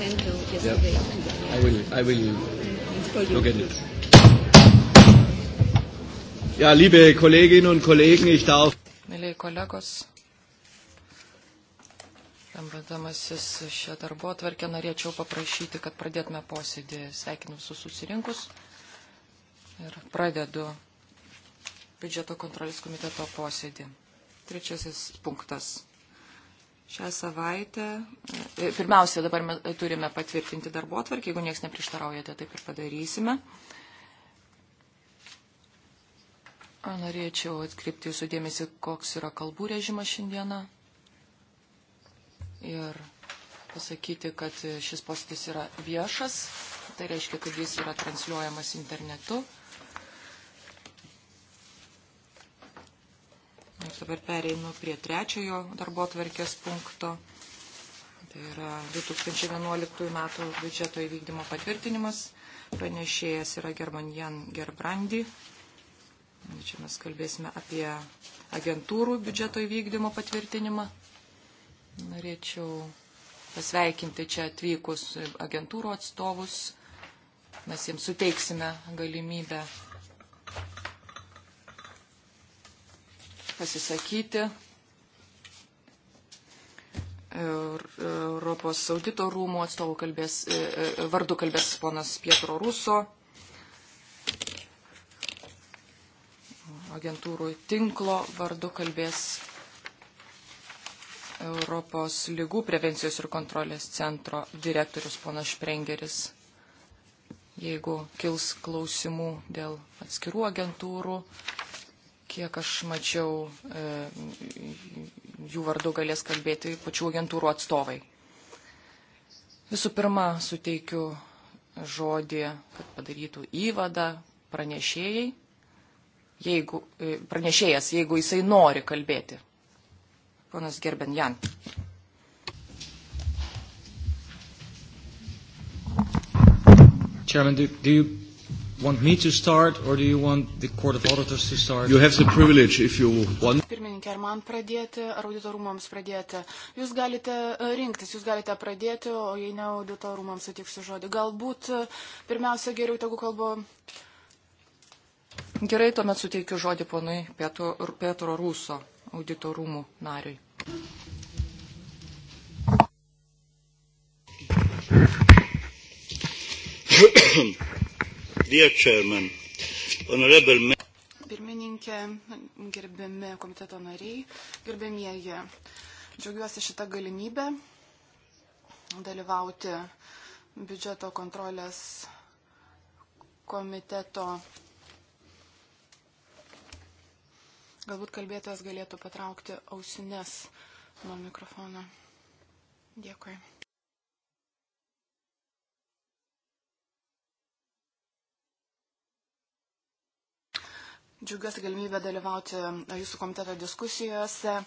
sent to yesterday. Yeah. yeah. I will, I will eh, look at it. Ja, liebe Kolleginnen und Kollegen, ich darf. Mėlyi kolegos, Skambindamasis šią darbo atvarkę norėčiau paprašyti, kad pradėtume posėdį. Sveikinu visus susirinkus ir pradedu biudžeto kontrolės komiteto posėdį. Trečiasis punktas šią savaitę. E, pirmiausia, dabar mes turime patvirtinti darbo atvarkį, jeigu nieks neprieštaraujate, taip ir padarysime. Norėčiau atkreipti jūsų dėmesį, koks yra kalbų režimas šiandieną. Ir pasakyti, kad šis postis yra viešas, tai reiškia, kad jis yra transliuojamas internetu. Ir dabar pereinu prie trečiojo darbo atvarkės punkto. Tai yra 2011 metų biudžeto įvykdymo patvirtinimas. Pranešėjas yra Germanjan Gerbrandi. Čia mes kalbėsime apie agentūrų biudžeto įvykdymo patvirtinimą. Norėčiau pasveikinti čia atvykus agentūrų atstovus. Mes jiems suteiksime galimybę pasisakyti. Europos audito rūmų atstovų kalbės, e, e, vardu kalbės ponas Pietro Ruso, agentūrų tinklo vardu kalbės Europos lygų prevencijos ir kontrolės centro direktorius ponas Šprengeris. Jeigu kils klausimų dėl atskirų agentūrų, Kiek aš mačiau, e, jų vardu galės kalbėti pačių agentūrų atstovai. Visų pirma, suteikiu žodį, kad padarytų įvadą pranešėjai, jeigu, e, pranešėjas, jeigu jisai nori kalbėti. Ponas Gerben Jan. Chairman, do, do you want me to start, or do you want the Court of Auditors to start? You have the privilege if you want. Pirmininkė, ar man pradėti, ar auditorumams pradėti? Jūs galite e, rinktis, jūs galite pradėti, o jei ne auditorumams sutiksiu žodį. Galbūt e, pirmiausia geriau tegu kalbu. Gerai, tuomet suteikiu žodį ponui Petro, Petro Rūso auditorumų nariui. Ahem. Dear Chairman, Honorable Pirmininkė, gerbiami komiteto nariai, gerbėmieji, džiaugiuosi šitą galimybę dalyvauti biudžeto kontrolės komiteto. Galbūt kalbėtojas galėtų patraukti ausinės nuo mikrofono. Dėkui. Džiugiuosi galimybę dalyvauti e, jūsų komiteto diskusijose e,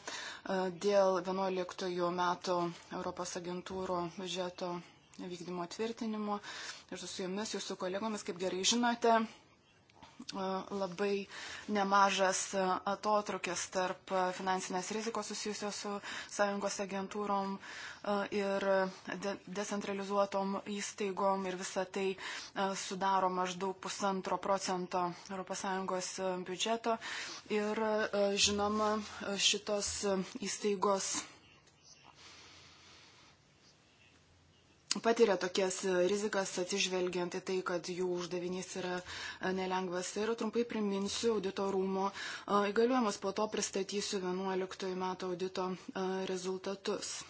dėl 11 metų Europos agentūrų biudžeto vykdymo tvirtinimo ir su jumis, jūsų kolegomis, kaip gerai žinote, E, labai nemažas atotrukis tarp finansinės rizikos susijusios su sąjungos agentūrom e, ir de decentralizuotom įstaigom ir visa tai e, sudaro maždaug pusantro procento ES biudžeto. Ir žinoma, šitos įstaigos patiria tokias e, rizikas atsižvelgiant į tai, kad jų uždavinys yra e, nelengvas. Ir trumpai priminsiu audito rūmo e, įgaliuojimus, po to pristatysiu 11 metų audito rezultatus.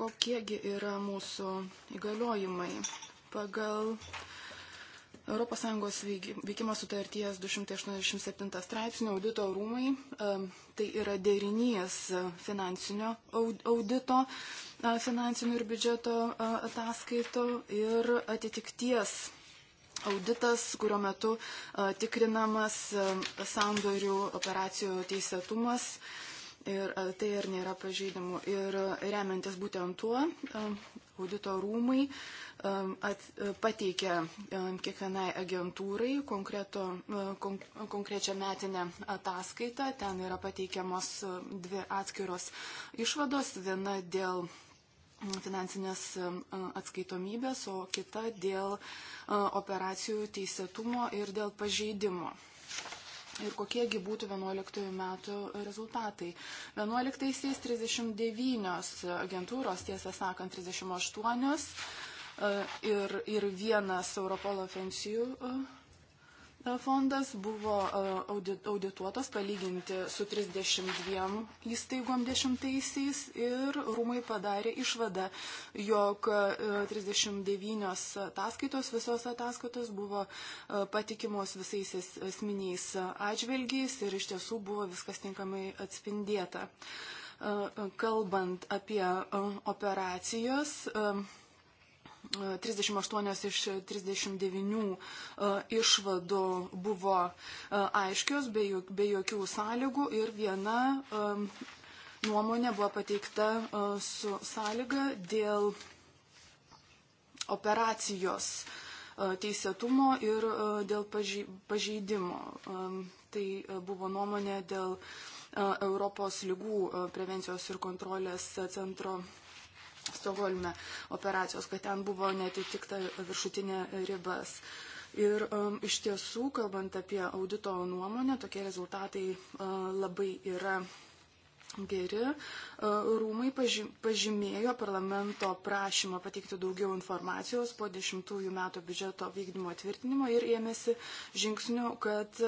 Kokiegi yra mūsų įgaliojimai? Pagal ES veikimo sutarties 287 straipsnio audito rūmai, tai yra derinys e, finansinio audito, e, finansinių ir biudžeto e, ataskaito ir atitikties auditas, kurio metu tikrinamas sandorių operacijų teisėtumas ir e, tai ir nėra pažeidimų. Ir e, remiantis būtent tuo, e, audito rūmai at, pateikė kiekvienai agentūrai konkreto, kon, konkrečią metinę ataskaitą. Ten yra pateikiamos dvi atskiros išvados. Viena dėl finansinės atskaitomybės, o kita dėl operacijų teisėtumo ir dėl pažeidimo. Ir kokiegi būtų 11 metų rezultatai. 11-aisiais 39 agentūros, tiesą sakant, 38 e, ir, ir vienas Europolo ofensijų e, E, fondas buvo e, audituotas palyginti su 32 įstaigom dešimtaisiais ir rūmai padarė išvadą, jog 39 e, ataskaitos, visos ataskaitos buvo patikimos visais esminiais atžvelgiais ir iš tiesų buvo viskas tinkamai atspindėta. Kalbant apie operacijas, 38 iš 39 e, išvadų buvo e, aiškios, be jokių sąlygų ir viena e, nuomonė buvo pateikta su sąlyga dėl operacijos teisėtumo ir dėl pažeidimo. Tai buvo nuomonė dėl Europos lygų prevencijos ir kontrolės centro Stokholme operacijos, kad ten buvo netitikta viršutinė ribas. Ir um, iš tiesų, kalbant apie audito nuomonę, tokie rezultatai uh, labai yra geri. E, rūmai pažymėjo parlamento prašymą pateikti daugiau informacijos po dešimtųjų metų biudžeto vykdymo tvirtinimo ir ėmėsi žingsnių, kad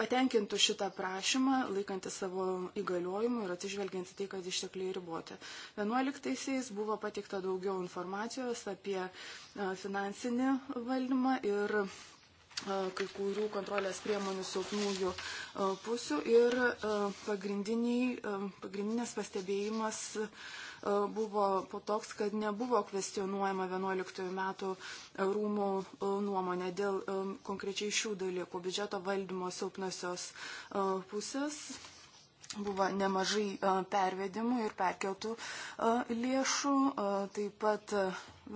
patenkintų šitą prašymą, laikantis savo įgaliojimų ir atsižvelgiant į tai, kad ištekliai riboti. 11-aisiais buvo pateikta daugiau informacijos apie e, finansinį valdymą ir kai kurių kontrolės priemonių silpnųjų pusių ir pagrindinės pastebėjimas buvo po toks, kad nebuvo kvestionuojama 11 metų rūmų nuomonė dėl konkrečiai šių dalykų biudžeto valdymo silpnosios pusės buvo nemažai pervedimų ir perkeltų lėšų. Taip pat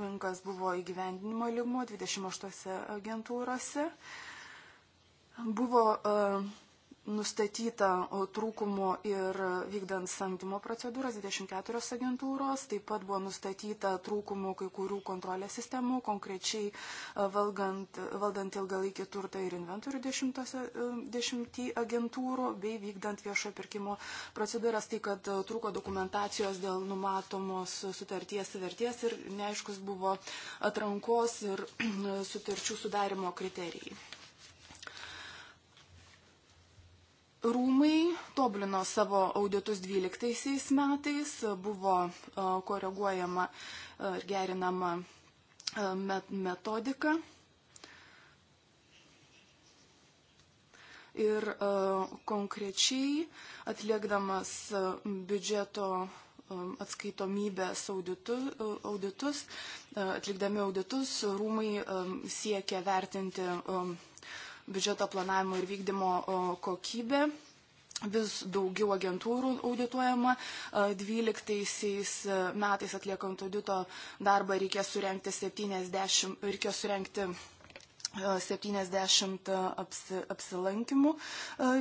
rinkos buvo įgyvendinimo lygmo 28 agentūrose. Buvo nustatyta trūkumų ir vykdant samdymo procedūras 24 agentūros, taip pat buvo nustatyta trūkumų kai kurių kontrolės sistemų, konkrečiai valgant, valdant ilgalaikį turtą ir inventorių 10 agentūrų, bei vykdant viešo pirkimo procedūras, tai kad trūko dokumentacijos dėl numatomos sutarties vertės ir neaiškus buvo atrankos ir sutarčių sudarimo kriterijai. Rūmai tobulino savo auditus 12 metais, buvo koreguojama ir gerinama metodika. Ir konkrečiai atliekdamas biudžeto atskaitomybės auditu, auditus, atlikdami auditus, rūmai siekia vertinti biudžeto planavimo ir vykdymo kokybė vis daugiau agentūrų audituojama. 12 e, metais atliekant audito darbą reikės surenkti 70, reikės surenkti 70 e, e, apsi, apsilankimų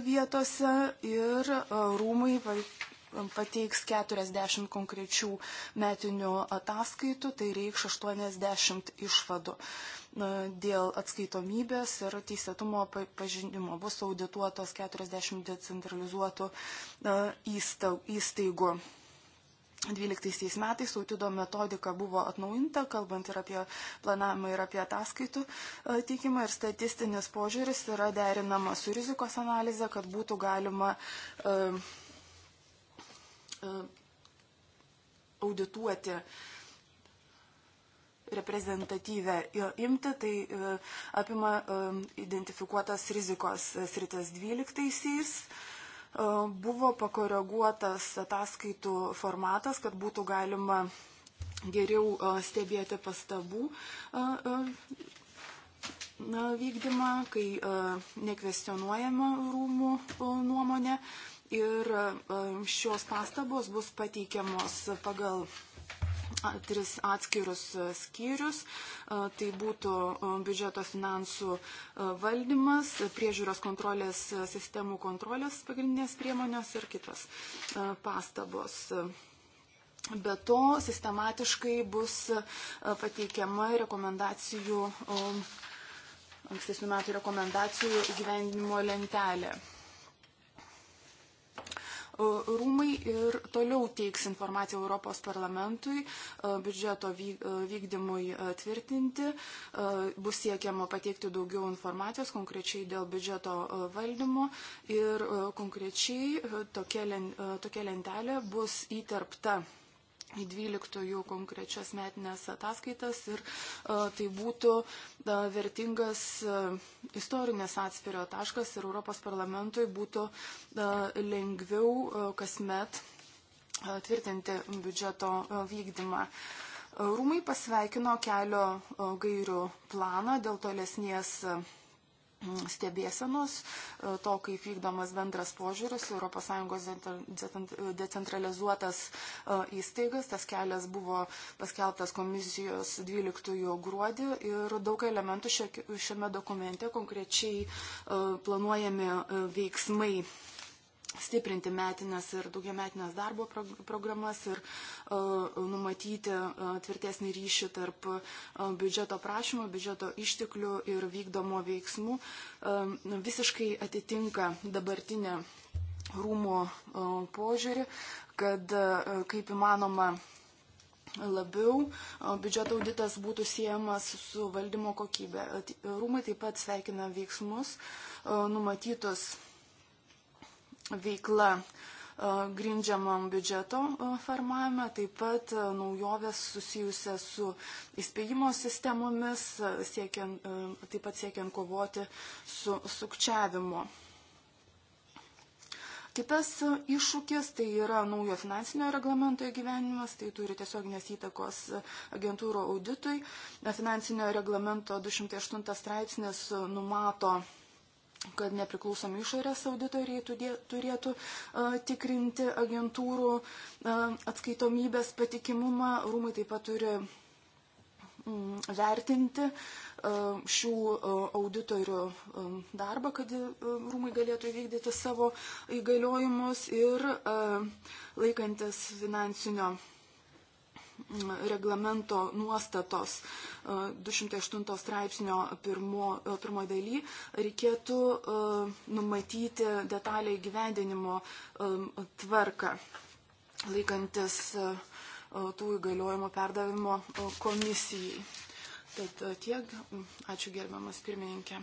vietose ir rūmai pateiks 40 konkrečių metinių ataskaitų, tai reikš 80 išvadų dėl atskaitomybės ir teisėtumo pažinimo. Bus audituotos 40 decentralizuotų įstaigų. 2012 metais autido metodika buvo atnaujinta, kalbant ir apie planavimą, ir apie ataskaitų teikimą, ir statistinis požiūris yra derinama su rizikos analize, kad būtų galima uh, Uh, audituoti reprezentatyvę imti, tai uh, apima um, identifikuotas rizikos sritis 12-aisiais uh, buvo pakoreguotas ataskaitų formatas, kad būtų galima geriau stebėti pastabų vykdymą, kai nekvestionuojama rūmų nuomonė. Ir e, šios pastabos bus pateikiamos pagal tris atskirus e, skyrius. E, tai būtų biudžeto finansų valdymas, priežiūros kontrolės sistemų kontrolės pagrindinės priemonės ir kitos pastabos. Be to, sistematiškai bus pateikiama rekomendacijų, ankstesnių metų rekomendacijų gyvenimo lentelė rūmai ir toliau teiks informaciją Europos parlamentui e, biudžeto e, vykdymui e, tvirtinti. Bus siekiama pateikti daugiau informacijos konkrečiai dėl biudžeto valdymo ir konkrečiai tokia lentelė bus įterpta į 12 konkrečias metinės ataskaitas ir a, e, tai būtų a, e, vertingas a, e, istorinis atspirio taškas ir Europos parlamentui būtų a, lengviau a, kasmet a, tvirtinti biudžeto a, vykdymą. Rūmai pasveikino kelio gairių planą dėl tolesnės stebėsenos, e, to, kaip vykdomas bendras požiūris, ES decentralizuotas e, įstaigas. Tas kelias buvo paskeltas komisijos 12 gruodį ir daug elementų šiame dokumente konkrečiai e, planuojami veiksmai stiprinti metinės ir daugiametinės darbo programas ir e, numatyti e, tvirtesnį ryšį tarp e, biudžeto prašymų, biudžeto išteklių ir vykdomo veiksmų visiškai atitinka dabartinę rūmų požiūrį, kad kaip įmanoma labiau biudžeto auditas būtų siejamas su valdymo kokybė. Rūmai taip pat sveikina veiksmus numatytus veikla e, grindžiamam biudžeto e, formavime, taip pat e, naujovės susijusia su įspėjimo sistemomis, siekiant, taip pat siekiant kovoti su sukčiavimu. Kitas iššūkis tai yra naujo finansinio reglamento įgyvenimas, tai turi tiesioginės įtakos agentūro auditui. Finansinio reglamento 208 straipsnis numato kad nepriklausomi išorės auditoriai turėtų tikrinti agentūrų atskaitomybės patikimumą. Rūmai taip pat turi mm, vertinti šių auditorių darbą, kad rūmai galėtų įvykdyti savo įgaliojimus ir laikantis finansinio reglamento nuostatos 208 e, straipsnio pirmo, e, pirmo daly reikėtų e, numatyti detalę įgyvendinimo tvarką laikantis tų įgaliojimų perdavimo komisijai. Tad tiek. Ačiū gerbiamas pirmininkė.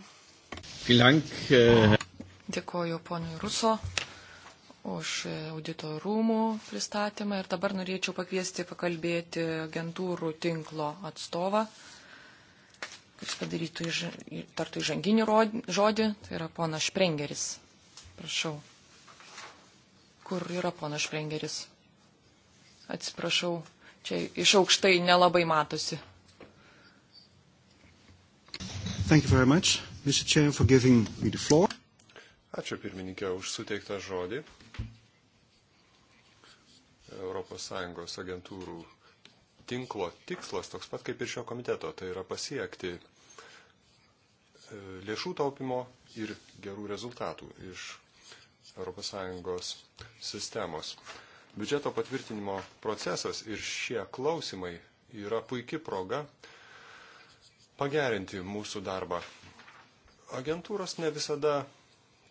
Äh, Dėkoju ponui Ruso už audito rūmų pristatymą ir dabar norėčiau pakviesti pakalbėti agentūrų tinklo atstovą, kuris padarytų tartų įžanginį žodį, tai yra ponas Šprengeris. Prašau. Kur yra ponas Šprengeris? Atsiprašau, čia iš aukštai nelabai matosi. Thank you very much, Mr. Chair, for giving me the floor. Ačiū pirmininkė už suteiktą žodį. ES agentūrų tinklo tikslas toks pat kaip ir šio komiteto, tai yra pasiekti e, lėšų taupimo ir gerų rezultatų iš ES sistemos. Biudžeto patvirtinimo procesas ir šie klausimai yra puikia proga pagerinti mūsų darbą. Agentūros ne visada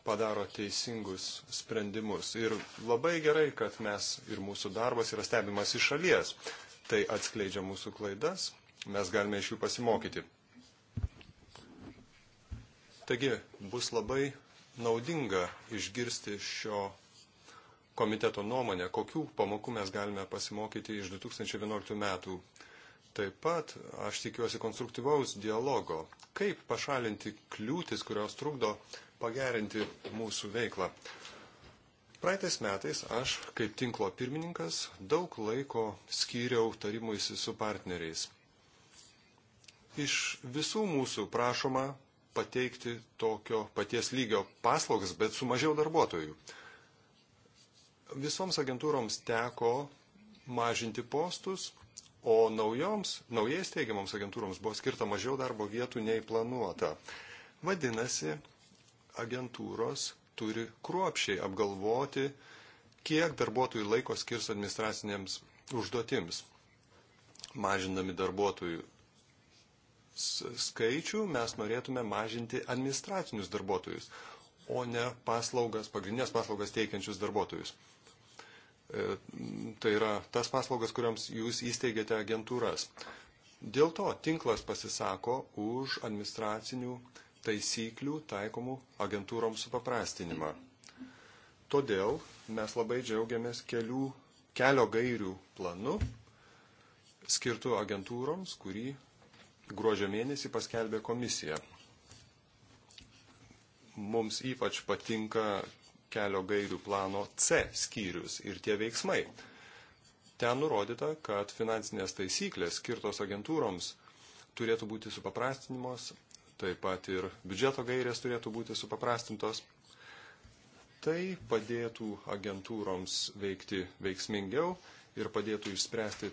padaro teisingus sprendimus. Ir labai gerai, kad mes ir mūsų darbas yra stebimas iš šalies. Tai atskleidžia mūsų klaidas, mes galime iš jų pasimokyti. Taigi bus labai naudinga išgirsti šio komiteto nuomonę, kokių pamokų mes galime pasimokyti iš 2011 metų. Taip pat aš tikiuosi konstruktyvaus dialogo, kaip pašalinti kliūtis, kurios trukdo uh, pagerinti mūsų veiklą. Praeitais metais aš, kaip tinklo pirmininkas, daug laiko skyriau tarimuisi su partneriais. Iš visų mūsų prašoma pateikti tokio paties lygio paslaugas, bet su mažiau darbuotojų. Visoms agentūroms teko mažinti postus, o naujoms, naujais teigiamoms agentūroms buvo skirta mažiau darbo vietų nei planuota. Vadinasi, agentūros turi kruopšiai apgalvoti, kiek darbuotojų laiko skirs administracinėms užduotims. Mažindami darbuotojų skaičių mes norėtume mažinti administracinius darbuotojus, o ne paslaugas, pagrindinės paslaugas teikiančius darbuotojus. E, tai yra tas paslaugas, kuriams jūs įsteigėte agentūras. Dėl to tinklas pasisako už administracinių taisyklių taikomų agentūroms supaprastinimą. Todėl mes labai džiaugiamės kelių, kelio gairių planu skirtų agentūroms, kurį gruožio mėnesį paskelbė komisija. Mums ypač patinka kelio gairių plano C skyrius ir tie veiksmai. Ten nurodyta, kad finansinės taisyklės skirtos agentūroms turėtų būti supaprastinimos Taip pat ir biudžeto gairės turėtų būti supaprastintos. Tai padėtų agentūroms veikti veiksmingiau ir padėtų išspręsti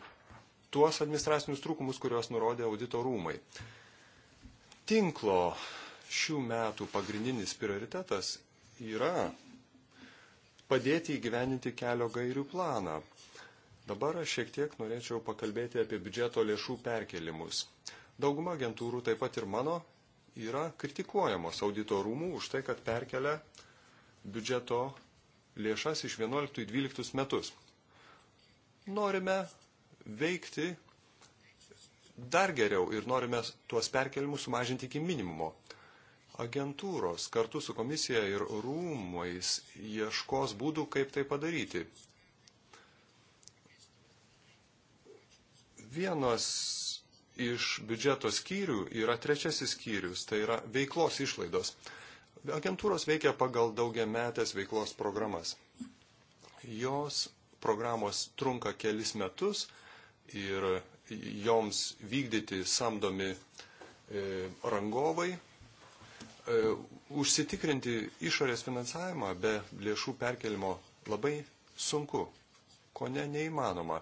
tuos administracinius trūkumus, kuriuos nurodė audito rūmai. Tinklo šių metų pagrindinis prioritetas yra padėti įgyveninti kelio gairių planą. Dabar aš šiek tiek norėčiau pakalbėti apie biudžeto lėšų perkelimus. Dauguma agentūrų, taip pat ir mano, yra kritikuojamos audito rūmų už tai, kad perkelia biudžeto lėšas iš 11-12 metus. Norime veikti dar geriau ir norime tuos perkelimus sumažinti iki minimumo. Agentūros kartu su komisija ir rūmais ieškos būdų, kaip tai padaryti. Vienas iš biudžeto skyrių yra trečiasis skyrius, tai yra veiklos išlaidos. Agentūros veikia pagal daugiametės veiklos programas. Jos programos trunka kelis metus ir joms vykdyti samdomi e, rangovai. E, užsitikrinti išorės finansavimą be lėšų perkelimo labai sunku, ko ne neįmanoma.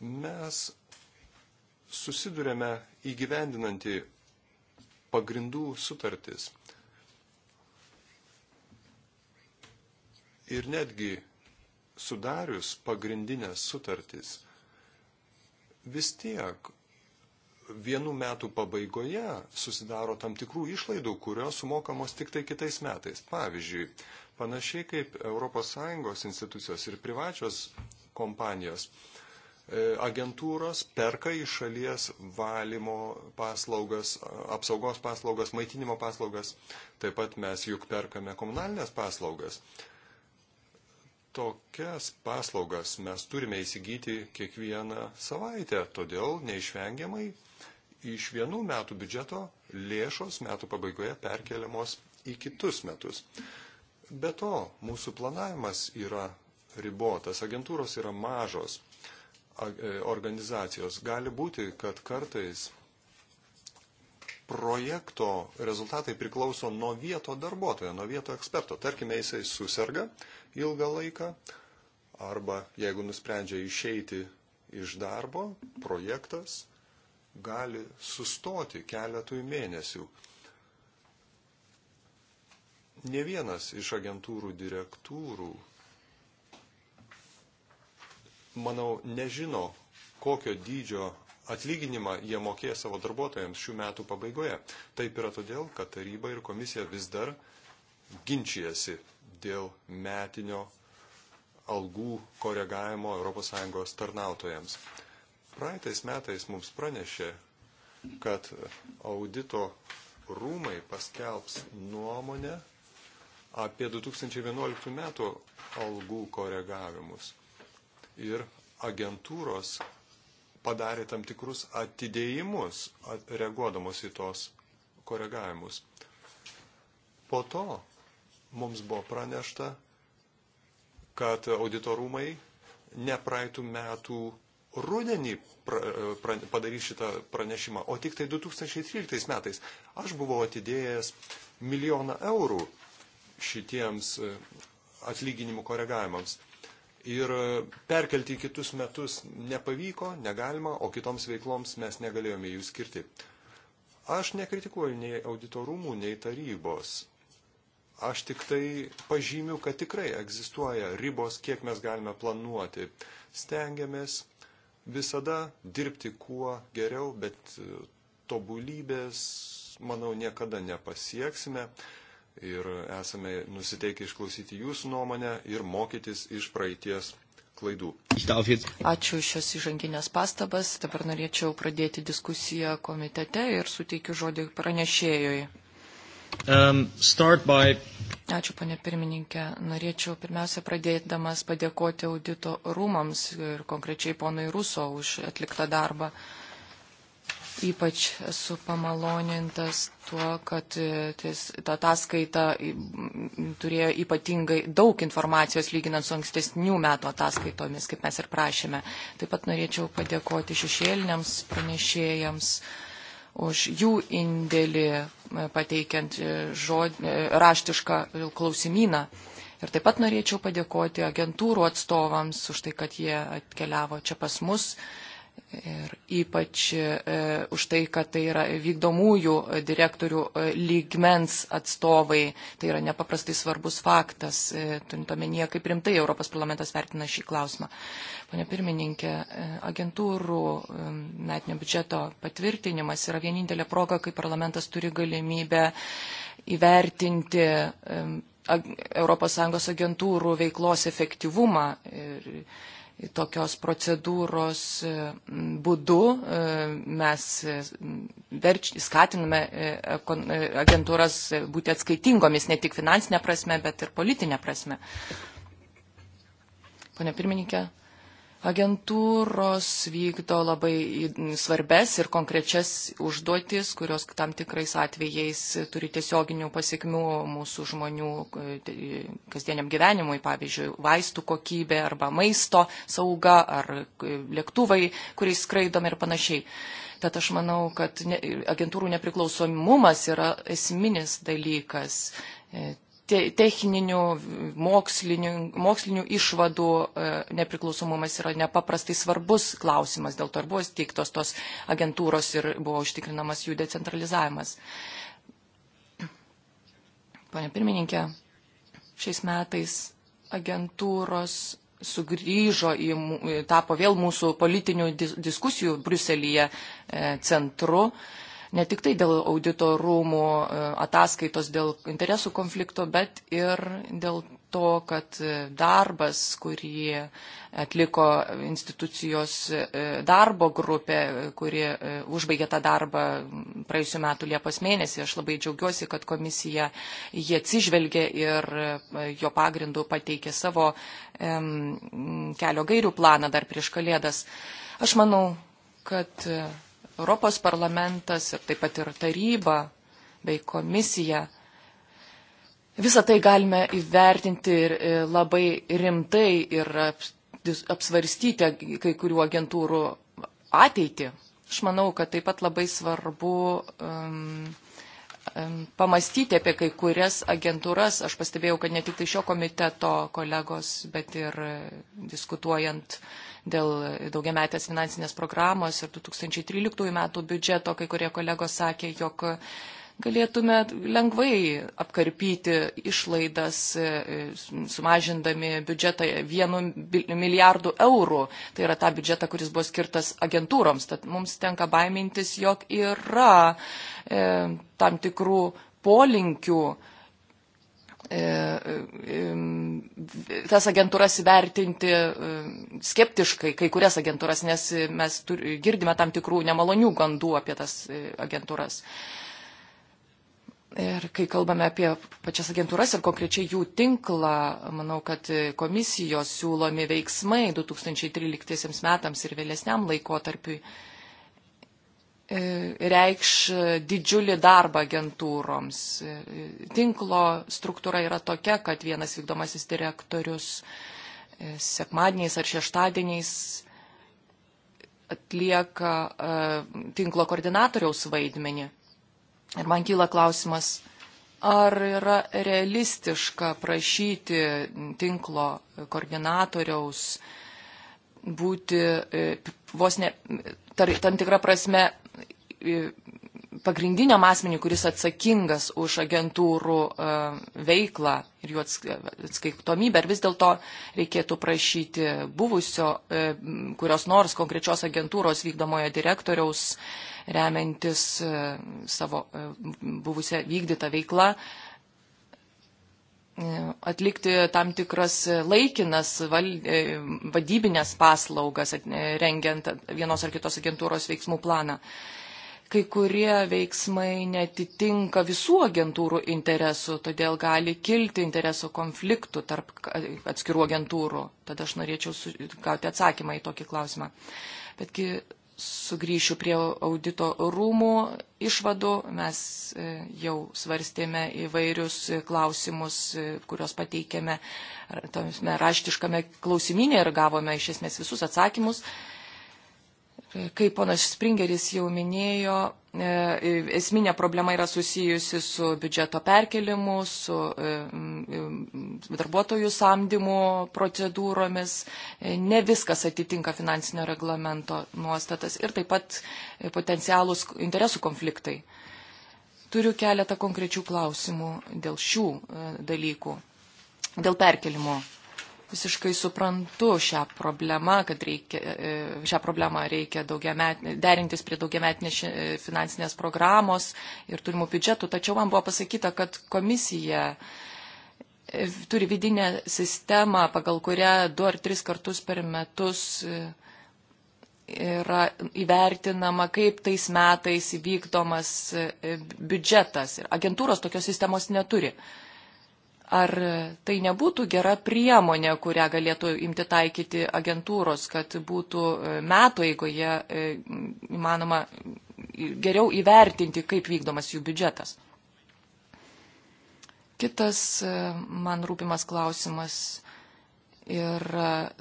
Mes susidurėme įgyvendinantį pagrindų sutartis. Ir netgi sudarius pagrindinės sutartis, vis tiek vienų metų pabaigoje susidaro tam tikrų išlaidų, kurios sumokamos tik tai kitais metais. Pavyzdžiui, panašiai kaip ES institucijos ir privačios kompanijos, E, agentūros perka iš šalies valymo paslaugas, apsaugos paslaugas, maitinimo paslaugas. Taip pat mes juk perkame komunalinės paslaugas. Tokias paslaugas mes turime įsigyti kiekvieną savaitę, todėl neišvengiamai iš vienų metų biudžeto lėšos metų pabaigoje perkeliamos į kitus metus. Be to, mūsų planavimas yra ribotas, agentūros yra mažos E, organizacijos. Gali būti, kad kartais projekto rezultatai priklauso nuo vieto darbuotojo, nuo vieto eksperto. Tarkime, jisai susirga ilgą laiką arba jeigu nusprendžia išeiti iš darbo, projektas gali sustoti keletui mėnesių. Ne vienas iš agentūrų direktūrų manau, nežino, kokio dydžio atlyginimą jie mokės savo darbuotojams šių metų pabaigoje. Taip yra todėl, kad taryba ir komisija vis dar ginčijasi dėl metinio algų koregavimo ES tarnautojams. Praeitais metais mums pranešė, kad audito rūmai paskelbs nuomonę apie 2011 metų algų koregavimus ir agentūros padarė tam tikrus atidėjimus, reaguodamos į tos koregavimus. Po to mums buvo pranešta, kad auditorumai ne praeitų metų rudenį pra, pra, padarys šitą pranešimą, o tik tai 2013 metais. Aš buvau atidėjęs milijoną eurų šitiems e, atlyginimų koregavimams ir e, perkelti į kitus metus nepavyko, negalima, o kitoms veikloms mes negalėjome jų skirti. Aš nekritikuoju nei auditorumų, nei tarybos. Aš tik tai pažymiu, kad tikrai egzistuoja ribos, kiek mes galime planuoti. Stengiamės visada dirbti kuo geriau, bet e, tobulybės, manau, niekada nepasieksime. Uh, ir esame nusiteikę išklausyti jūsų nuomonę ir mokytis iš praeities klaidų. Ačiū šias įžanginės pastabas. Dabar norėčiau pradėti diskusiją komitete ir suteikiu žodį pranešėjui. Um, by... Ačiū, ponė pirmininkė. Norėčiau pirmiausia pradėdamas padėkoti audito rūmams ir konkrečiai ponui Ruso už atliktą darbą. Uh, Ypač esu pamalonintas tuo, kad e, ties, ta ataskaita turėjo ypatingai daug informacijos lyginant su ankstesnių metų ataskaitomis, kaip mes ir prašėme. Taip pat norėčiau padėkoti šešėliniams pranešėjams už jų indėlį e, pateikiant e, žod, raštišką klausimyną. Ir taip pat norėčiau padėkoti agentūrų atstovams už tai, kad jie atkeliavo čia pas mus. Uh, Ir ypač e, už tai, kad tai yra vykdomųjų direktorių e, lygmens atstovai. Tai yra nepaprastai svarbus faktas, e, turint omenyje, kaip rimtai Europos parlamentas vertina šį klausimą. Pone pirmininkė, e, agentūrų e, metinio biudžeto patvirtinimas yra vienintelė proga, kai parlamentas turi galimybę įvertinti. E, ES agentūrų veiklos efektyvumą. Ir, tokios procedūros e, būdu e, mes e, verč, skatiname agentūras būti atskaitingomis ne tik finansinė prasme, bet ir politinė prasme. Pone pirmininkė, Agentūros vykdo labai svarbes ir konkrečias užduotis, kurios tam tikrais atvejais turi tiesioginių pasiekmių mūsų žmonių e, kasdieniam gyvenimui, pavyzdžiui, vaistų kokybė arba maisto sauga ar e, lėktuvai, kuriais skraidom ir panašiai. Tad aš manau, kad agentūrų nepriklausomumas yra esminis dalykas e, te, techninių, mokslinių, mokslinių išvadų e, nepriklausomumas yra nepaprastai svarbus klausimas, dėl to ir buvo steigtos tos agentūros ir buvo užtikrinamas jų decentralizavimas. Pane pirmininkė, šiais metais agentūros sugrįžo į, tapo vėl mūsų politinių diskusijų Bruselėje e, centru. E, ne tik tai dėl audito rūmų e, ataskaitos dėl interesų konflikto, bet ir dėl to, kad e, darbas, kurį atliko institucijos e, darbo grupė, kuri užbaigė tą darbą praėjusiu metu Liepos mėnesį. Aš labai džiaugiuosi, kad komisija jį atsižvelgė ir jo pagrindų pateikė savo kelio gairių planą dar prieš kalėdas. Aš manau, kad Europos parlamentas ir taip pat ir taryba bei komisija. Visą tai galime įvertinti ir e, labai rimtai ir apsvarstyti kai kurių agentūrų ateitį. Aš manau, kad taip pat labai svarbu um, um, pamastyti apie kai kurias agentūras. Aš pastebėjau, kad ne tik tai šio komiteto kolegos, bet ir e, diskutuojant uh, dėl daugiametės finansinės programos ir 2013 metų biudžeto, kai kurie kolegos sakė, jog galėtume lengvai apkarpyti išlaidas, e, sumažindami biudžetą vienu milijardu eurų. Tai yra ta biudžeta, kuris buvo skirtas agentūroms. Tad mums tenka baimintis, jog yra e, tam tikrų polinkių E, e, tas agentūras įvertinti e, skeptiškai, kai kurias agentūras, nes mes tur, girdime tam tikrų nemalonių gandų apie tas agentūras. Ir kai kalbame apie pačias agentūras ir konkrečiai jų tinklą, manau, kad komisijos siūlomi veiksmai 2013 metams ir vėlesniam laikotarpiui E, reikš didžiulį darbą agentūroms. E, tinklo struktūra yra tokia, kad vienas vykdomasis direktorius e, sekmadieniais ar šeštadieniais atlieka tinklo koordinatoriaus vaidmenį. Ir man kyla klausimas, ar yra realistiška prašyti tinklo koordinatoriaus būti vos ne, tar, tam tikrą prasme pagrindiniam asmeniu, kuris atsakingas už agentūrų e, veiklą ir jų atskaitomybę, ar vis dėlto reikėtų prašyti buvusio e, kurios nors konkrečios agentūros vykdomojo direktoriaus, remiantis e, savo buvusią vykdytą veiklą, atlikti tam tikras laikinas val, vadybinės paslaugas, rengiant vienos ar kitos agentūros veiksmų planą kai kurie veiksmai netitinka visų agentūrų interesų, todėl gali kilti interesų konfliktų tarp atskirų agentūrų. Tad aš norėčiau gauti atsakymą į tokį klausimą. Betgi sugrįšiu prie audito rūmų išvadų. Mes e, jau svarstėme įvairius klausimus, e, kuriuos pateikėme raštiškame klausiminė ir gavome iš esmės visus atsakymus. Kaip ponas Springeris jau minėjo, e, esminė problema yra susijusi su biudžeto perkelimu, su e, darbuotojų samdymu procedūromis. E, ne viskas atitinka finansinio reglamento nuostatas ir taip pat potencialūs interesų konfliktai. Turiu keletą konkrečių klausimų dėl šių dalykų, dėl perkelimo visiškai suprantu šią problemą, kad reikia, e, šią problemą reikia met, derintis prie daugiametinės e, finansinės programos ir turimų biudžetų, tačiau man buvo pasakyta, kad komisija e, turi vidinę sistemą, pagal kurią du ar tris kartus per metus yra įvertinama, kaip tais metais įvykdomas biudžetas. Ir agentūros tokios sistemos neturi. Ar tai nebūtų gera priemonė, kurią galėtų imti taikyti agentūros, kad būtų e, metų eigoje e, įmanoma geriau įvertinti, kaip vykdomas jų biudžetas? Kitas e, man rūpimas klausimas ir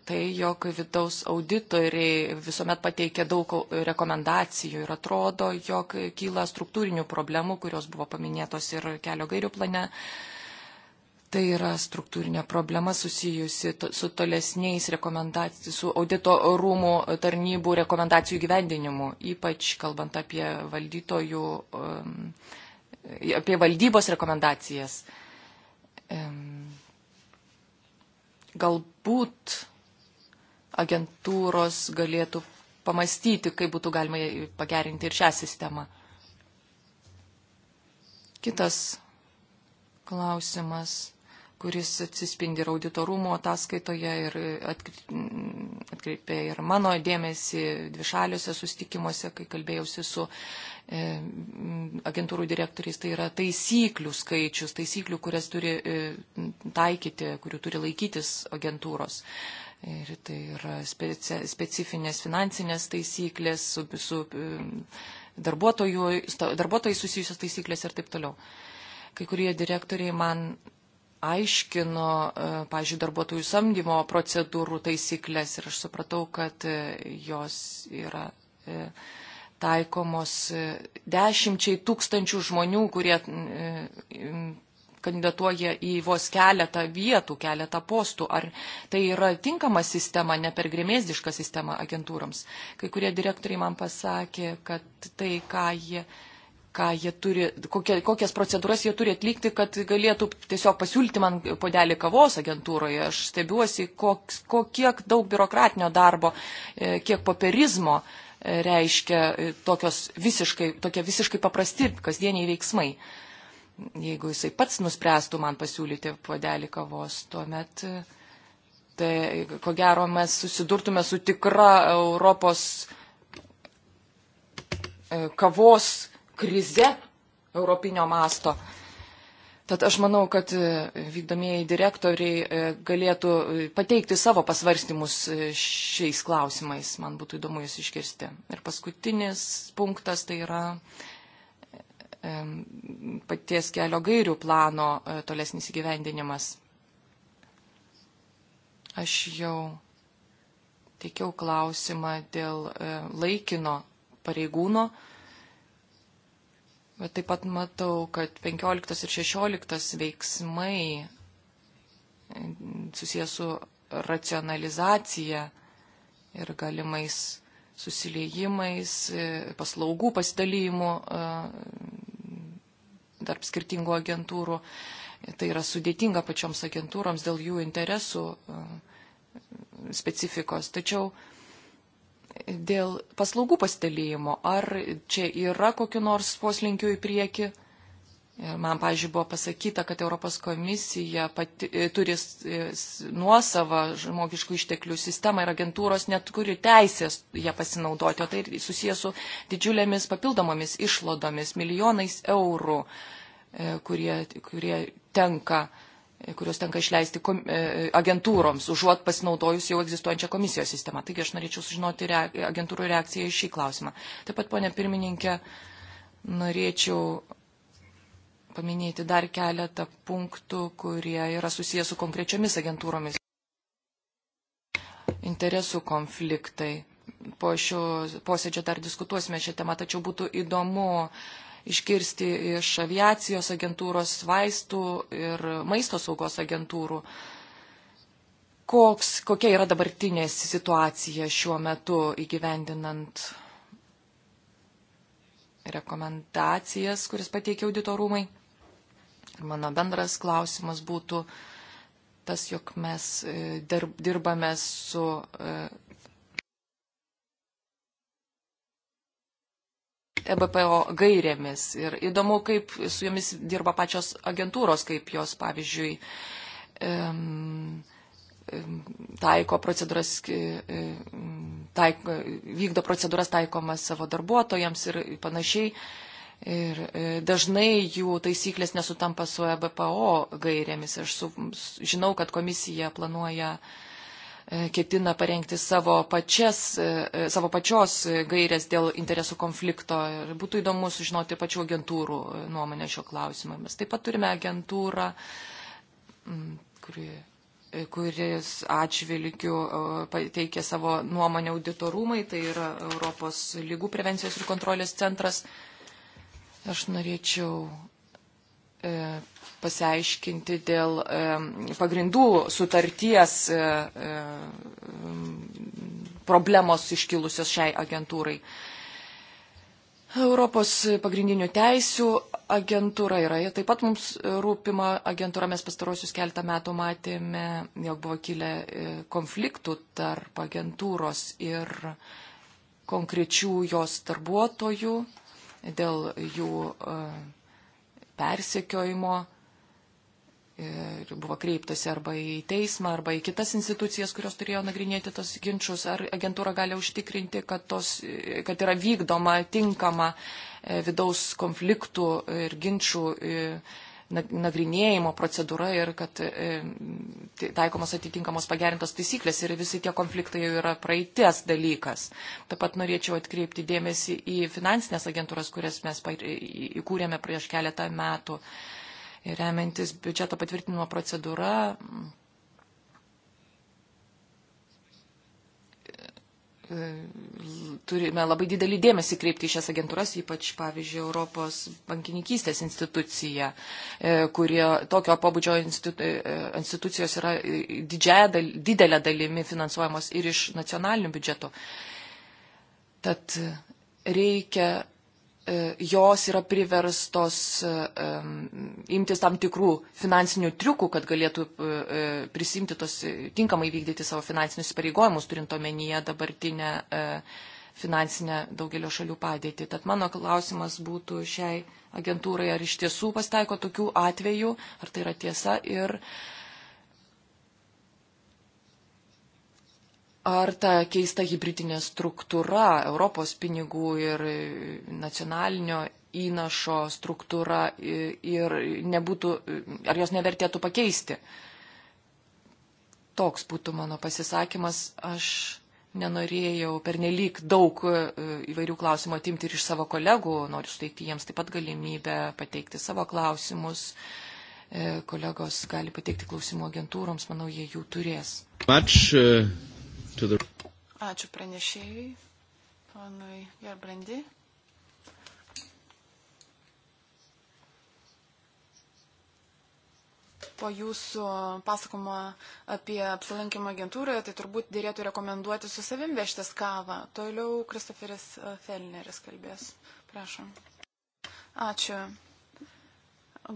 tai, jog vidaus auditoriai visuomet pateikia daug rekomendacijų ir atrodo, jog kyla struktūrinių problemų, kurios buvo paminėtos ir kelio gairių plane. Uh, Tai yra struktūrinė problema susijusi su tolesniais rekomendacijų, su audito rūmų tarnybų rekomendacijų gyvendinimu, ypač kalbant apie valdytojų, um, apie valdybos rekomendacijas. Galbūt agentūros galėtų pamastyti, kaip būtų galima pagerinti ir šią sistemą. Kitas klausimas kuris atsispindi ir auditorumo ataskaitoje ir atkreipė ir mano dėmesį dvišaliuose sustikimuose, kai kalbėjausi su e, agentūrų direktoriais, tai yra taisyklių skaičius, taisyklių, kurias turi e, taikyti, kurių turi laikytis agentūros. Ir tai yra specifinės finansinės taisyklės, su, su e, darbuotojais susijusios taisyklės ir taip toliau. Kai kurie direktoriai man aiškino, e, pažiūrėjau, darbuotojų samdymo procedūrų taisyklės ir aš supratau, kad e, jos yra e, taikomos dešimčiai tūkstančių žmonių, kurie kandidatuoja į vos keletą vietų, keletą postų. Ar tai yra tinkama sistema, ne per grėmėsdiška sistema agentūrams? Kai kurie direktoriai man pasakė, kad tai, ką jie ką jie turi, kokie, kokias procedūras jie turi atlikti, kad galėtų tiesiog pasiūlyti man podelį kavos agentūroje. Aš stebiuosi, koks, kok, kiek daug biurokratinio darbo, e, kiek paperizmo e, reiškia e, tokios visiškai, tokie visiškai paprasti kasdieniai veiksmai. Jeigu jisai pats nuspręstų man pasiūlyti podelį kavos, tuomet. Tai ko gero mes susidurtume su tikra Europos kavos krize europinio masto. Tad aš manau, kad e, vykdomieji direktoriai e, galėtų e, pateikti savo pasvarstymus šiais klausimais. Man būtų įdomu jūs iškirsti. Ir paskutinis punktas tai yra paties kelio gairių plano tolesnis įgyvendinimas. Aš jau teikiau klausimą dėl laikino pareigūno Bet taip pat matau, kad 15 ir 16 veiksmai mm, susijęs su racionalizacija ir galimais susiliejimais, e, paslaugų pasidalymu e, tarp skirtingų agentūrų. Tai yra sudėtinga pačioms agentūroms dėl jų interesų e, specifikos. Tačiau uh, dėl paslaugų pasidalymo, ar čia yra kokiu nors poslinkiu į priekį? Ir man, pažiūrėjau, buvo pasakyta, kad Europos komisija pati, e, turi e, nuosavą žmogiškų išteklių sistemą ir agentūros net turi teisės ją pasinaudoti, o tai susijęs su didžiulėmis papildomomis išlodomis, milijonais eurų, e, kurie, kurie tenka uh, E, kuriuos tenka išleisti e, agentūroms, užuot pasinaudojus jau egzistuojančią komisijos sistemą. Taigi aš norėčiau sužinoti reak agentūrų reakciją į šį klausimą. Taip pat, ponė pirmininkė, norėčiau paminėti dar keletą punktų, kurie yra susijęs su konkrečiomis agentūromis. Interesų konfliktai. Po šio posėdžio dar diskutuosime šią temą, tačiau būtų įdomu uh, iškirsti iš aviacijos agentūros, vaistų ir maisto saugos agentūrų. Koks, kokia yra dabartinė situacija šiuo metu įgyvendinant rekomendacijas, kuris pateikė auditorumai? Ir mano bendras klausimas būtų tas, jog mes e, dirbame su e, EBPO gairėmis. Ir įdomu, kaip su jomis dirba pačios agentūros, kaip jos, pavyzdžiui, taiko procedūras, e, e, taiko, vykdo procedūras taikomas savo darbuotojams ir panašiai. Ir e, dažnai jų taisyklės nesutampa su EBPO gairėmis. Aš su, žinau, kad komisija planuoja uh, E, ketina parengti savo, pačias, e, e, savo pačios gairės dėl interesų konflikto. Ir būtų įdomu sužinoti pačių agentūrų nuomonę šio klausimu. Mes taip pat turime agentūrą, kuri kuris atšvilgių pateikė savo nuomonę auditorumai, tai yra Europos lygų prevencijos ir kontrolės centras. Aš norėčiau pasiaiškinti dėl pagrindų sutarties e, problemos iškilusios šiai agentūrai. Europos pagrindinių teisių agentūra yra. Taip pat mums rūpima agentūra, mes pastarosius keltą metų matėme, jog buvo kilę e, konfliktų tarp agentūros ir konkrečių jos darbuotojų dėl jų e, persekiojimo ir buvo kreiptasi arba į teismą, arba į kitas institucijas, kurios turėjo nagrinėti tos ginčius, ar agentūra gali užtikrinti, kad, tos, kad yra vykdoma tinkama e, vidaus konfliktų ir ginčių e, nagrinėjimo procedūra ir kad e, taikomos atitinkamos pagerintos taisyklės ir visi tie konfliktai jau yra praeities dalykas. Taip pat norėčiau atkreipti dėmesį į finansinės agentūras, kurias mes įkūrėme prieš keletą metų remiantis biudžeto patvirtinimo procedūra. Turime labai didelį dėmesį kreipti į šias agentūras, ypač, pavyzdžiui, Europos bankininkystės institucija, e, kurio tokio pobūdžio institu, e, institucijos yra didžiaja, didelė dalimi finansuojamos ir iš nacionalinių biudžetų. Tad reikia E, jos yra priverstos e, e, imtis tam tikrų finansinių triukų, kad galėtų prisimti tos tinkamai vykdyti savo finansinius pareigojimus, turint omenyje dabartinę finansinę daugelio šalių padėtį. Tad mano klausimas būtų šiai agentūrai, ar iš tiesų pastaiko tokių atvejų, ar tai yra tiesa ir uh, Ar ta keista hybridinė struktūra Europos pinigų ir nacionalinio įnašo struktūra ir nebūtų, ar jos nevertėtų pakeisti? Toks būtų mano pasisakymas. Aš nenorėjau pernelyg daug e, įvairių klausimų atimti ir iš savo kolegų, noriu suteikti jiems taip pat galimybę pateikti savo klausimus. E, kolegos gali pateikti klausimų agentūroms, manau, jie jų turės. Much, uh the... Ačiū pranešėjui, ponui Gerbrandi. po jūsų pasakojimo apie apsilankimą agentūroje, tai turbūt dėlėtų rekomenduoti su savim vežtis kavą. Toliau Kristoferis e, Felneris kalbės. Prašom. Ačiū.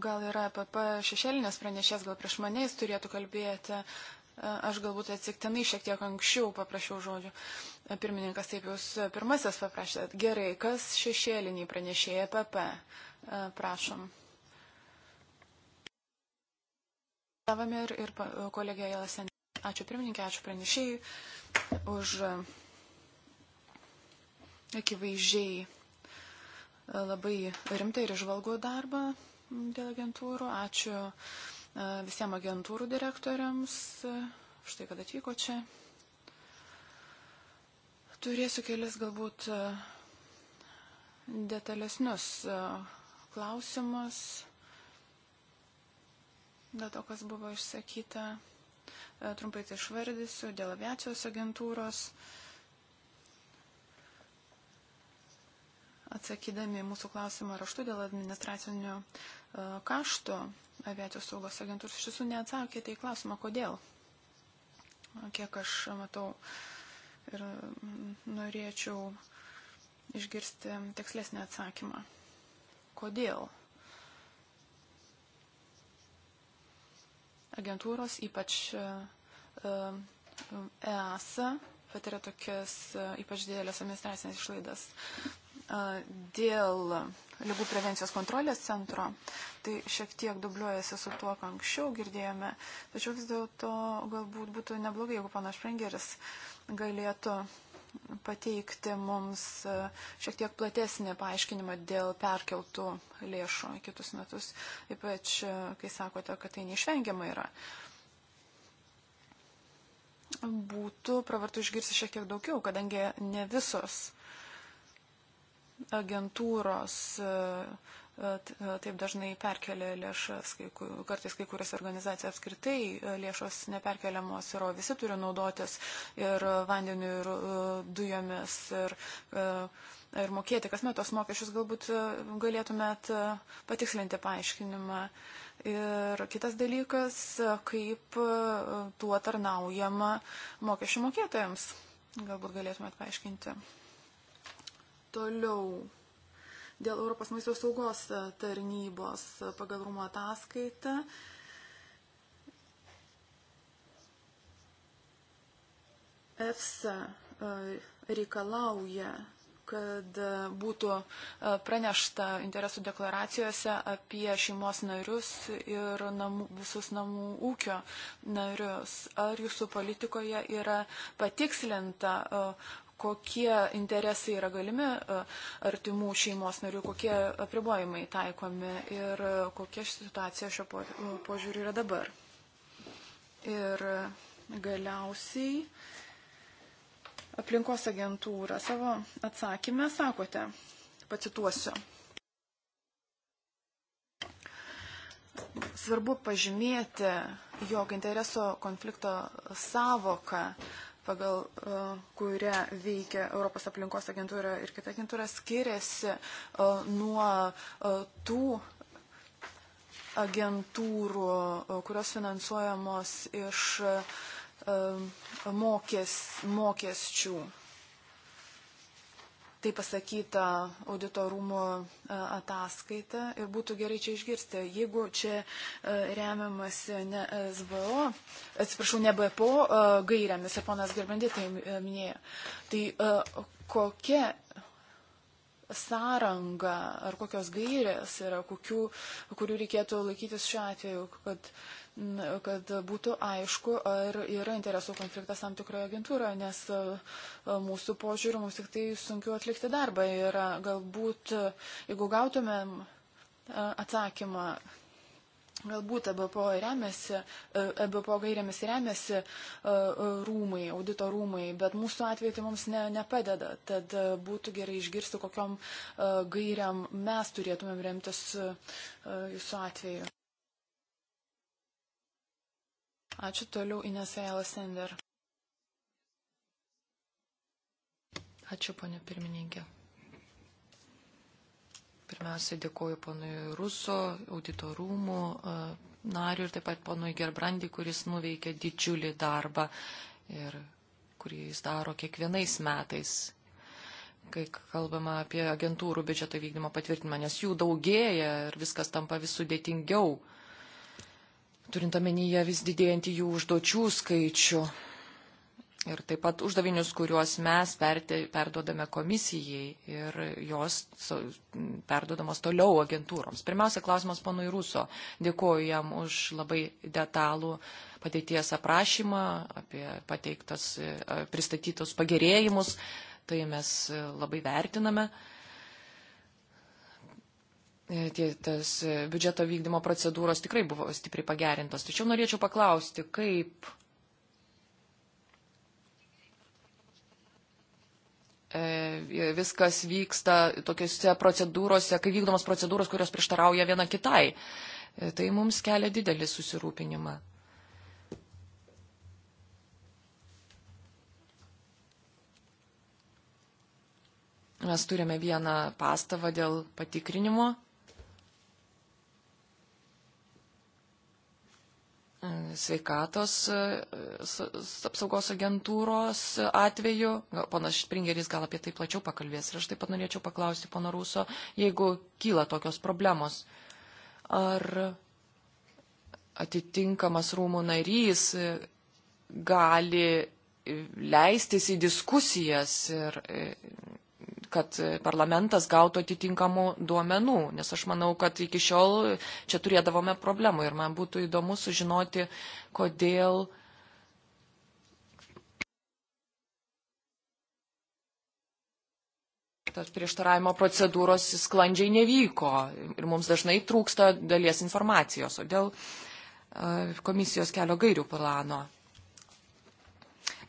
Gal yra PP e šešėlinės pranešės, gal prieš mane jis turėtų kalbėti. Aš galbūt atsiktinai šiek tiek anksčiau paprašiau žodžių. Pirmininkas, taip jūs pirmasis paprašėt. Gerai, kas šešėliniai pranešėja PP? Prašom. Savame ir, ir kolegija Jelasen. Ačiū pirmininkė, ačiū pranešėjai už akivaizdžiai labai rimtą ir išvalgų darbą dėl agentūrų. Ačiū visiems agentūrų direktoriams, štai kad atvyko čia. Turėsiu kelis galbūt detalesnius klausimus, dėl to, kas buvo išsakyta, trumpai tai išvardysiu, dėl aviacijos agentūros. Atsakydami mūsų klausimą raštu dėl administracinių kaštų, aviacijos saugos agentūros. Iš tiesų neatsakėte tai į klausimą, kodėl. Kiek aš matau ir norėčiau išgirsti tikslesnį atsakymą. Kodėl? Agentūros, ypač EASA, e, e, e patiria tokias ypač didelės administracinės išlaidas dėl lygų prevencijos kontrolės centro, tai šiek tiek dubliuojasi su tuo, ką anksčiau girdėjome, tačiau vis dėlto galbūt būtų neblogai, jeigu panas Šprengeris galėtų pateikti mums šiek tiek platesnį paaiškinimą dėl perkeltų lėšų kitus metus, ypač kai sakote, kad tai neišvengiama yra. Būtų pravartu išgirsti šiek tiek daugiau, kadangi ne visos agentūros e, e, e, taip dažnai perkelia lėšas, kai, kartais kai kurias organizacijas apskritai lėšos neperkeliamos yra, visi turi naudotis ir vandeniu, ir dujomis, ir, ir mokėti kasmet tos mokesčius, galbūt galėtumėt patikslinti paaiškinimą. Ir kitas dalykas, kaip tuo tarnaujama mokesčių mokėtojams. Galbūt galėtumėt paaiškinti. Toliau. Dėl Europos maisto saugos tarnybos pagal rūmo ataskaitą. EFSA e, reikalauja kad būtų e, pranešta interesų deklaracijose apie šeimos narius ir namų, visus namų ūkio narius. Ar jūsų politikoje yra patikslinta e, kokie interesai yra galimi e, artimų šeimos narių, kokie apribojimai taikomi ir e, kokia situacija šio e, požiūriu yra dabar. Ir galiausiai aplinkos agentūra savo atsakymę sakote, pacituosiu. Svarbu pažymėti, jog intereso konflikto savoka pagal e, kurią veikia Europos aplinkos agentūra ir kita agentūra, skiriasi e, nuo e, tų agentūrų, kurios finansuojamos iš mokės, mokesčių tai pasakyta auditorumo e, ataskaita ir būtų gerai čia išgirsti. Jeigu čia e, remiamas ne e, SBO, atsiprašau, ne BPO gairiamis ir ponas Gerbandė tai minėjo, tai kokia sąranga ar kokios gairės yra, kokių, kurių reikėtų laikytis šiuo atveju, kad uh, kad būtų aišku, ar yra interesų konfliktas tam tikroje agentūroje, nes e, mūsų požiūriu mums tik tai sunkiau atlikti darbą ir e, galbūt, e, jeigu gautumėm atsakymą, galbūt EBPO remiasi, EBPO gairėmis remiasi rūmai, audito rūmai, bet mūsų atveju tai mums ne, nepadeda. Tad būtų gerai išgirsti, kokiam gairiam mes turėtumėm remtis jūsų atveju. Ačiū toliau Inesa Elasender. Ačiū, ponė pirmininkė. Pirmiausia, dėkoju ponui Ruso, auditorumų e, nariu ir taip pat ponui Gerbrandi, kuris nuveikė didžiulį darbą ir kurį jis daro kiekvienais metais, kai kalbama apie agentūrų biudžeto vykdymo patvirtinimą, nes jų daugėja ir viskas tampa vis sudėtingiau. Uh, turint omenyje vis didėjantį jų užduočių skaičių ir taip pat uždavinius, kuriuos mes pertė, perduodame komisijai ir jos so, perduodamos toliau agentūroms. Pirmiausia, klausimas ponui Ruso. Dėkuoju jam už labai detalų padėties aprašymą apie pateiktas, pristatytus pagerėjimus. Tai mes labai vertiname. E, tie, tas e, biudžeto vykdymo procedūros tikrai buvo stipriai pagerintos. Tačiau norėčiau paklausti, kaip e, viskas vyksta tokiuose procedūrose, kai vykdomos procedūros, kurios prieštarauja viena kitai. Tai mums kelia didelį susirūpinimą. Mes turime vieną pastavą dėl patikrinimo sveikatos e, apsaugos agentūros atveju. Ponas Špringeris gal apie tai plačiau pakalbės. Ir aš taip pat norėčiau paklausti pono Rūso, jeigu kyla tokios problemos, ar atitinkamas rūmų narys gali leistis į diskusijas ir kad parlamentas gautų atitinkamų duomenų, nes aš manau, kad iki šiol čia turėdavome problemų ir man būtų įdomu sužinoti, kodėl. tos prieštaravimo procedūros sklandžiai nevyko ir mums dažnai trūksta dalies informacijos, o dėl e, komisijos kelio gairių plano.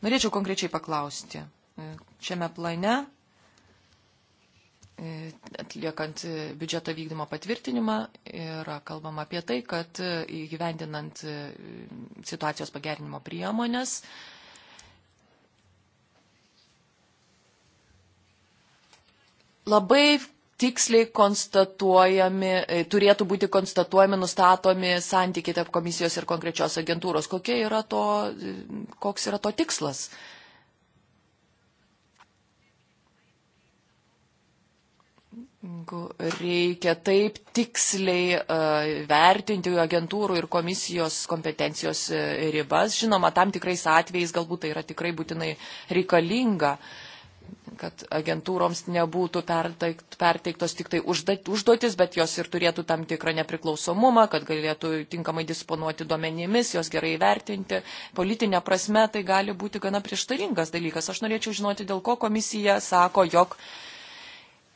Norėčiau konkrečiai paklausti. E, šiame plane E, atliekant biudžeto vykdymo patvirtinimą yra kalbama apie tai, kad e, įgyvendinant e, situacijos pagerinimo priemonės, labai tiksliai konstatuojami, turėtų būti konstatuojami, nustatomi santykiai tarp komisijos ir konkrečios agentūros. Kokia yra to, koks yra to tikslas? Uh, Reikia taip tiksliai uh, vertinti agentūrų ir komisijos kompetencijos e, ribas. Žinoma, tam tikrais atvejais galbūt tai yra tikrai būtinai reikalinga, kad agentūroms nebūtų perteiktos tik tai užduotis, bet jos ir turėtų tam tikrą nepriklausomumą, kad galėtų tinkamai disponuoti duomenimis, jos gerai vertinti. Politinė prasme tai gali būti gana prieštaringas dalykas. Aš norėčiau žinoti, dėl ko komisija sako, jog uh,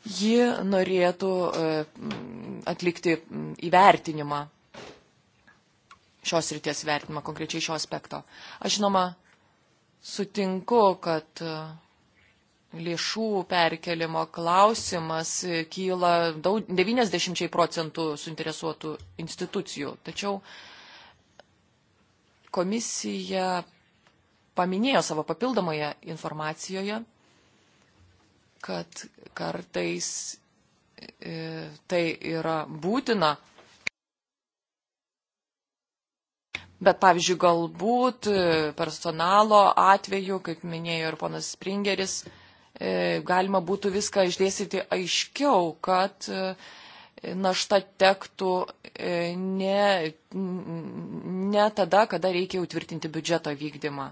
ji norėtų e, atlikti įvertinimą, šios ryties įvertinimą, konkrečiai šio aspekto. Aš žinoma sutinku, kad e, lėšų perkelimo klausimas e, kyla daug, 90 procentų suinteresuotų institucijų. Tačiau komisija paminėjo savo papildomoje informacijoje kad kartais e, tai yra būtina. Bet, pavyzdžiui, galbūt e, personalo atveju, kaip minėjo ir ponas Springeris, e, galima būtų viską išdėstyti aiškiau, kad našta tektų ne, ne tada, kada reikia jau tvirtinti biudžeto vykdymą.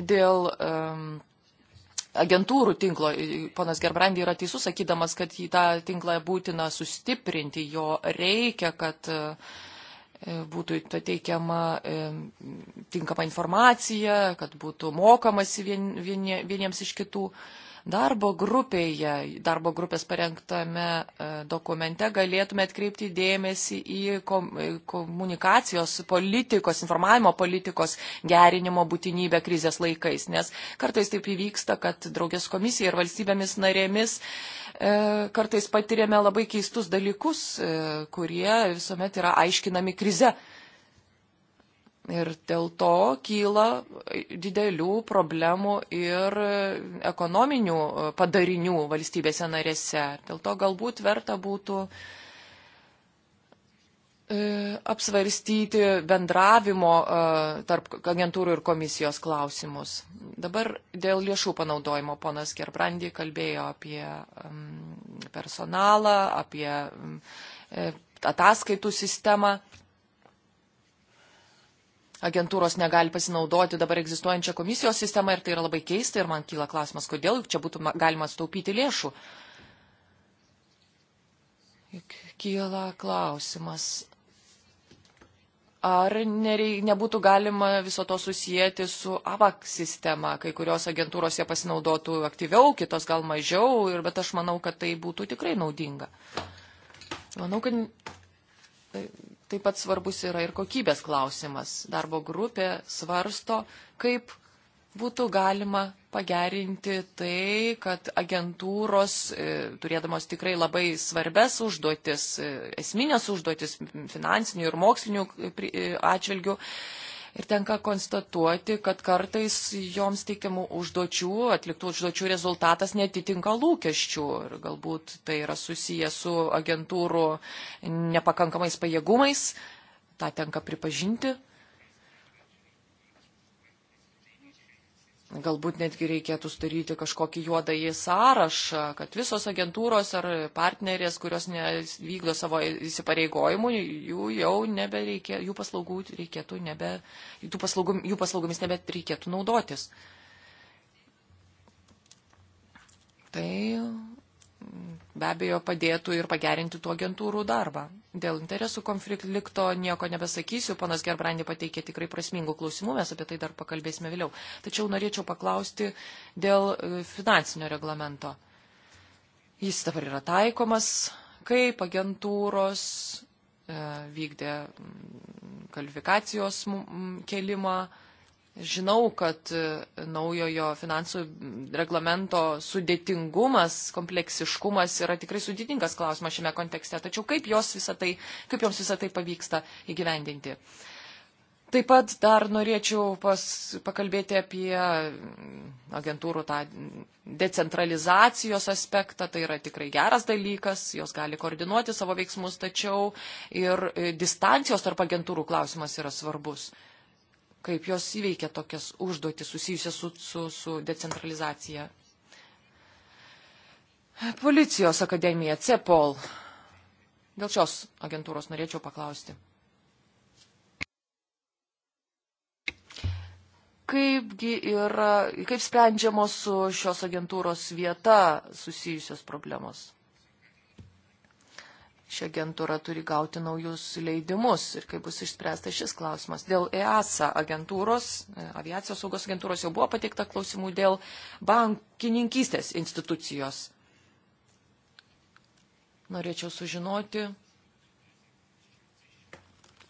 Dėl um, agentūrų tinklo, ponas Gerbrandi yra teisus, sakydamas, kad į tą tinklą būtina sustiprinti, jo reikia, kad uh, būtų teikiama tinkama informacija, kad būtų mokamasi vien, vien, vieniems iš kitų. Uh, Darbo grupėje, darbo grupės parengtame e, dokumente galėtume atkreipti dėmesį į komunikacijos politikos, informavimo politikos gerinimo būtinybę krizės laikais, nes kartais taip įvyksta, kad draugės komisija ir valstybėmis narėmis e, kartais patiriame labai keistus dalykus, e, kurie visuomet yra aiškinami krize Ir dėl to kyla didelių problemų ir ekonominių e, padarinių valstybėse narėse. Dėl to galbūt verta būtų e, apsvarstyti bendravimo e, tarp agentūrų ir komisijos klausimus. Dabar dėl lėšų panaudojimo ponas Gerbrandi kalbėjo apie personalą, apie ataskaitų sistemą agentūros negali pasinaudoti dabar egzistuojančią komisijos sistemą ir tai yra labai keista ir man kyla klausimas, kodėl čia būtų galima staupyti lėšų. Kyla klausimas. Ar nerei, nebūtų galima viso to susijęti su AVAC sistema, kai kurios agentūros jie pasinaudotų aktyviau, kitos gal mažiau, ir, bet aš manau, kad tai būtų tikrai naudinga. Manau, kad Taip pat svarbus yra ir kokybės klausimas. Darbo grupė svarsto, kaip būtų galima pagerinti tai, kad agentūros, e, turėdamos tikrai labai svarbes užduotis, e, esminės užduotis finansinių ir mokslinių e, atžvilgių, Ir tenka konstatuoti, kad kartais joms teikiamų užduočių, atliktų užduočių rezultatas netitinka lūkesčių. Ir galbūt tai yra susiję su agentūrų nepakankamais pajėgumais. Ta tenka pripažinti. Galbūt netgi reikėtų sudaryti kažkokį juodąjį sąrašą, kad visos agentūros ar partnerės, kurios nevykdo savo įsipareigojimų, jų jau nebereikė, jų paslaugų reikėtų nebe, jų, paslaugum, jų paslaugomis nebet reikėtų naudotis. Tai be abejo padėtų ir pagerinti tų agentūrų darbą. Dėl interesų konflikto nieko nebesakysiu, panas Gerbrandi pateikė tikrai prasmingų klausimų, mes apie tai dar pakalbėsime vėliau. Tačiau norėčiau paklausti dėl e, finansinio reglamento. Jis dabar yra taikomas, kaip agentūros e, vykdė kvalifikacijos kelimą Žinau, kad e, naujojo finansų reglamento sudėtingumas, kompleksiškumas yra tikrai sudėtingas klausimas šiame kontekste, tačiau kaip, visa tai, kaip joms visą tai pavyksta įgyvendinti. Taip pat dar norėčiau pas, pakalbėti apie mm, agentūrų tą decentralizacijos aspektą, tai yra tikrai geras dalykas, jos gali koordinuoti savo veiksmus, tačiau ir e, distancijos tarp agentūrų klausimas yra svarbus kaip jos įveikia tokias užduotis susijusias su, su, su decentralizacija. Policijos akademija, CEPOL. Dėl šios agentūros norėčiau paklausti. Kaipgi yra, kaip sprendžiamos su šios agentūros vieta susijusios problemos? ši agentūra turi gauti naujus leidimus ir kaip bus išspręsta šis klausimas. Dėl EASA agentūros, e, aviacijos saugos agentūros jau buvo pateikta klausimų dėl bankininkystės institucijos. Norėčiau sužinoti,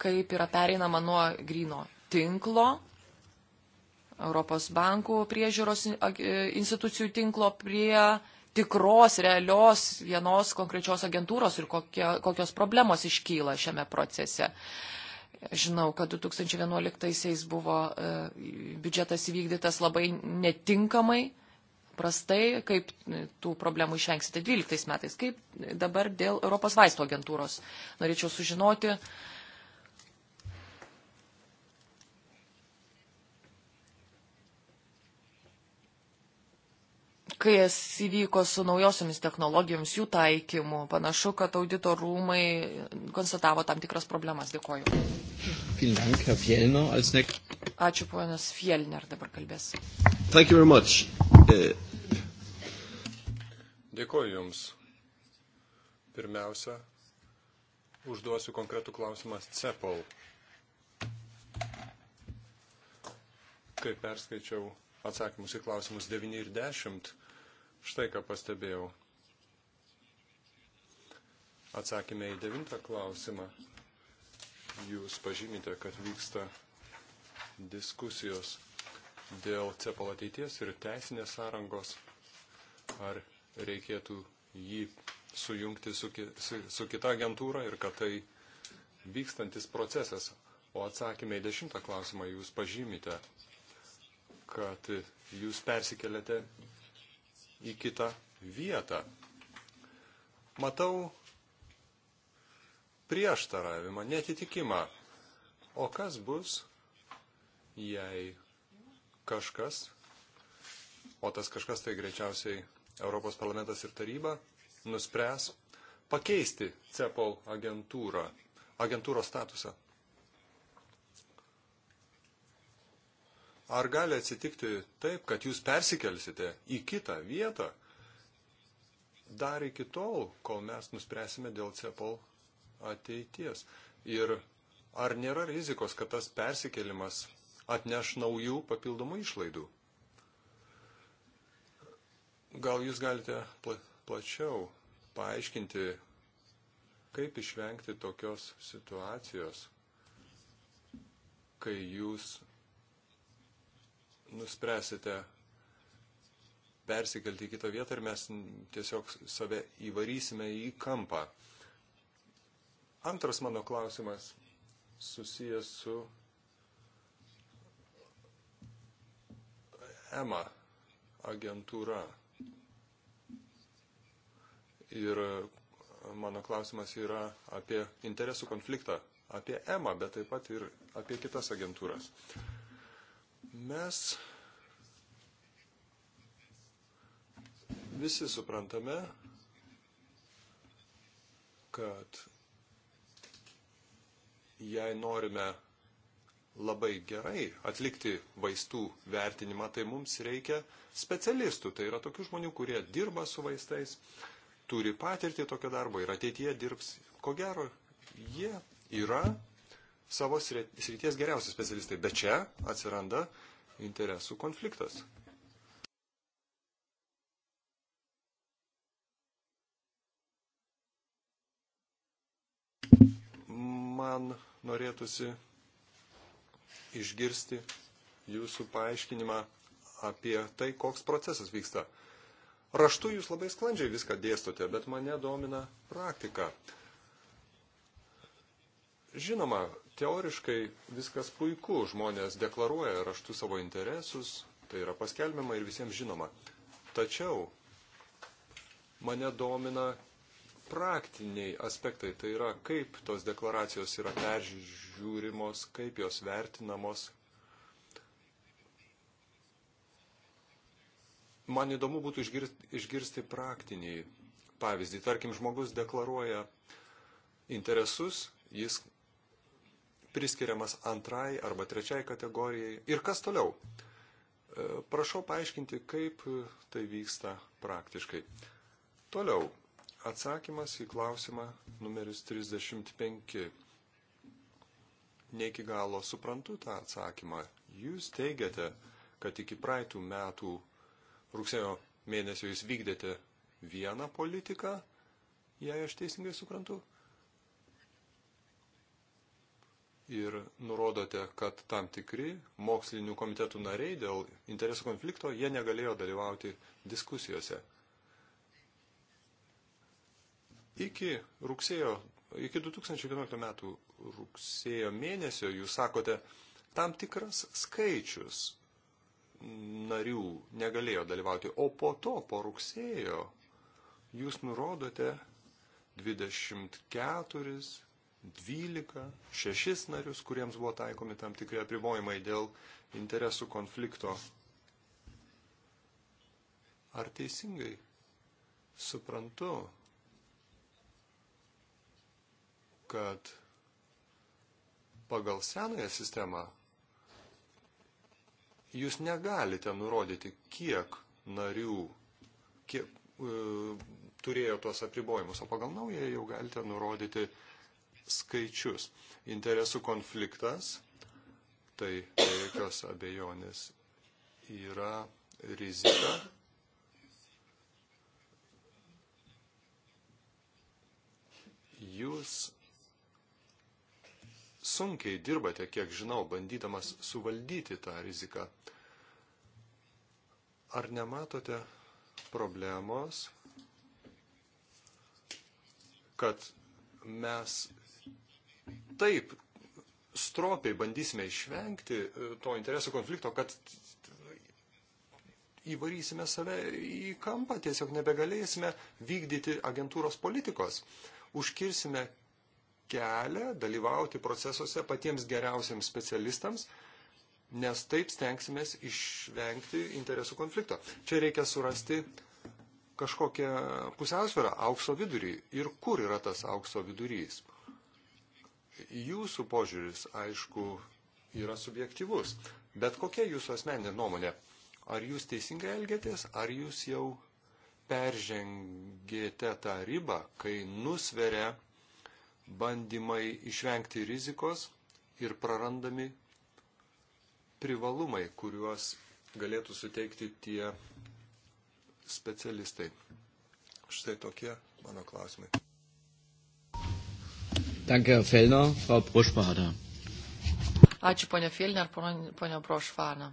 kaip yra pereinama nuo grino tinklo, Europos bankų priežiūros e, institucijų tinklo prie tikros, realios vienos konkrečios agentūros ir kokie, kokios problemos iškyla šiame procese. Žinau, kad 2011-aisiais buvo e, biudžetas įvykdytas labai netinkamai, prastai, kaip e, tų problemų išvengsite 12 metais. Kaip dabar dėl Europos vaisto agentūros? Norėčiau sužinoti, uh, kas įvyko su naujosiomis technologijomis, jų taikymu. Panašu, kad audito rūmai konstatavo tam tikras problemas. Dėkoju. Ačiū, ponas Fielner dabar kalbės. Uh, Dėkoju Jums. Pirmiausia, užduosiu konkretų klausimą CEPOL. Kai perskaičiau atsakymus į klausimus 9 ir 10, Štai ką pastebėjau. Atsakymė į devintą klausimą. Jūs pažymite, kad vyksta diskusijos dėl cepal ateities ir teisinės sąrangos, ar reikėtų jį sujungti su, ki, su, su kita agentūra ir kad tai vykstantis procesas. O atsakymė į dešimtą klausimą jūs pažymite, kad jūs persikeliate į kitą vietą. Matau prieštaravimą, netitikimą. O kas bus, jei kažkas, o tas kažkas tai greičiausiai Europos parlamentas ir taryba, nuspręs pakeisti CEPOL agentūrą, agentūros statusą Ar gali atsitikti taip, kad jūs persikelsite į kitą vietą dar iki tol, kol mes nuspręsime dėl CEPOL ateities? Ir ar nėra rizikos, kad tas persikėlimas atneš naujų papildomų išlaidų? Gal jūs galite pla plačiau paaiškinti, kaip išvengti tokios situacijos, kai jūs nuspręsite persikelti į kitą vietą ir mes tiesiog save įvarysime į kampą. Antras mano klausimas susijęs su EMA agentūra. Ir mano klausimas yra apie interesų konfliktą, apie EMA, bet taip pat ir apie kitas agentūras. Uh, Mes visi suprantame, kad jei norime labai gerai atlikti vaistų vertinimą, tai mums reikia specialistų. Tai yra tokių žmonių, kurie dirba su vaistais, turi patirtį tokio darbo ir ateityje dirbs. Ko gero, jie yra savo srities geriausi specialistai. Bet čia atsiranda interesų konfliktas. Man norėtųsi išgirsti jūsų paaiškinimą apie tai, koks procesas vyksta. Raštu jūs labai sklandžiai viską dėstote, bet mane domina praktika. Žinoma, Teoriškai viskas puiku, žmonės deklaruoja raštų savo interesus, tai yra paskelbiama ir visiems žinoma. Tačiau mane domina praktiniai aspektai, tai yra kaip tos deklaracijos yra peržiūrimos, kaip jos vertinamos. Man įdomu būtų išgirsti, išgirsti praktinį pavyzdį. Tarkim, žmogus deklaruoja interesus, jis priskiriamas antrai arba trečiai kategorijai. Ir kas toliau? E, prašau paaiškinti, kaip tai vyksta praktiškai. Toliau. Atsakymas į klausimą numeris 35. Ne iki galo suprantu tą atsakymą. Jūs teigiate, kad iki praeitų metų rugsėjo mėnesio jūs vykdėte vieną politiką, jei aš teisingai suprantu, ir nurodote, kad tam tikri mokslinių komitetų nariai dėl interesų konflikto jie negalėjo dalyvauti diskusijose. Iki rugsėjo, iki 2011 metų rugsėjo mėnesio jūs sakote, tam tikras skaičius narių negalėjo dalyvauti, o po to, po rugsėjo, jūs nurodote 24 12, 6 narius, kuriems buvo taikomi tam tikri apribojimai dėl interesų konflikto. Ar teisingai suprantu, kad pagal senąją sistemą jūs negalite nurodyti, kiek narių kiek, e, turėjo tuos apribojimus, o pagal naują jau galite nurodyti, e, skaičius. Interesų konfliktas, tai be tai jokios abejonės yra rizika. Jūs sunkiai dirbate, kiek žinau, bandydamas suvaldyti tą riziką. Ar nematote problemos, kad mes taip stropiai bandysime išvengti e, to interesų konflikto, kad įvarysime save į kampą, tiesiog nebegalėsime vykdyti agentūros politikos. Užkirsime kelią dalyvauti procesuose patiems geriausiams specialistams, nes taip stengsimės išvengti interesų konflikto. Čia reikia surasti kažkokią pusiausvyrą, aukso vidurį. Ir kur yra tas aukso vidurys? Jūsų požiūris, aišku, yra subjektivus, bet kokia jūsų asmeninė nuomonė? Ar jūs teisingai elgėtės, ar jūs jau peržengėte tą ribą, kai nusveria bandymai išvengti rizikos ir prarandami privalumai, kuriuos galėtų suteikti tie specialistai. Štai tokie mano klausimai. Danke, Herr Fellner. Frau Broschbader. Ačiū, ponia Filner, ponia Brošvana.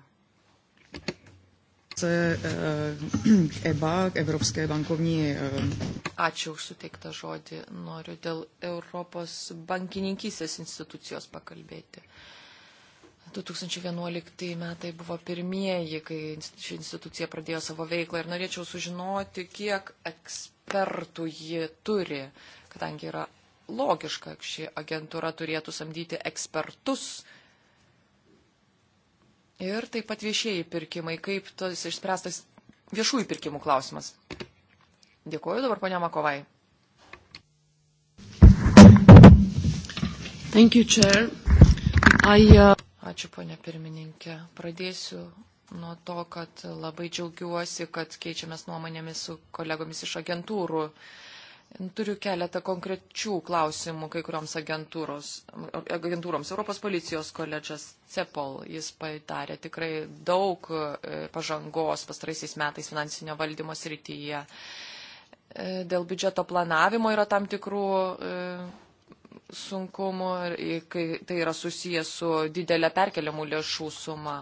Eh, EBA, Evropskai bankovniai. Eh, Ačiū už suteiktą žodį. Noriu dėl Europos bankininkysės institucijos pakalbėti. 2011 metai buvo pirmieji, kai ši institucija pradėjo savo veiklą ir norėčiau sužinoti, kiek ekspertų ji turi, kadangi yra logiška, ši agentūra turėtų samdyti ekspertus. Ir taip pat viešieji pirkimai, kaip tas išspręstas viešųjų pirkimų klausimas. Dėkuoju dabar ponia Makovai. Thank you, Chair. I, uh... Ačiū ponia pirmininkė. Pradėsiu nuo to, kad labai džiaugiuosi, kad keičiamės nuomonėmis su kolegomis iš agentūrų. Uh, Turiu keletą konkrečių klausimų kai kurioms agentūroms. Europos policijos koledžas CEPOL, jis padarė tikrai daug e, pažangos pastaraisiais metais finansinio valdymo srityje. E, dėl biudžeto planavimo yra tam tikrų e, sunkumų, kai tai yra susijęs su didelė perkeliamų lėšų suma.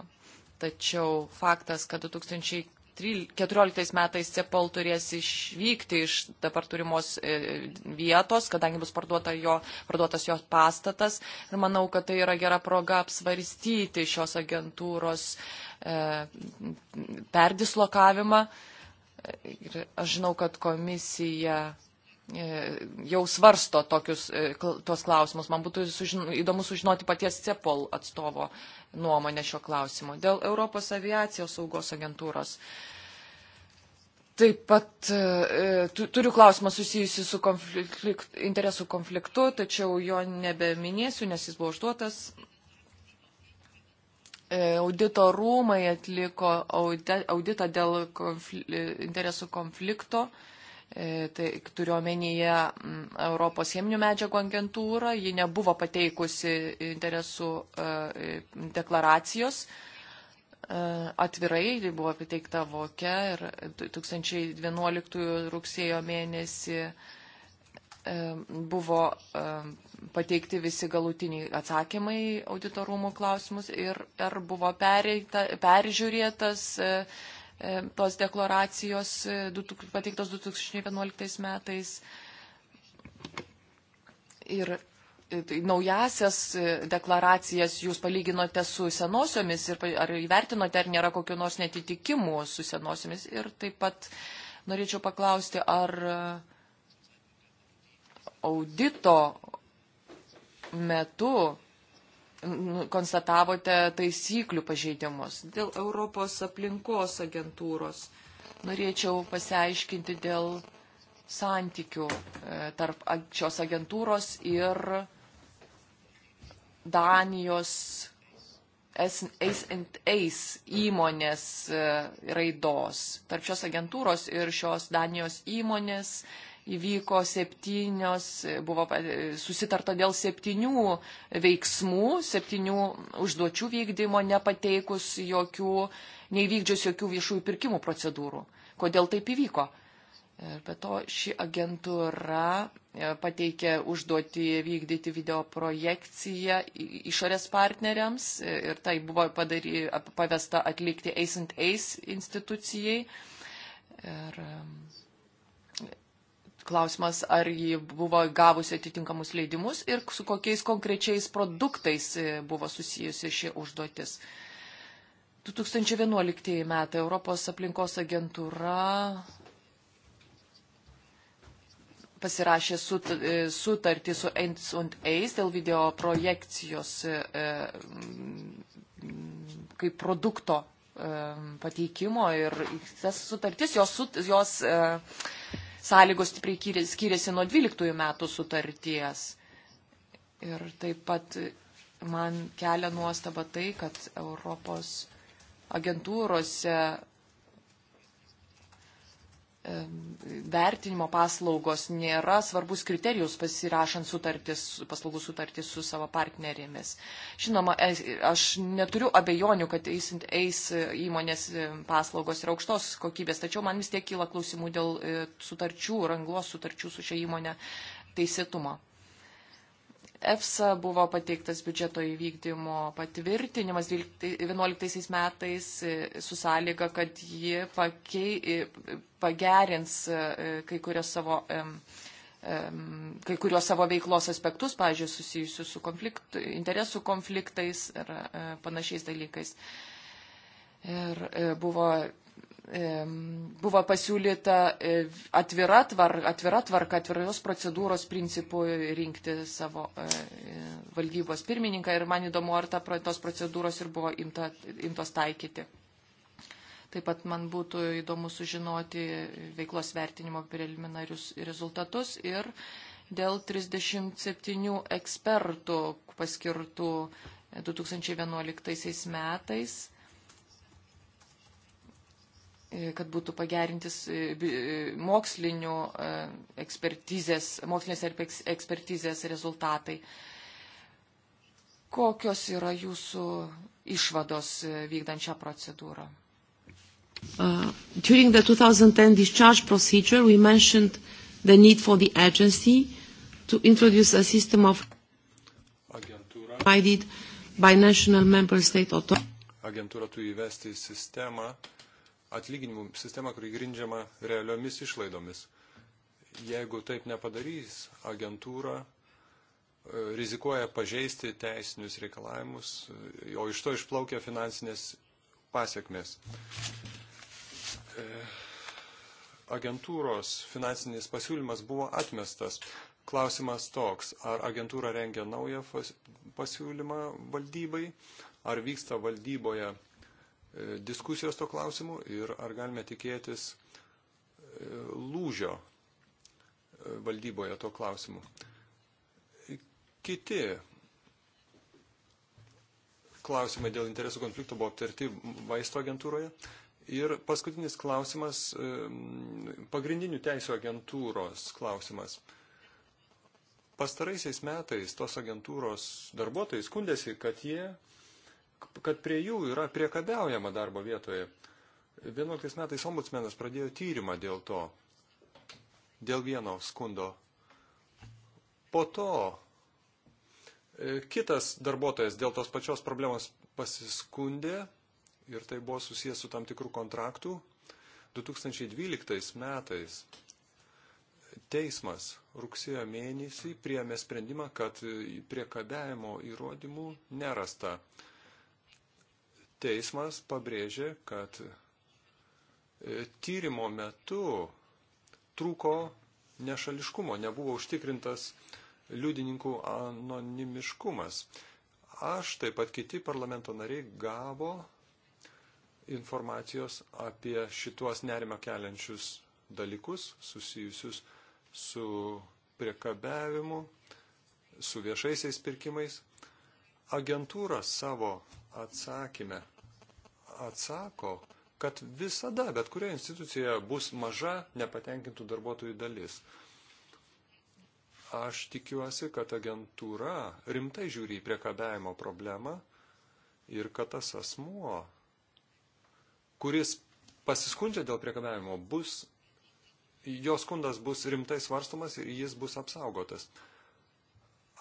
Tačiau faktas, kad 2000 2014 metais Cepol turės išvykti iš dabar turimos e, vietos, kadangi bus parduota jo, parduotas jo pastatas. Ir manau, kad tai yra gera proga apsvarstyti šios agentūros e, perdislokavimą. E, ir aš žinau, kad komisija E, jau svarsto tokius, e, tuos klausimus. Man būtų sužino, įdomu sužinoti paties CEPOL atstovo nuomonę šio klausimo. Dėl Europos aviacijos saugos agentūros. Taip pat e, tu, turiu klausimą susijusi su konflikt, interesų konfliktu, tačiau jo nebeminėsiu, nes jis buvo užduotas audito rūmai atliko auditą dėl konfl interesų konflikto. E, tai turiuomenyje Europos cheminių medžiagų agentūrą, ji nebuvo pateikusi interesų e, deklaracijos e, atvirai, tai buvo pateikta vokia ir 2011 rugsėjo mėnesį buvo pateikti visi galutiniai atsakymai auditorumų klausimus ir ar buvo pereita, peržiūrėtas E, tos deklaracijos e, pateiktos 2011 metais. Ir e, tai, naujasias deklaracijas jūs palyginote su senosiomis ir ar įvertinote, ar nėra kokiu nors netitikimu su senosiomis. Ir taip pat norėčiau paklausti, ar audito metu Nu, konstatavote taisyklių pažeidimus. Dėl Europos aplinkos agentūros norėčiau pasiaiškinti dėl santykių e, tarp šios agentūros ir Danijos S&A's įmonės e, raidos. Tarp šios agentūros ir šios Danijos įmonės įvyko septynios, buvo susitarta dėl septynių veiksmų, septynių užduočių vykdymo, nepateikus jokių, neįvykdžius jokių viešųjų pirkimų procedūrų. Kodėl taip įvyko? Ir be to ši agentūra e, pateikė užduoti vykdyti video projekciją išorės partneriams e, ir tai buvo padary, pavesta atlikti Ace and Ace institucijai. Ir, Klausimas, ar ji buvo gavusi atitinkamus leidimus ir su kokiais konkrečiais produktais e, buvo susijusi ši užduotis. 2011 metai Europos aplinkos agentūra pasirašė sut, e, sutartį su Ends und Eis dėl video projekcijos e, kaip produkto pateikimo ir tas sutartis, jos, jos sąlygos stipriai skiriasi nuo 12 metų sutarties. Ir taip pat man kelia nuostaba tai, kad Europos agentūrose vertinimo paslaugos nėra svarbus kriterijus pasirašant sutartis, paslaugų sutartis su savo partnerėmis. Žinoma, aš neturiu abejonių, kad eis, eis įmonės paslaugos ir aukštos kokybės, tačiau man vis tiek kyla klausimų dėl e, sutarčių, ranglos sutarčių su šia įmonė teisėtumo. EFSA buvo pateiktas biudžeto įvykdymo patvirtinimas 2011 metais e, su sąlyga, kad ji pakei, e, pagerins e, kai kurios savo kai kuriuos savo veiklos aspektus, pavyzdžiui, susijusius su konflikt, interesų konfliktais ir panašiais dalykais. Ir buvo buvo pasiūlyta e, atvira, tvar, atvira tvarka, atviros procedūros principų rinkti savo e, valdybos pirmininką ir man įdomu, ar ta, tos procedūros ir buvo imta, imtos taikyti. Taip pat man būtų įdomu sužinoti veiklos vertinimo preliminarius rezultatus ir dėl 37 ekspertų paskirtų 2011 e, metais E, kad būtų pagerintis e, e, mokslinių ekspertizės, mokslinės ekspertizės rezultatai. Kokios yra jūsų išvados vykdant šią procedūrą? Uh, during the 2010 discharge procedure, we mentioned the need for the agency to introduce a system of provided by national member state authorities. Agentūra turi įvesti sistemą, uh, atlyginimų sistemą, kuri grindžiama realiomis išlaidomis. Jeigu taip nepadarys, agentūra e, rizikuoja pažeisti teisinius reikalavimus, e, o iš to išplaukia finansinės pasiekmes. E, agentūros finansinis pasiūlymas buvo atmestas. Klausimas toks, ar agentūra rengia naują pasiūlymą valdybai, ar vyksta valdyboje diskusijos to klausimu ir ar galime tikėtis e, lūžio e, valdyboje to klausimu. Kiti klausimai dėl interesų konflikto buvo aptarti vaisto agentūroje. Ir paskutinis klausimas, e, pagrindinių teisų agentūros klausimas. Pastaraisiais metais tos agentūros darbuotojai skundėsi, kad jie kad prie jų yra priekabiaujama darbo vietoje. 11 metais ombudsmenas pradėjo tyrimą dėl to, dėl vieno skundo. Po to e, kitas darbuotojas dėl tos pačios problemos pasiskundė ir tai buvo susijęs su tam tikrų kontraktų. 2012 metais teismas rugsėjo mėnesį priėmė sprendimą, kad priekabiavimo įrodymų nerasta teismas pabrėžė, kad e, tyrimo metu trūko nešališkumo, nebuvo užtikrintas liudininkų anonimiškumas. Aš taip pat kiti parlamento nariai gavo informacijos apie šituos nerimą keliančius dalykus susijusius su priekabiavimu, su viešaisiais pirkimais. Agentūra savo atsakymę atsako, kad visada, bet kurioje institucijoje bus maža nepatenkintų darbuotojų dalis. Aš tikiuosi, kad agentūra rimtai žiūri į priekabėjimo problemą ir kad tas asmuo, kuris pasiskundžia dėl priekabėjimo, bus, jo skundas bus rimtai svarstomas ir jis bus apsaugotas.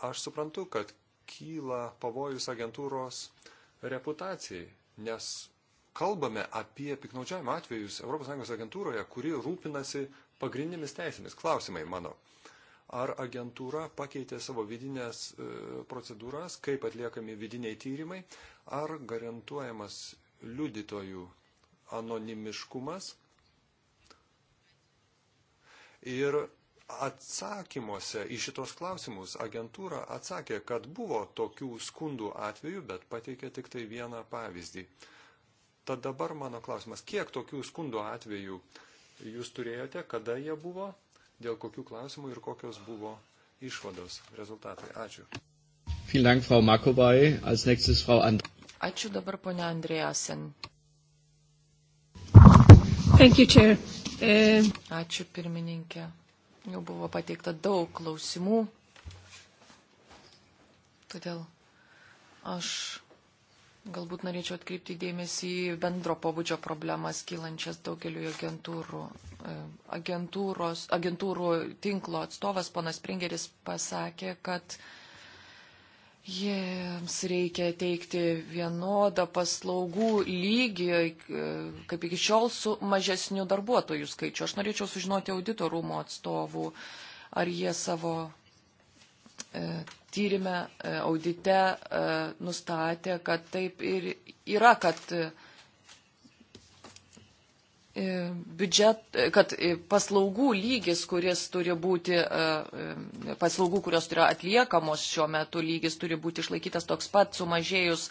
Aš suprantu, kad kyla pavojus agentūros reputacijai, nes kalbame apie piknaudžiavimo atvejus ES agentūroje, kuri rūpinasi pagrindinėmis teisėmis. Klausimai mano. Ar agentūra pakeitė savo vidinės e, procedūras, kaip atliekami vidiniai tyrimai, ar garantuojamas liudytojų anonimiškumas? Ir atsakymuose į šitos klausimus agentūra atsakė, kad buvo tokių skundų atvejų, bet pateikė tik tai vieną pavyzdį. Uh, Tad dabar mano klausimas, kiek tokių skundo atvejų jūs turėjote, kada jie buvo, dėl kokių klausimų ir kokios buvo išvados, rezultatai. Ačiū. Dank, Frau Makobai. Als nächstes Frau And Ačiū dabar ponia Andreasen. Thank you, Chair. E... Ačiū pirmininkė. Jau buvo pateikta daug klausimų. Todėl aš Galbūt norėčiau atkreipti dėmesį į bendro pobūdžio problemas kylančias daugeliu agentūrų. E, agentūros, agentūrų tinklo atstovas ponas Pringeris pasakė, kad jiems reikia teikti vienodą paslaugų lygį, e, kaip iki šiol, su mažesniu darbuotojų skaičiu. Aš norėčiau sužinoti auditorumo atstovų, ar jie savo E, tyrimę e, audite e, nustatė, kad taip ir yra, kad E, biudžet, e, kad e, paslaugų lygis, kuris turi būti, paslaugų, kurios yra atliekamos šiuo metu lygis, turi būti išlaikytas toks pat sumažėjus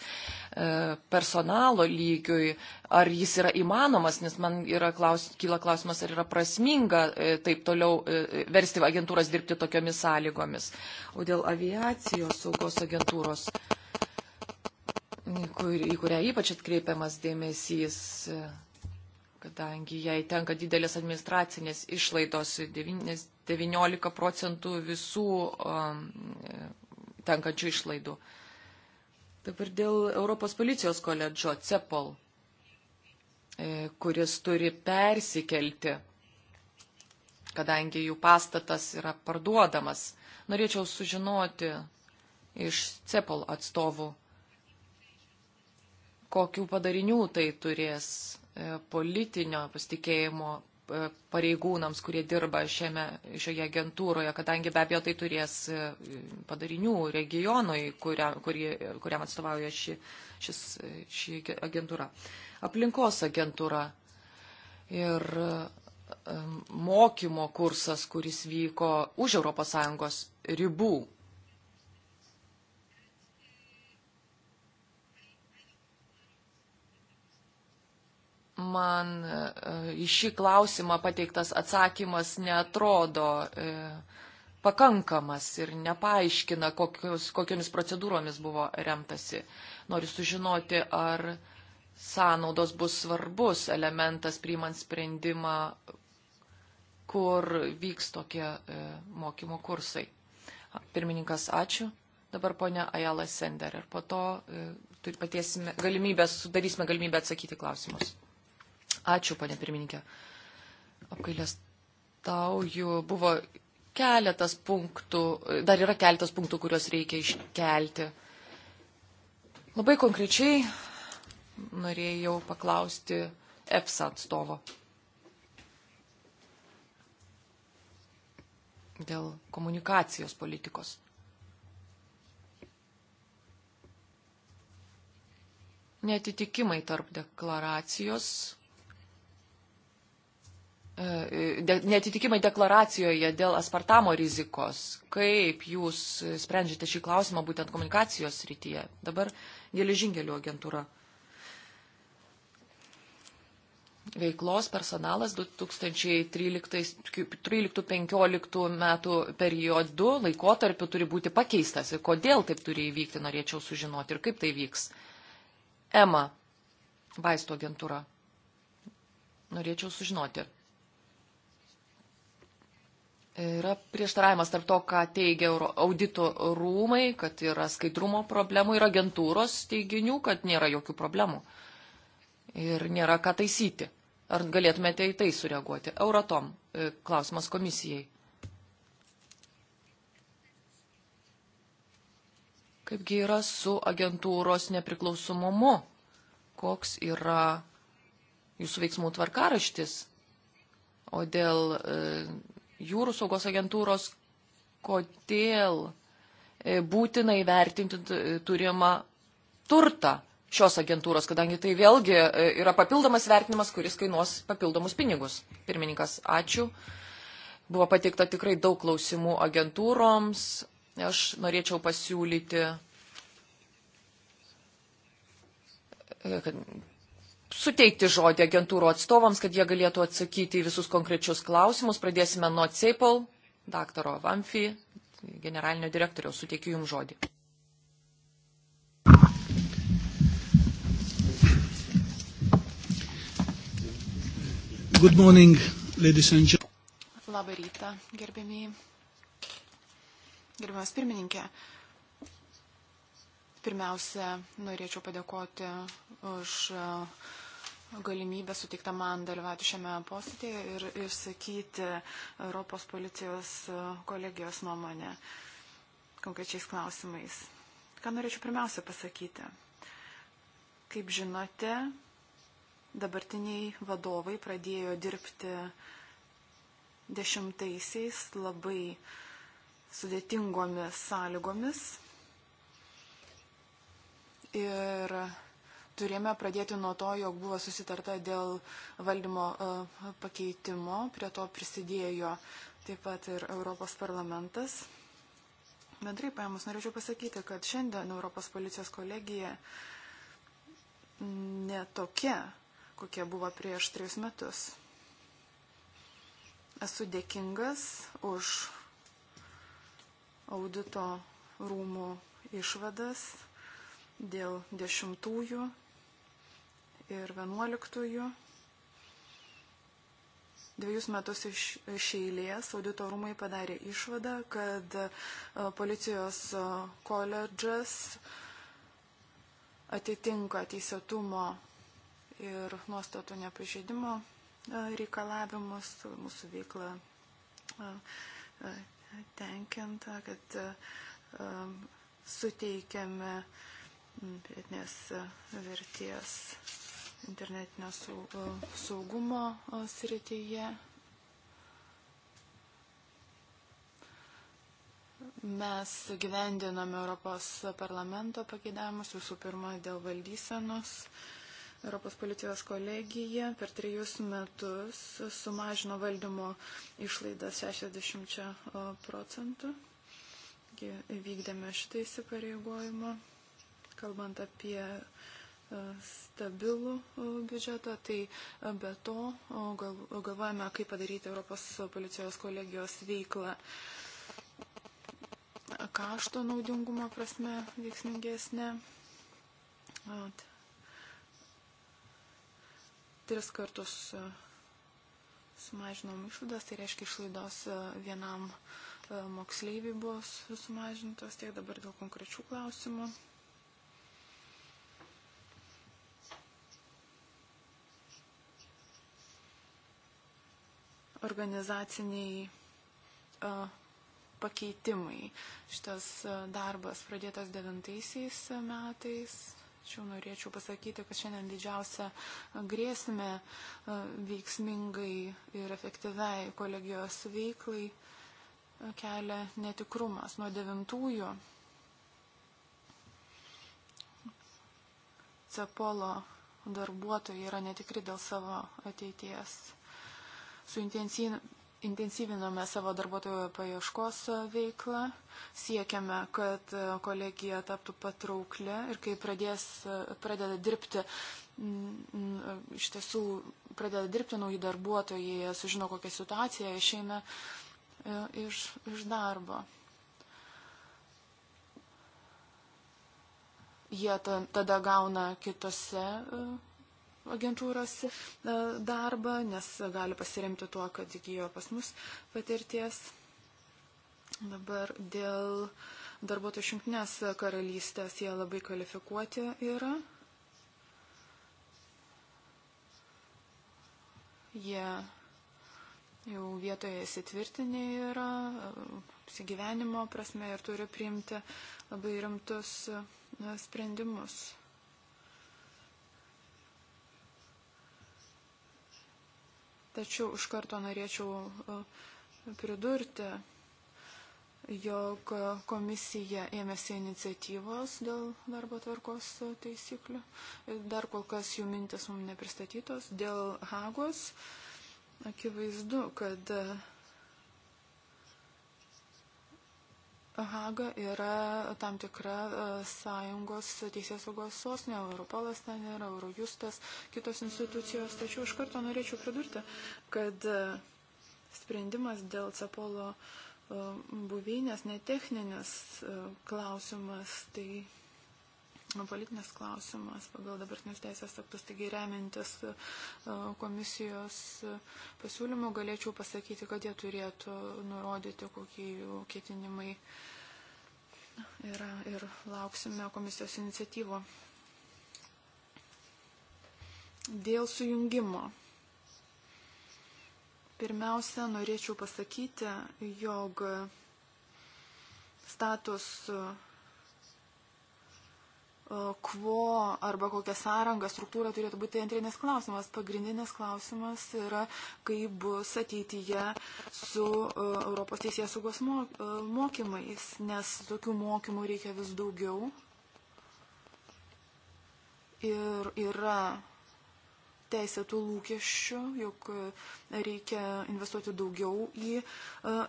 personalo lygiui, ar jis yra įmanomas, nes man yra klaus, kyla klausimas, ar yra prasminga taip toliau versti agentūras dirbti tokiomis sąlygomis. O dėl aviacijos saugos agentūros, kur, į kurią ypač atkreipiamas dėmesys kadangi jai tenka didelės administracinės išlaidos, 19 procentų visų um, tenkančių išlaidų. Dabar dėl Europos policijos koledžo CEPOL, e, kuris turi persikelti, kadangi jų pastatas yra parduodamas. Norėčiau sužinoti iš CEPOL atstovų, kokių padarinių tai turės E, politinio pasitikėjimo e, pareigūnams, kurie dirba šiame, šioje agentūroje, kadangi be abejo tai turės e, padarinių regionui, kuriam, kurie, kuriam atstovauja ši, šis, ši agentūra. Aplinkos agentūra ir mokymo kursas, kuris vyko už ES ribų. man e, į šį klausimą pateiktas atsakymas netrodo e, pakankamas ir nepaaiškina, kokios, kokiamis procedūromis buvo remtasi. Noriu sužinoti, ar sąnaudos bus svarbus elementas priimant sprendimą, kur vyks tokie e, mokymo kursai. Pirmininkas, ačiū. Dabar ponia Ajala Sender ir po to paties, galimybę, sudarysime galimybę atsakyti klausimus. Ačiū, ponė pirmininkė. Apgailės tauju. Buvo keletas punktų, dar yra keletas punktų, kuriuos reikia iškelti. Labai konkrečiai norėjau paklausti EFSA atstovo. Dėl komunikacijos politikos. Netitikimai tarp deklaracijos E, netitikimai deklaracijoje dėl aspartamo rizikos. Kaip jūs sprendžiate šį klausimą būtent komunikacijos rytyje? Dabar geležinkelių agentūra. Veiklos personalas 2013-2015 metų periodu laikotarpiu turi būti pakeistas. Ir kodėl taip turi įvykti, norėčiau sužinoti ir kaip tai vyks. EMA, vaisto agentūra. Norėčiau sužinoti Yra prieštaravimas tarp to, ką teigia audito rūmai, kad yra skaidrumo problemų ir agentūros teiginių, kad nėra jokių problemų. Ir nėra ką taisyti. Ar galėtumėte į tai sureaguoti? Euratom e, klausimas komisijai. Kaipgi yra su agentūros nepriklausomumu? Koks yra jūsų veiksmų tvarkaraštis? O dėl e, jūrų saugos agentūros, kodėl e, būtina įvertinti turimą turtą šios agentūros, kadangi tai vėlgi e, yra papildomas vertinimas, kuris kainuos papildomus pinigus. Pirmininkas, ačiū. Buvo pateikta tikrai daug klausimų agentūroms. Aš norėčiau pasiūlyti, e, kad suteikti žodį agentūrų atstovams, kad jie galėtų atsakyti į visus konkrečius klausimus. Pradėsime nuo CEPOL, daktaro Vamfi, generalinio direktoriaus. Suteikiu Jums žodį. Good morning, ladies and gentlemen. Labą rytą, gerbėmiai. Gerbiamas pirmininkė, pirmiausia, norėčiau padėkoti už uh, galimybę sutiktą man dalyvauti šiame posėdėje ir išsakyti Europos policijos e, kolegijos nuomonę konkrečiais klausimais. Ką norėčiau pirmiausia pasakyti? Kaip žinote, dabartiniai vadovai pradėjo dirbti dešimtaisiais labai sudėtingomis sąlygomis. Ir turėjome pradėti nuo to, jog buvo susitarta dėl valdymo e, pakeitimo, prie to prisidėjo taip pat ir Europos parlamentas. Bendrai paėmus, norėčiau pasakyti, kad šiandien Europos policijos kolegija netokia, kokia buvo prieš trejus metus. Esu dėkingas už audito rūmų išvadas dėl dešimtųjų ir 11 dviejus metus iš, iš eilės auditorumai padarė išvadą, kad e, policijos e, koledžas atitinka teisėtumo ir nuostatų nepažeidimo e, reikalavimus, mūsų veikla tenkinta, kad suteikiame pietinės verties internetinio e, saugumo e, srityje. Mes gyvendiname Europos parlamento pageidavimus visų pirma dėl valdysenos. Europos policijos kolegija per trejus metus sumažino valdymo išlaidas 60 e, procentų. Vykdėme šitą įsipareigojimą. Kalbant apie uh, stabilų biudžetą, tai e, be to galvojame, kaip padaryti Europos policijos kolegijos veiklą kašto naudingumo prasme veiksmingesnė. Tris kartus e, sumažinom išlaidas, tai reiškia išlaidos e, vienam moksleiviui buvo sumažintos, tiek dabar dėl konkrečių klausimų. organizaciniai pakeitimai. Šitas darbas pradėtas devintaisiais metais. Čia norėčiau pasakyti, kad šiandien didžiausia grėsmė veiksmingai ir efektyviai kolegijos veiklai kelia netikrumas. Nuo devintųjų Cepolo darbuotojai yra netikri dėl savo ateities suintensyvinome savo darbuotojų paieškos e, veiklą, siekiame, kad e, kolegija taptų patrauklė ir kai pradės, e, pradeda dirbti iš tiesų pradeda dirbti nauji darbuotojai, sužino kokią situaciją, išeina iš, iš darbo. Jie tada gauna kitose agentūros e, darbą, nes gali pasiremti tuo, kad įgyjo pas mus patirties. Dabar dėl darbuotojų iš jungtinės karalystės jie labai kvalifikuoti yra. Jie jau vietoje įsitvirtinę yra, apsigyvenimo prasme ir turi priimti labai rimtus e, sprendimus. Tačiau iš karto norėčiau e, pridurti, jog komisija ėmėsi iniciatyvos dėl darbo tvarkos taisyklių. Dar kol kas jų mintis mums nepristatytos. Dėl Hagos akivaizdu, kad Haga yra tam tikra e, sąjungos teisės saugos sostinė, Europolas ten yra, Eurojustas, kitos institucijos. Tačiau iš karto norėčiau pridurti, kad e, sprendimas dėl Cepolo e, buveinės netechninis klausimas, tai Nu, politinės klausimas pagal dabartinius teisės aktus. Taigi remiantis e, komisijos pasiūlymų galėčiau pasakyti, kad jie turėtų nurodyti, kokie jų ketinimai yra ir lauksime komisijos iniciatyvo. Dėl sujungimo. Pirmiausia, norėčiau pasakyti, jog status E, kvo arba kokią sąrangą, struktūrą turėtų būti antrinis klausimas. Pagrindinis klausimas yra, kaip bus ateityje su e, Europos teisės saugos e, mokymais, nes tokių mokymų reikia vis daugiau. Ir yra teisėtų lūkesčių, jog e, reikia investuoti daugiau į e,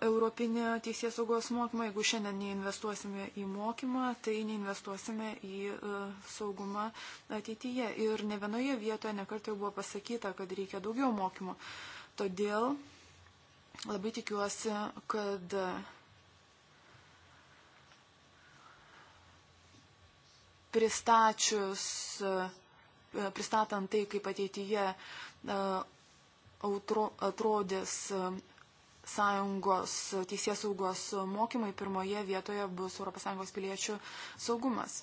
Europinę teisės saugos mokymą. Jeigu šiandien neinvestuosime į mokymą, tai neinvestuosime į e, saugumą ateityje. Ir ne vienoje vietoje nekartai buvo pasakyta, kad reikia daugiau mokymų. Todėl labai tikiuosi, kad pristačius uh, pristatant tai, kaip ateityje e, atrodys e, sąjungos teisės saugos mokymai, pirmoje vietoje bus ES piliečių saugumas.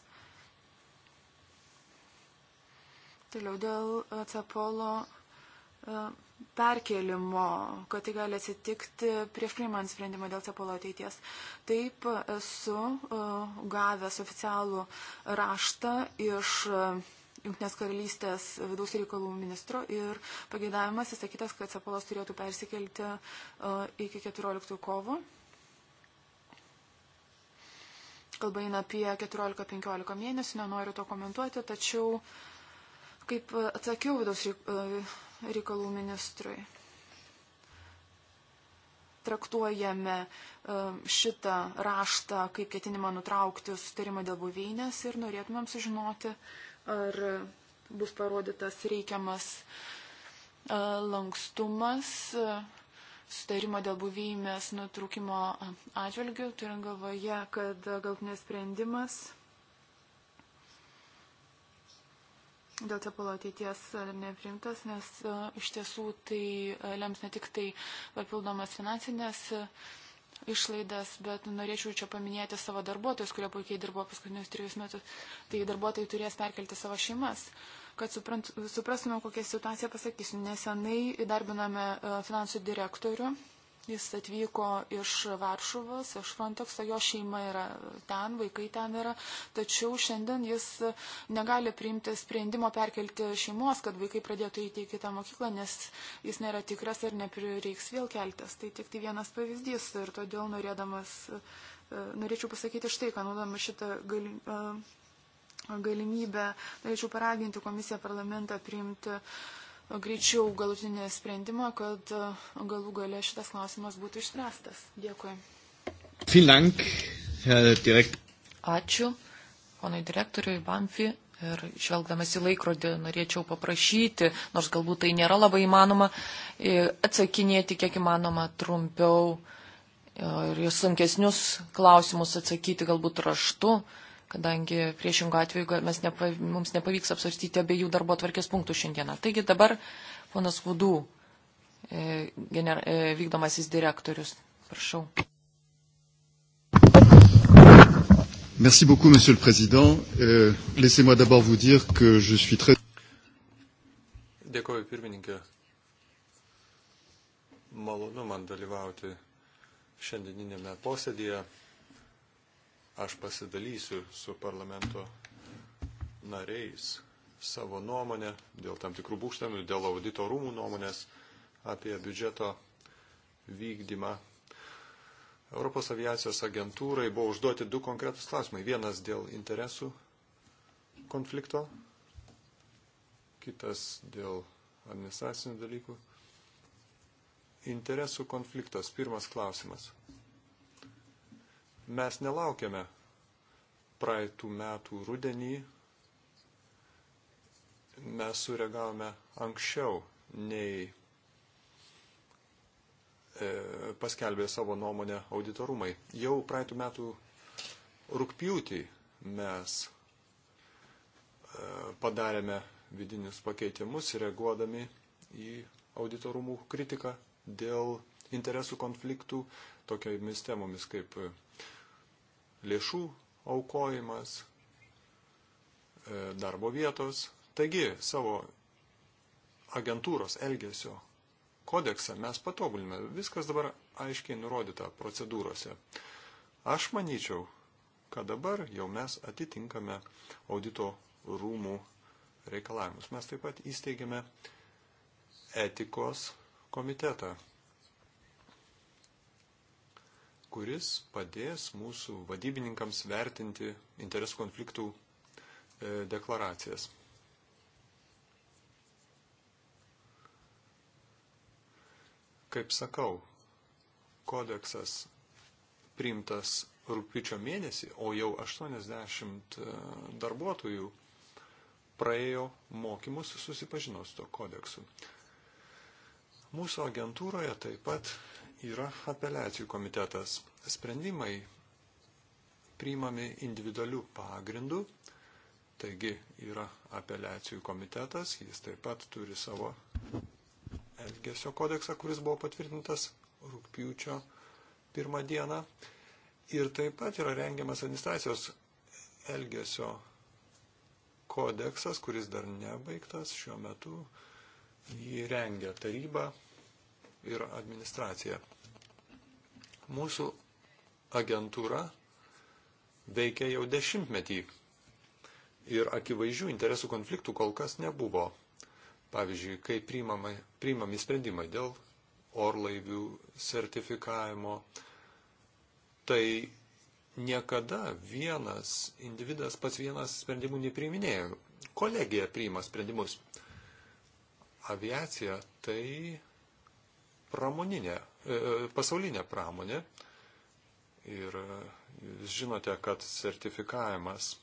Toliau dėl e, CEPOLO perkelimo, kad tai gali atsitikti prieš priimant sprendimą dėl CEPOLO ateities. Taip esu gavęs oficialų raštą iš Junktinės karalystės vidaus reikalų ministro ir pageidavimas įsakytas, kad Sepolas turėtų persikelti e, iki 14 kovo. Kalba eina apie 14-15 mėnesių, nenoriu to komentuoti, tačiau kaip atsakiau vidaus e, reikalų ministrui, traktuojame e, šitą raštą kaip ketinimą nutraukti sutarimą dėl buveinės ir norėtumėm sužinoti, uh, ar bus parodytas reikiamas e, lankstumas e, sutarimo dėl buvėjimės nutrūkimo atžvilgių, turint galvoje, kad galtinės sprendimas dėl cepalo ateities neprimtas, nes e, iš tiesų tai lems ne tik tai papildomas finansinės išlaidas, bet norėčiau čia paminėti savo darbuotojus, kurie puikiai dirbo paskutinius trijus metus. Tai darbuotojai turės perkelti savo šeimas. Kad suprant, suprastume, kokią situaciją pasakysiu. Nesenai įdarbiname e, finansų direktorių Jis atvyko iš Varšuvos, iš Frontexo, jo šeima yra ten, vaikai ten yra, tačiau šiandien jis negali priimti sprendimo perkelti šeimos, kad vaikai pradėtų įti į kitą mokyklą, nes jis nėra tikras ir neprireiks vėl keltis. Tai tik tai vienas pavyzdys ir todėl norėdamas, e, norėčiau pasakyti štai, ką naudodama šitą e, galimybę, norėčiau paraginti komisiją parlamentą priimti greičiau galutinį sprendimą, kad e, galų gale šitas klausimas būtų išspręstas. Dėkui. Dank, direkt... Ačiū, ponai direktoriui Banfi. Ir žvelgdamas į laikrodį norėčiau paprašyti, nors galbūt tai nėra labai įmanoma, atsakinėti kiek įmanoma trumpiau e, ir sunkesnius klausimus atsakyti galbūt raštu kadangi priešingo atveju mes nepa, mums nepavyks apsvarstyti abiejų darbo tvarkės punktų šiandieną. Taigi dabar ponas Vudų, e, gener, e, vykdomasis direktorius, prašau. Merci beaucoup, Monsieur le Président. Euh, Laissez-moi d'abord vous dire que je suis très. Dėkoju, pirmininkė. Malonu man dalyvauti šiandieninėme posėdėje. Aš pasidalysiu su parlamento nariais savo nuomonę dėl tam tikrų būkštamių, dėl audito rūmų nuomonės apie biudžeto vykdymą. Europos aviacijos agentūrai buvo užduoti du konkretus klausimai. Vienas dėl interesų konflikto, kitas dėl administracinių dalykų. Interesų konfliktas, pirmas klausimas. Mes nelaukiame praeitų metų rudenį, mes sureagavome anksčiau nei e, paskelbė savo nuomonę auditorumai. Jau praeitų metų rūpjūtį mes e, padarėme vidinius pakeitimus, reaguodami į auditorumų kritiką dėl interesų konfliktų tokiamis temomis kaip lėšų aukojimas, e, darbo vietos. Taigi savo agentūros elgesio kodeksą mes patobulime. Viskas dabar aiškiai nurodyta procedūrose. Aš manyčiau, kad dabar jau mes atitinkame audito rūmų reikalavimus. Mes taip pat įsteigėme etikos komitetą kuris padės mūsų vadybininkams vertinti interesų konfliktų e, deklaracijas. Kaip sakau, kodeksas priimtas rūpiučio mėnesį, o jau 80 e, darbuotojų praėjo mokymus susipažino su to kodeksu. Mūsų agentūroje taip pat yra apeliacijų komitetas. Sprendimai priimami individualių pagrindų, taigi yra apeliacijų komitetas, jis taip pat turi savo Elgesio kodeksą, kuris buvo patvirtintas rūpjūčio pirmą dieną. Ir taip pat yra rengiamas administracijos Elgesio kodeksas, kuris dar nebaigtas šiuo metu. Jį rengia taryba ir administracija. Mūsų agentūra veikia jau dešimtmetį ir akivaizdžių interesų konfliktų kol kas nebuvo. Pavyzdžiui, kai priimami, priimami sprendimai dėl orlaivių sertifikavimo, tai niekada vienas individas pats vienas sprendimų nepriiminėjo. Kolegija priima sprendimus. Aviacija tai pramoninė, e, pasaulinė pramonė. Ir e, jūs žinote, kad sertifikavimas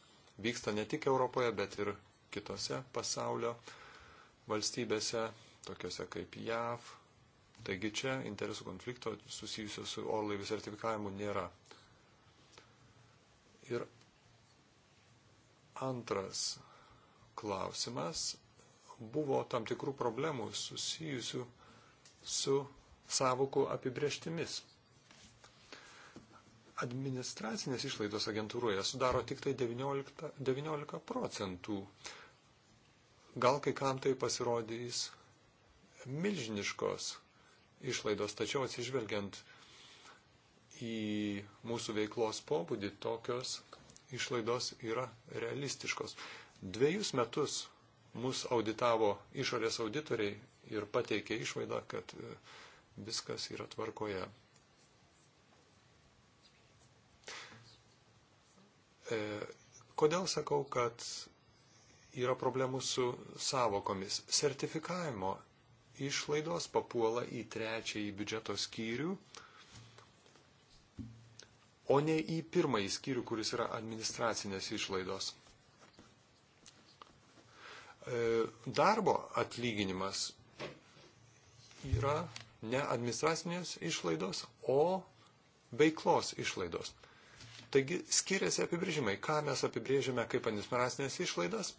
vyksta ne tik Europoje, bet ir kitose pasaulio valstybėse, tokiuose kaip JAV. Taigi čia interesų konflikto susijusio su orlaivių sertifikavimu nėra. Ir antras klausimas buvo tam tikrų problemų susijusių su savokų apibrieštimis. Administracinės išlaidos agentūroje sudaro tik tai 19, 19 procentų. Gal kai kam tai pasirodys milžiniškos išlaidos, tačiau atsižvelgiant į mūsų veiklos pobūdį, tokios išlaidos yra realistiškos. Dviejus metus mus auditavo išorės auditoriai ir pateikė išvaidą, kad viskas yra tvarkoje. E, kodėl sakau, kad yra problemų su savokomis? Sertifikavimo išlaidos papuola į trečiąjį biudžeto skyrių, o ne į pirmąjį skyrių, kuris yra administracinės išlaidos. E, darbo atlyginimas yra ne administracinės išlaidos, o veiklos išlaidos. Taigi skiriasi apibrėžimai, ką mes apibrėžime kaip administracinės išlaidas,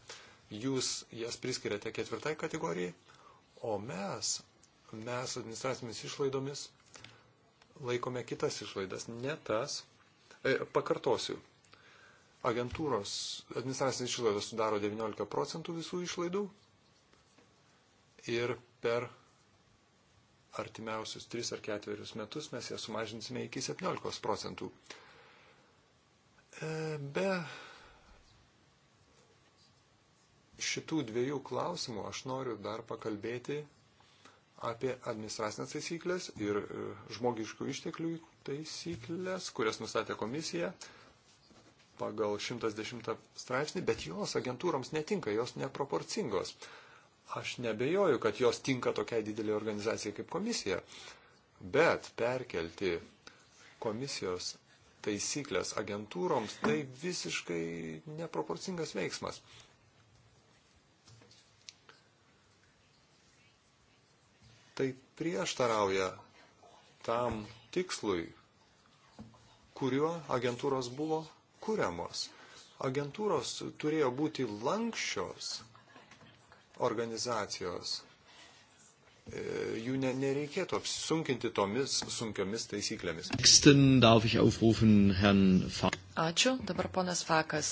jūs jas priskiriate ketvirtai kategorijai, o mes, mes administracinėmis išlaidomis laikome kitas išlaidas, ne tas, e, pakartosiu, agentūros administracinės išlaidos sudaro 19 procentų visų išlaidų ir per artimiausius 3 ar 4 metus mes ją sumažinsime iki 17 procentų. E, be šitų dviejų klausimų aš noriu dar pakalbėti apie administracinės taisyklės ir e, žmogiškų išteklių taisyklės, kurias nustatė komisija pagal 110 straipsnį, bet jos agentūroms netinka, jos neproporcingos. Aš nebejoju, kad jos tinka tokiai didelė organizacija kaip komisija. Bet perkelti komisijos taisyklės agentūroms tai visiškai neproporcingas veiksmas. Tai prieštarauja tam tikslui, kuriuo agentūros buvo kuriamos. Agentūros turėjo būti lankščios, organizacijos. E, jų ne, nereikėtų apsunkinti tomis sunkiomis taisyklėmis. Ačiū. Dabar ponas Fakas.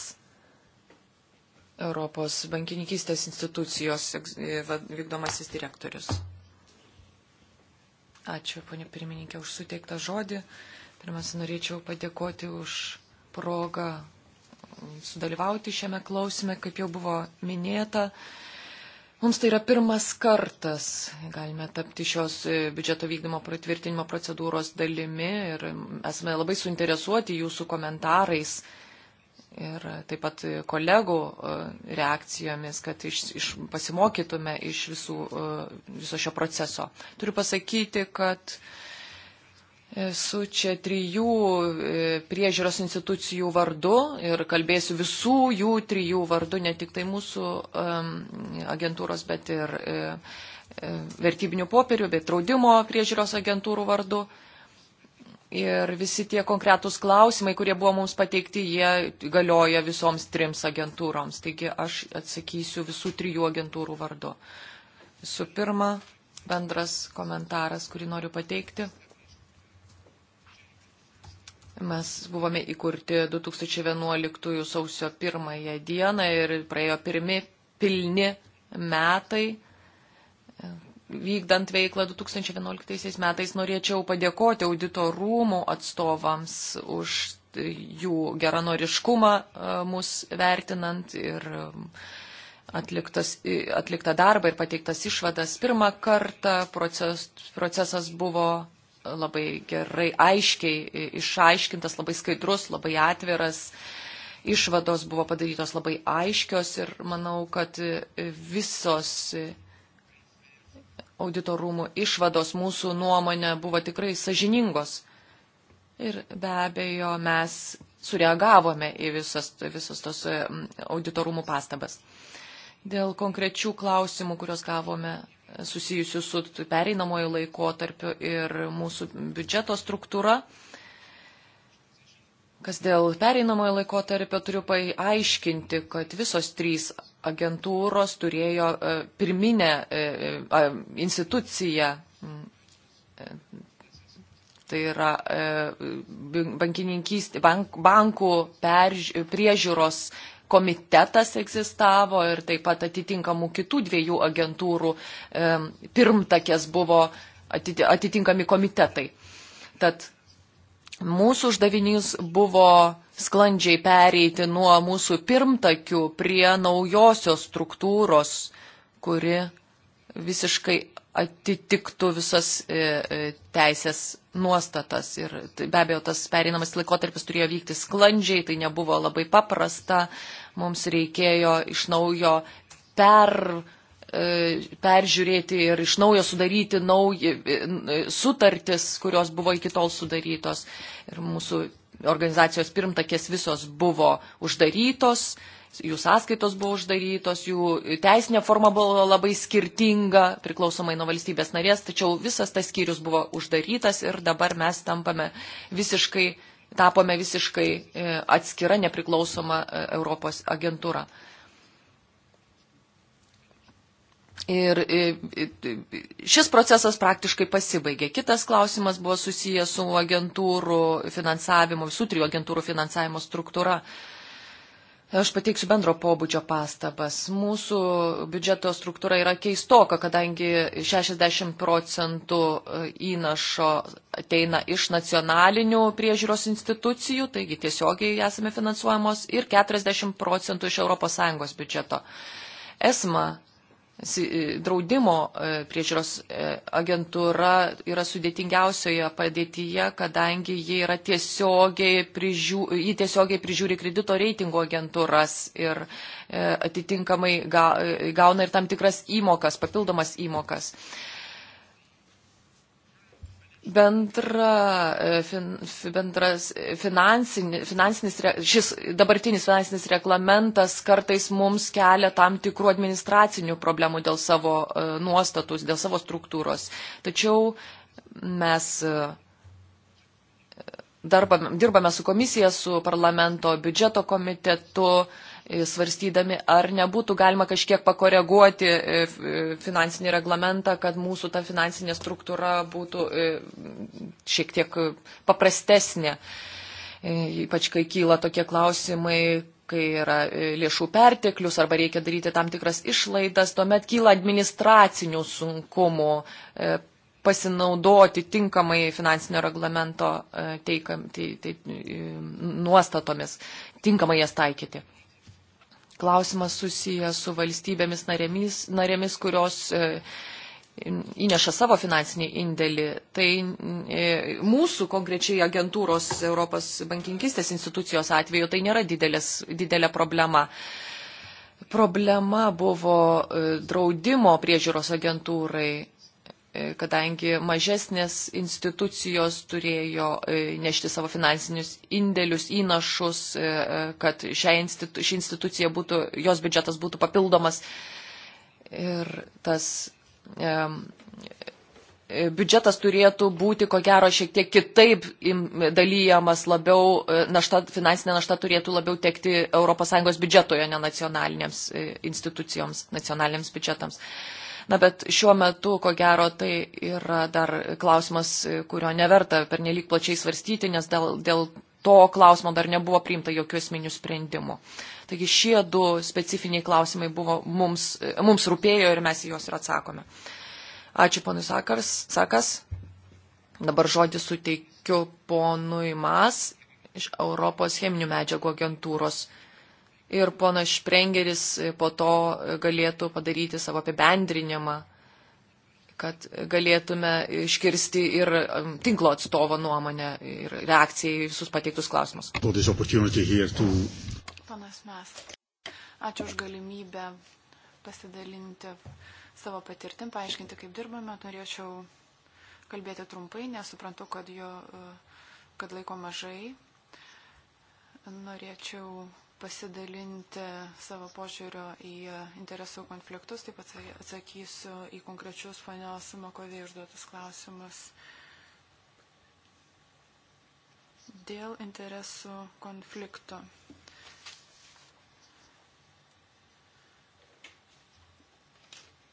Europos bankininkystės institucijos e, vykdomasis direktorius. Ačiū, ponė pirmininkė, už suteiktą žodį. Pirmiausia, norėčiau padėkoti už progą sudalyvauti šiame klausime, kaip jau buvo minėta. Mums tai yra pirmas kartas, galime tapti šios e, biudžeto vykdymo pratvirtinimo procedūros dalimi ir esame labai suinteresuoti jūsų komentarais ir e, taip pat e, kolegų reakcijomis, kad iš, iš, pasimokytume iš visų, viso šio proceso. Turiu pasakyti, kad uh, Esu čia trijų e, priežiūros institucijų vardu ir kalbėsiu visų jų trijų vardu, ne tik tai mūsų agentūros, bet ir e, e, vertybinių popierių, bet draudimo priežiūros agentūrų vardu. Ir visi tie konkretūs klausimai, kurie buvo mums pateikti, jie galioja visoms trims agentūroms. Taigi aš atsakysiu visų trijų agentūrų vardu. Visų pirma, bendras komentaras, kurį noriu pateikti Mes buvome įkurti 2011 sausio 1 dieną ir praėjo pirmi pilni metai. Vykdant veiklą 2011 metais norėčiau padėkoti audito rūmų atstovams už jų geranoriškumą e, mus vertinant ir e, atliktas, atliktą darbą ir pateiktas išvadas. Pirmą kartą proces, procesas buvo labai gerai, aiškiai išaiškintas, labai skaidrus, labai atviras. Išvados buvo padarytos labai aiškios ir manau, kad visos auditorumų išvados mūsų nuomonė buvo tikrai sažiningos. Ir be abejo, mes sureagavome į visas, visas tos auditorumų pastabas. Dėl konkrečių klausimų, kuriuos gavome susijusių su pereinamojo laikotarpiu ir mūsų biudžeto struktūra. Kas dėl pereinamojo laikotarpio turiu paaiškinti, kad visos trys agentūros turėjo e, pirminę e, e, instituciją, tai yra bankininkystė, bank, bankų perž, priežiūros komitetas egzistavo ir taip pat atitinkamų kitų dviejų agentūrų e, pirmtakės buvo atitinkami komitetai. Tad mūsų uždavinys buvo sklandžiai pereiti nuo mūsų pirmtakių prie naujosios struktūros, kuri visiškai atitiktų visas e, e, teisės nuostatas. Ir tai be abejo, tas pereinamas laikotarpis turėjo vykti sklandžiai, tai nebuvo labai paprasta. Mums reikėjo iš naujo per e, peržiūrėti ir iš naujo sudaryti nauji e, e, sutartis, kurios buvo iki tol sudarytos. Ir mūsų organizacijos pirmtakės visos buvo uždarytos, jų sąskaitos buvo uždarytos, jų teisinė forma buvo labai skirtinga priklausomai nuo valstybės narės, tačiau visas tas skyrius buvo uždarytas ir dabar mes tampame visiškai, tapome visiškai e, atskira nepriklausoma e, Europos agentūra. Ir e, e, šis procesas praktiškai pasibaigė. Kitas klausimas buvo susijęs su agentūrų finansavimu, visų trijų agentūrų finansavimo struktūra. Aš pateiksiu bendro pobūdžio pastabas. Mūsų biudžeto struktūra yra keistoka, kadangi 60 procentų e, įnašo ateina iš nacionalinių priežiūros institucijų, taigi tiesiogiai esame finansuojamos, ir 40 procentų iš ES biudžeto. ESMA E, draudimo e, priežiūros e, agentūra yra sudėtingiausioje padėtyje, kadangi jie yra tiesiogiai, prižiū, jie tiesiogiai prižiūri kredito reitingo agentūras ir atitinkamai gauna ir tam tikras įmokas, papildomas įmokas bendra, e, fin, bendras e, finansinis, finansinis, šis dabartinis finansinis reglamentas kartais mums kelia tam tikrų administracinių problemų dėl savo e, nuostatus, dėl savo struktūros. Tačiau mes darbame, dirbame su komisija, su parlamento biudžeto komitetu, E, svarstydami, ar nebūtų galima kažkiek pakoreguoti e, e, finansinį reglamentą, kad mūsų ta finansinė struktūra būtų šiek tiek paprastesnė. Ypač kai kyla tokie klausimai, kai yra lėšų perteklius arba reikia daryti tam tikras išlaidas, tuomet kyla administracinių sunkumų pasinaudoti tinkamai finansinio reglamento teikam, tai, tai, nuostatomis, tinkamai jas taikyti klausimas susijęs su valstybėmis narėmis, narėmis kurios e, įneša savo finansinį indėlį. Tai e, mūsų konkrečiai agentūros Europos bankinkistės institucijos atveju tai nėra didelės, didelė problema. Problema buvo e, draudimo priežiūros agentūrai E, kadangi mažesnės institucijos turėjo e, nešti savo finansinius indėlius, įnašus, e, kad institu, ši institucija būtų, jos biudžetas būtų papildomas. Ir tas e, biudžetas turėtų būti, ko gero, šiek tiek kitaip dalyjamas, labiau našta, finansinė našta turėtų labiau tekti ES biudžetoje, ne nacionalinėms institucijoms, nacionalinėms biudžetams. E, Na, bet šiuo metu, ko gero, tai yra dar klausimas, kurio neverta per nelik plačiai svarstyti, nes dėl, dėl to klausimo dar nebuvo priimta jokių esminių sprendimų. Taigi šie du specifiniai klausimai buvo, mums, mums rūpėjo ir mes į juos ir atsakome. Ačiū ponui Sakars, Sakas. Dabar žodį suteikiu ponui Mas iš Europos cheminių medžiagų agentūros ir ponas Šprengeris po to galėtų padaryti savo apibendrinimą, kad galėtume iškirsti ir um, tinklo atstovo nuomonę ir reakciją į visus pateiktus klausimus. Panas Mes, ačiū už galimybę pasidalinti savo patirtim, paaiškinti, kaip dirbame. Norėčiau kalbėti trumpai, nesuprantu, kad, jo, kad laiko mažai. Norėčiau pasidalinti savo požiūrio į interesų konfliktus, taip pat atsakysiu į konkrečius panios Makovė užduotus klausimus. Dėl interesų konflikto.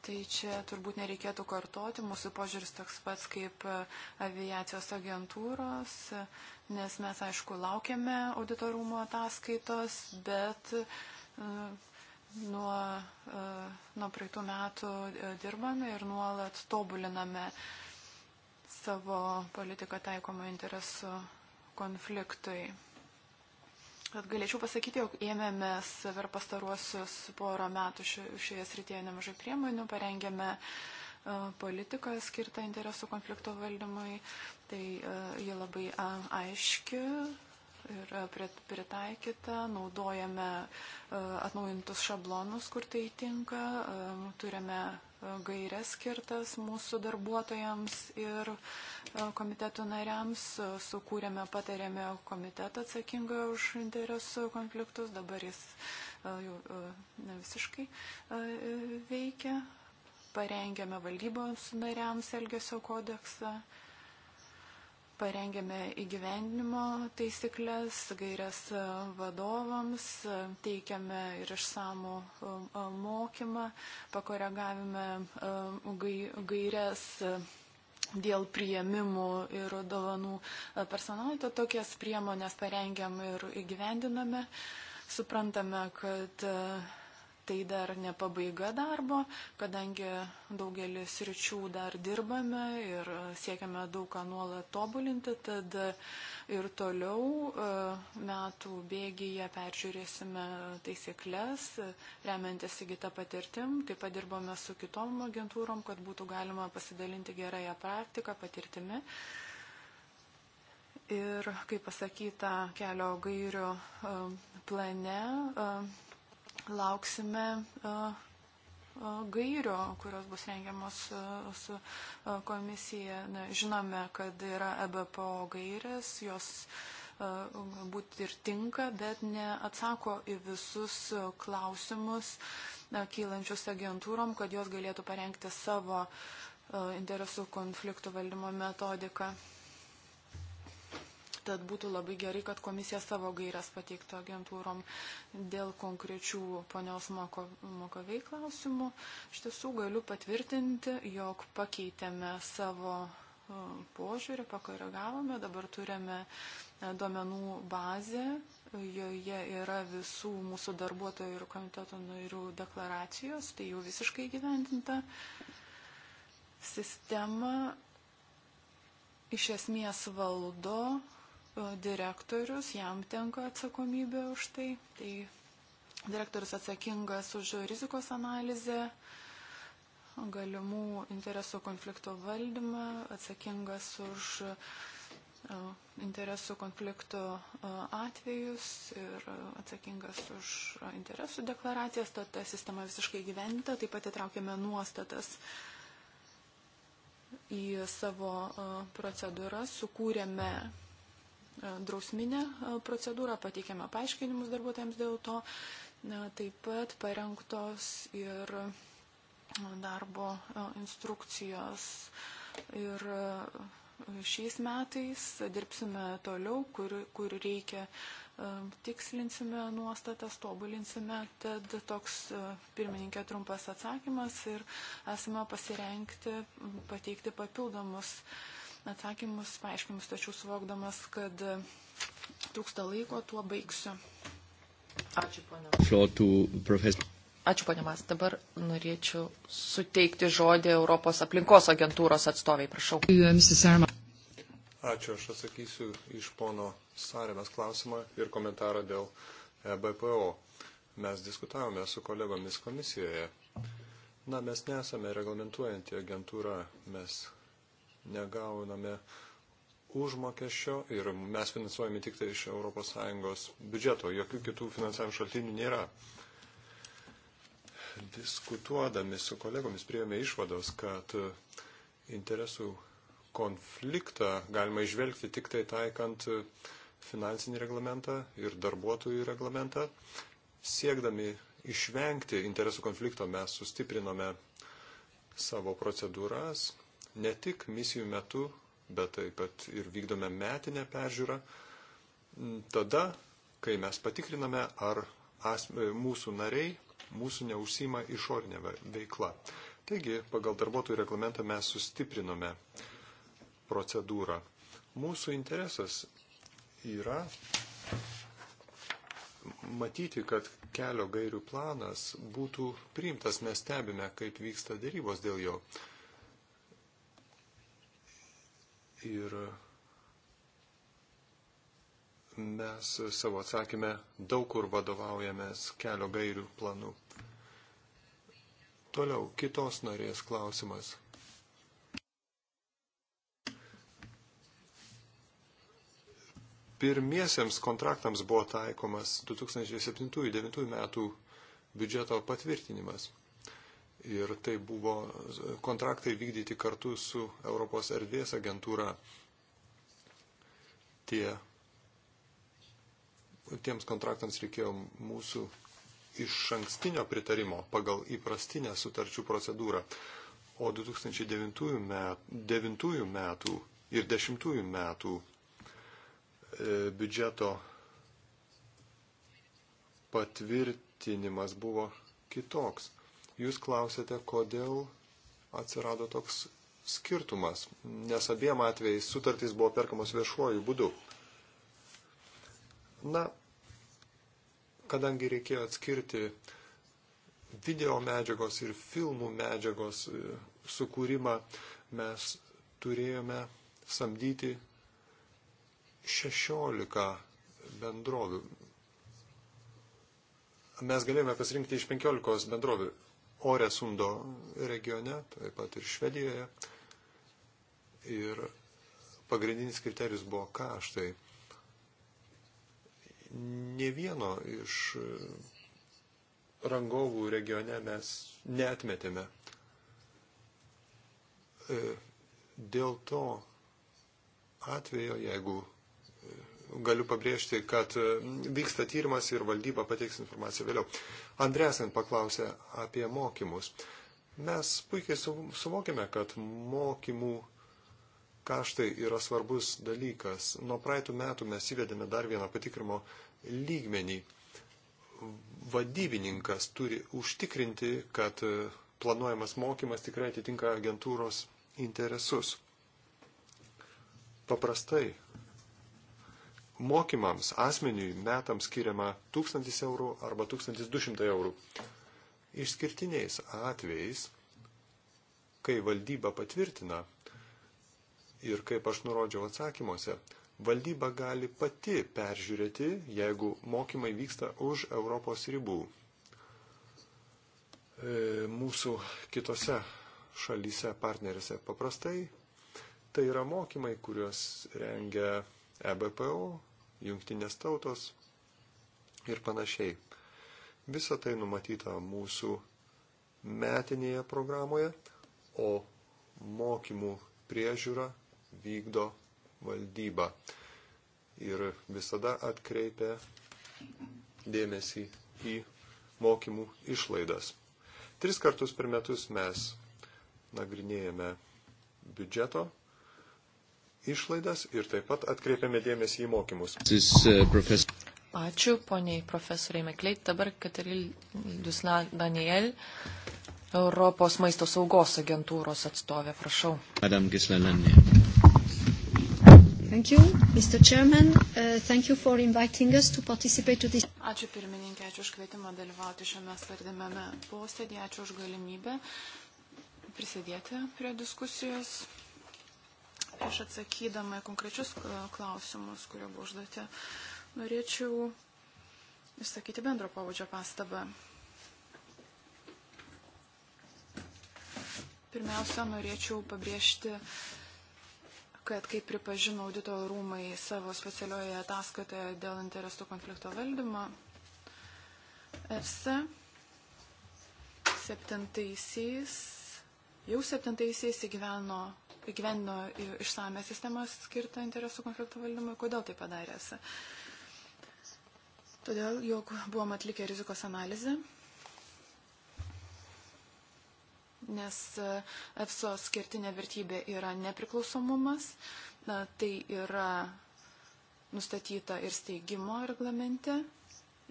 Tai čia turbūt nereikėtų kartoti, mūsų požiūris toks pats kaip e, aviacijos agentūros, nes mes aišku laukiame auditorumo ataskaitos, bet e, nuo, e, nuo praeitų metų dirbame ir nuolat tobuliname savo politiką taikomą interesų konfliktui kad galėčiau pasakyti, jog ėmėmės per pastaruosius porą metų šioje srityje nemažai priemonių, parengėme e, politiką skirtą interesų konflikto valdymui. Tai e, ji labai aiški ir e, pritaikyta, naudojame atnaujintus šablonus, kur tai tinka, turime gairias skirtas mūsų darbuotojams ir e, komiteto nariams. Sukūrėme, patarėme komitetą atsakingą už interesų konfliktus. Dabar jis e, jau e, ne visiškai veikia. Parengėme valdybos nariams Elgesio kodeksą parengėme įgyvendinimo taisyklės, gairias vadovams, teikiame ir išsamų e, mokymą, pakoregavime e, gairias dėl priėmimų ir dovanų e, personalui, tad tokias priemonės parengiam ir įgyvendiname. Suprantame, kad uh, Tai dar ne pabaiga darbo, kadangi daugelis ryčių dar dirbame ir siekiame daug ką nuolat tobulinti, tad ir toliau e, metų bėgyje peržiūrėsime taisyklės, remiantis įgytą patirtim. Taip pat dirbome su kitom agentūrom, kad būtų galima pasidalinti gerąją praktiką, patirtimi ir, kaip pasakyta, kelio gairių e, plane e, lauksime e, e, gairių, kurios bus rengiamos e, su komisija. Na, žinome, kad yra EBPO gairės, jos galbūt ir tinka, bet neatsako į visus klausimus kylančius agentūrom, kad jos galėtų parengti savo interesų konfliktų valdymo metodiką tad būtų labai gerai, kad komisija savo gairias pateiktų agentūrom dėl konkrečių ponios moko, mokovei klausimų. Iš tiesų galiu patvirtinti, jog pakeitėme savo e, požiūrį, pakoregavome, dabar turime e, duomenų bazę, joje yra visų mūsų darbuotojų ir komiteto narių deklaracijos, tai jau visiškai gyventinta sistema iš esmės valdo direktorius, jam tenka atsakomybė už tai. Tai direktorius atsakingas už rizikos analizę, galimų interesų konflikto valdymą, atsakingas už e, interesų konflikto e, atvejus ir atsakingas už interesų deklaracijas, tad ta sistema visiškai gyventa, taip pat įtraukėme nuostatas į savo e, procedūrą, sukūrėme E, drausminę e, procedūrą, pateikėme paaiškinimus darbuotojams dėl to. E, taip pat parengtos ir darbo instrukcijos. Ir šiais metais dirbsime toliau, kur, kur reikia tikslinsime nuostatas, tobulinsime. Tad toks pirmininkė trumpas atsakymas ir esame pasirengti pateikti papildomus uh, atsakymus, paaiškimus, tačiau suvokdamas, kad e, trūksta laiko, tuo baigsiu. Ačiū, ponia. Ačiū, ponia Mas. Dabar norėčiau suteikti žodį Europos aplinkos agentūros atstoviai, prašau. Uh, Ačiū, aš atsakysiu iš pono Sarėmės klausimą ir komentarą dėl e BPO. Mes diskutavome su kolegomis komisijoje. Na, mes nesame reglamentuojanti agentūra, mes negauname užmokesčio ir mes finansuojame tik tai iš ES biudžeto, jokių kitų finansavimo šaltinių nėra. Diskutuodami su kolegomis priėmė išvados, kad interesų konfliktą galima išvelgti tik tai taikant finansinį reglamentą ir darbuotojų reglamentą. Siekdami išvengti interesų konflikto mes sustiprinome savo procedūras, ne tik misijų metu, bet taip pat ir vykdome metinę peržiūrą. Mm, tada, kai mes patikriname, ar asme, mūsų nariai mūsų neužsima išorinė veikla. Taigi, pagal darbuotojų reglamentą mes sustiprinome procedūrą. Mūsų interesas yra matyti, kad kelio gairių planas būtų priimtas. Mes stebime, kaip vyksta dėrybos dėl jo. Ir mes savo atsakymę daug kur vadovaujamės kelio gairių planu. Toliau kitos narės klausimas. Pirmiesiems kontraktams buvo taikomas 2007-2009 metų biudžeto patvirtinimas ir tai buvo kontraktai vykdyti kartu su Europos erdvės agentūra. Tie, tiems kontraktams reikėjo mūsų iš ankstinio pritarimo pagal įprastinę sutarčių procedūrą. O 2009 metų, 2009 metų ir 2010 metų e, biudžeto patvirtinimas buvo kitoks. Jūs klausėte, kodėl atsirado toks skirtumas, nes abiem atvejais sutartys buvo perkamos viešuoju būdu. Na, kadangi reikėjo atskirti video medžiagos ir filmų medžiagos e, sukūrimą, mes turėjome samdyti 16 bendrovių. Mes galėjome pasirinkti iš 15 bendrovių Oresundo regione, taip pat ir Švedijoje. Ir pagrindinis kriterijus buvo kaštai. Ne vieno iš e, rangovų regione mes netmetėme. E, dėl to atvejo, jeigu e, galiu pabrėžti, kad vyksta tyrimas ir valdyba pateiks informaciją vėliau. Andresen paklausė apie mokymus. Mes puikiai suvokime, kad mokymų kaštai yra svarbus dalykas. Nuo praeitų metų mes įvedėme dar vieną patikrimo lygmenį. Vadybininkas turi užtikrinti, kad planuojamas mokymas tikrai atitinka agentūros interesus. Paprastai mokymams asmeniui metams skiriama 1000 eurų arba 1200 eurų. Išskirtiniais atvejais, kai valdyba patvirtina ir kaip aš nurodžiau atsakymuose, valdyba gali pati peržiūrėti, jeigu mokymai vyksta už Europos ribų. E, mūsų kitose šalyse partnerėse paprastai tai yra mokymai, kuriuos rengia EBPO, jungtinės tautos ir panašiai. Visa tai numatyta mūsų metinėje programoje, o mokymų priežiūra vykdo valdyba ir visada atkreipia dėmesį į mokymų išlaidas. Tris kartus per metus mes nagrinėjame biudžeto išlaidas ir taip pat atkreipiame dėmesį į mokymus. This, uh, profes... Ačiū poniai profesoriai Mekleit. Dabar Kateril Dusna Daniel, Europos maisto saugos agentūros atstovė, prašau. Madam Gislalandė. Thank you, Mr. Chairman. Uh, thank you for inviting us to participate to this. Ačiū pirmininkė, ačiū už kvietimą dalyvauti šiame svarbiame posėdėje, ačiū už galimybę prisidėti prie diskusijos. Prieš atsakydama konkrečius e, klausimus, kurie buvo užduoti, norėčiau išsakyti bendro pavadžio pastabą. Pirmiausia, norėčiau pabrėžti, kad kaip pripažino audito rūmai savo specialioje ataskaitoje dėl interesų konflikto valdymo, EFSA septintaisiais, jau septintaisiais įgyveno įgyvendino išsame sistemą skirtą interesų konflikto valdymui, kodėl tai padarės. Todėl, jog buvom atlikę rizikos analizę, nes e, EFSO skirtinė vertybė yra nepriklausomumas, tai yra nustatyta ir steigimo reglamente,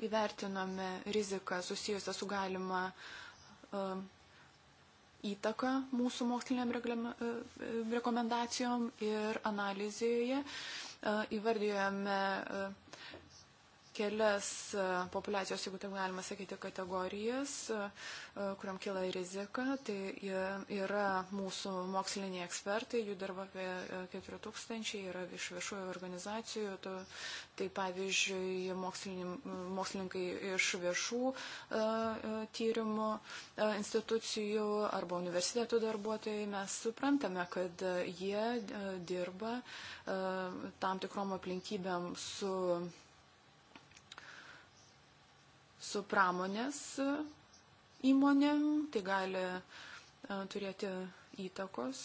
įvertinome riziką susijusią su galima e, įtaką mūsų moksliniam e, e, rekomendacijom ir analizėje. Įvardėjome e, kelias e, populiacijos, jeigu taip galima sakyti, kategorijas, e, e, kuriam kila rizika. Tai yra mūsų moksliniai ekspertai, jų dirba apie 4000, yra iš viešųjų organizacijų. Tai pavyzdžiui, mokslininkai iš viešų tyrimų institucijų arba universitetų darbuotojai, mes suprantame, kad jie dirba tam tikrom aplinkybėm su su pramonės e, įmonėm, tai gali e, turėti įtakos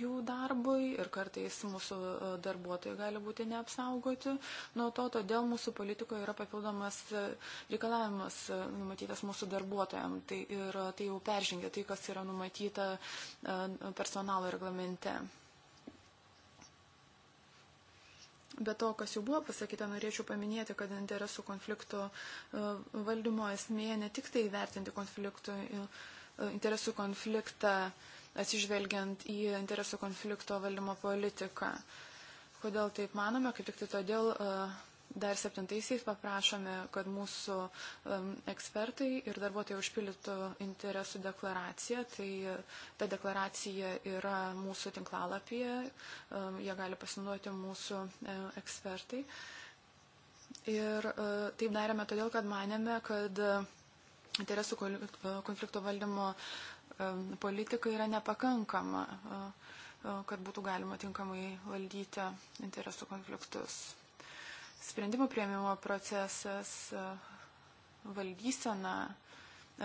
jų darbui ir kartais mūsų e, darbuotojai gali būti neapsaugoti nuo to, todėl mūsų politikoje yra papildomas reikalavimas numatytas mūsų darbuotojams. Tai, ir tai jau peržengia tai, kas yra numatyta personalo reglamente. Be to, kas jau buvo pasakyta, norėčiau paminėti, kad interesų konflikto e, valdymo esmė ne tik tai vertinti konfliktų, e, interesų konfliktą atsižvelgiant į interesų konflikto valdymo politiką. Kodėl taip manome, kaip tik tai todėl e, Dar septintaisiais paprašome, kad mūsų um, ekspertai ir darbuotojai užpildytų interesų deklaraciją. Tai e, ta deklaracija yra mūsų tinklalapyje, um, jie gali pasinaudoti mūsų e, ekspertai. Ir e, taip darėme todėl, kad manėme, kad e, interesų e, konflikto valdymo e, politika yra nepakankama, e, kad būtų galima tinkamai valdyti interesų konfliktus sprendimų prieimimo procesas, valdysena,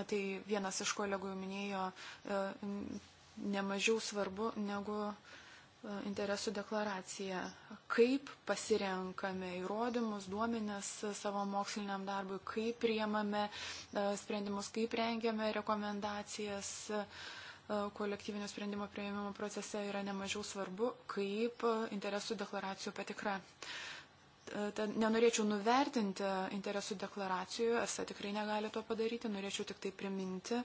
tai vienas iš kolegų minėjo, e, nemažiau svarbu negu e, interesų deklaracija, kaip pasirenkame įrodymus, duomenės savo moksliniam darbui, kaip priemame e, sprendimus, kaip rengiame rekomendacijas kolektyvinio sprendimo prieimimo procese yra nemažiau svarbu, kaip interesų deklaracijų patikra. Uh, nenorėčiau nuvertinti interesų deklaracijų, esą tikrai negali to padaryti, norėčiau tik tai priminti e,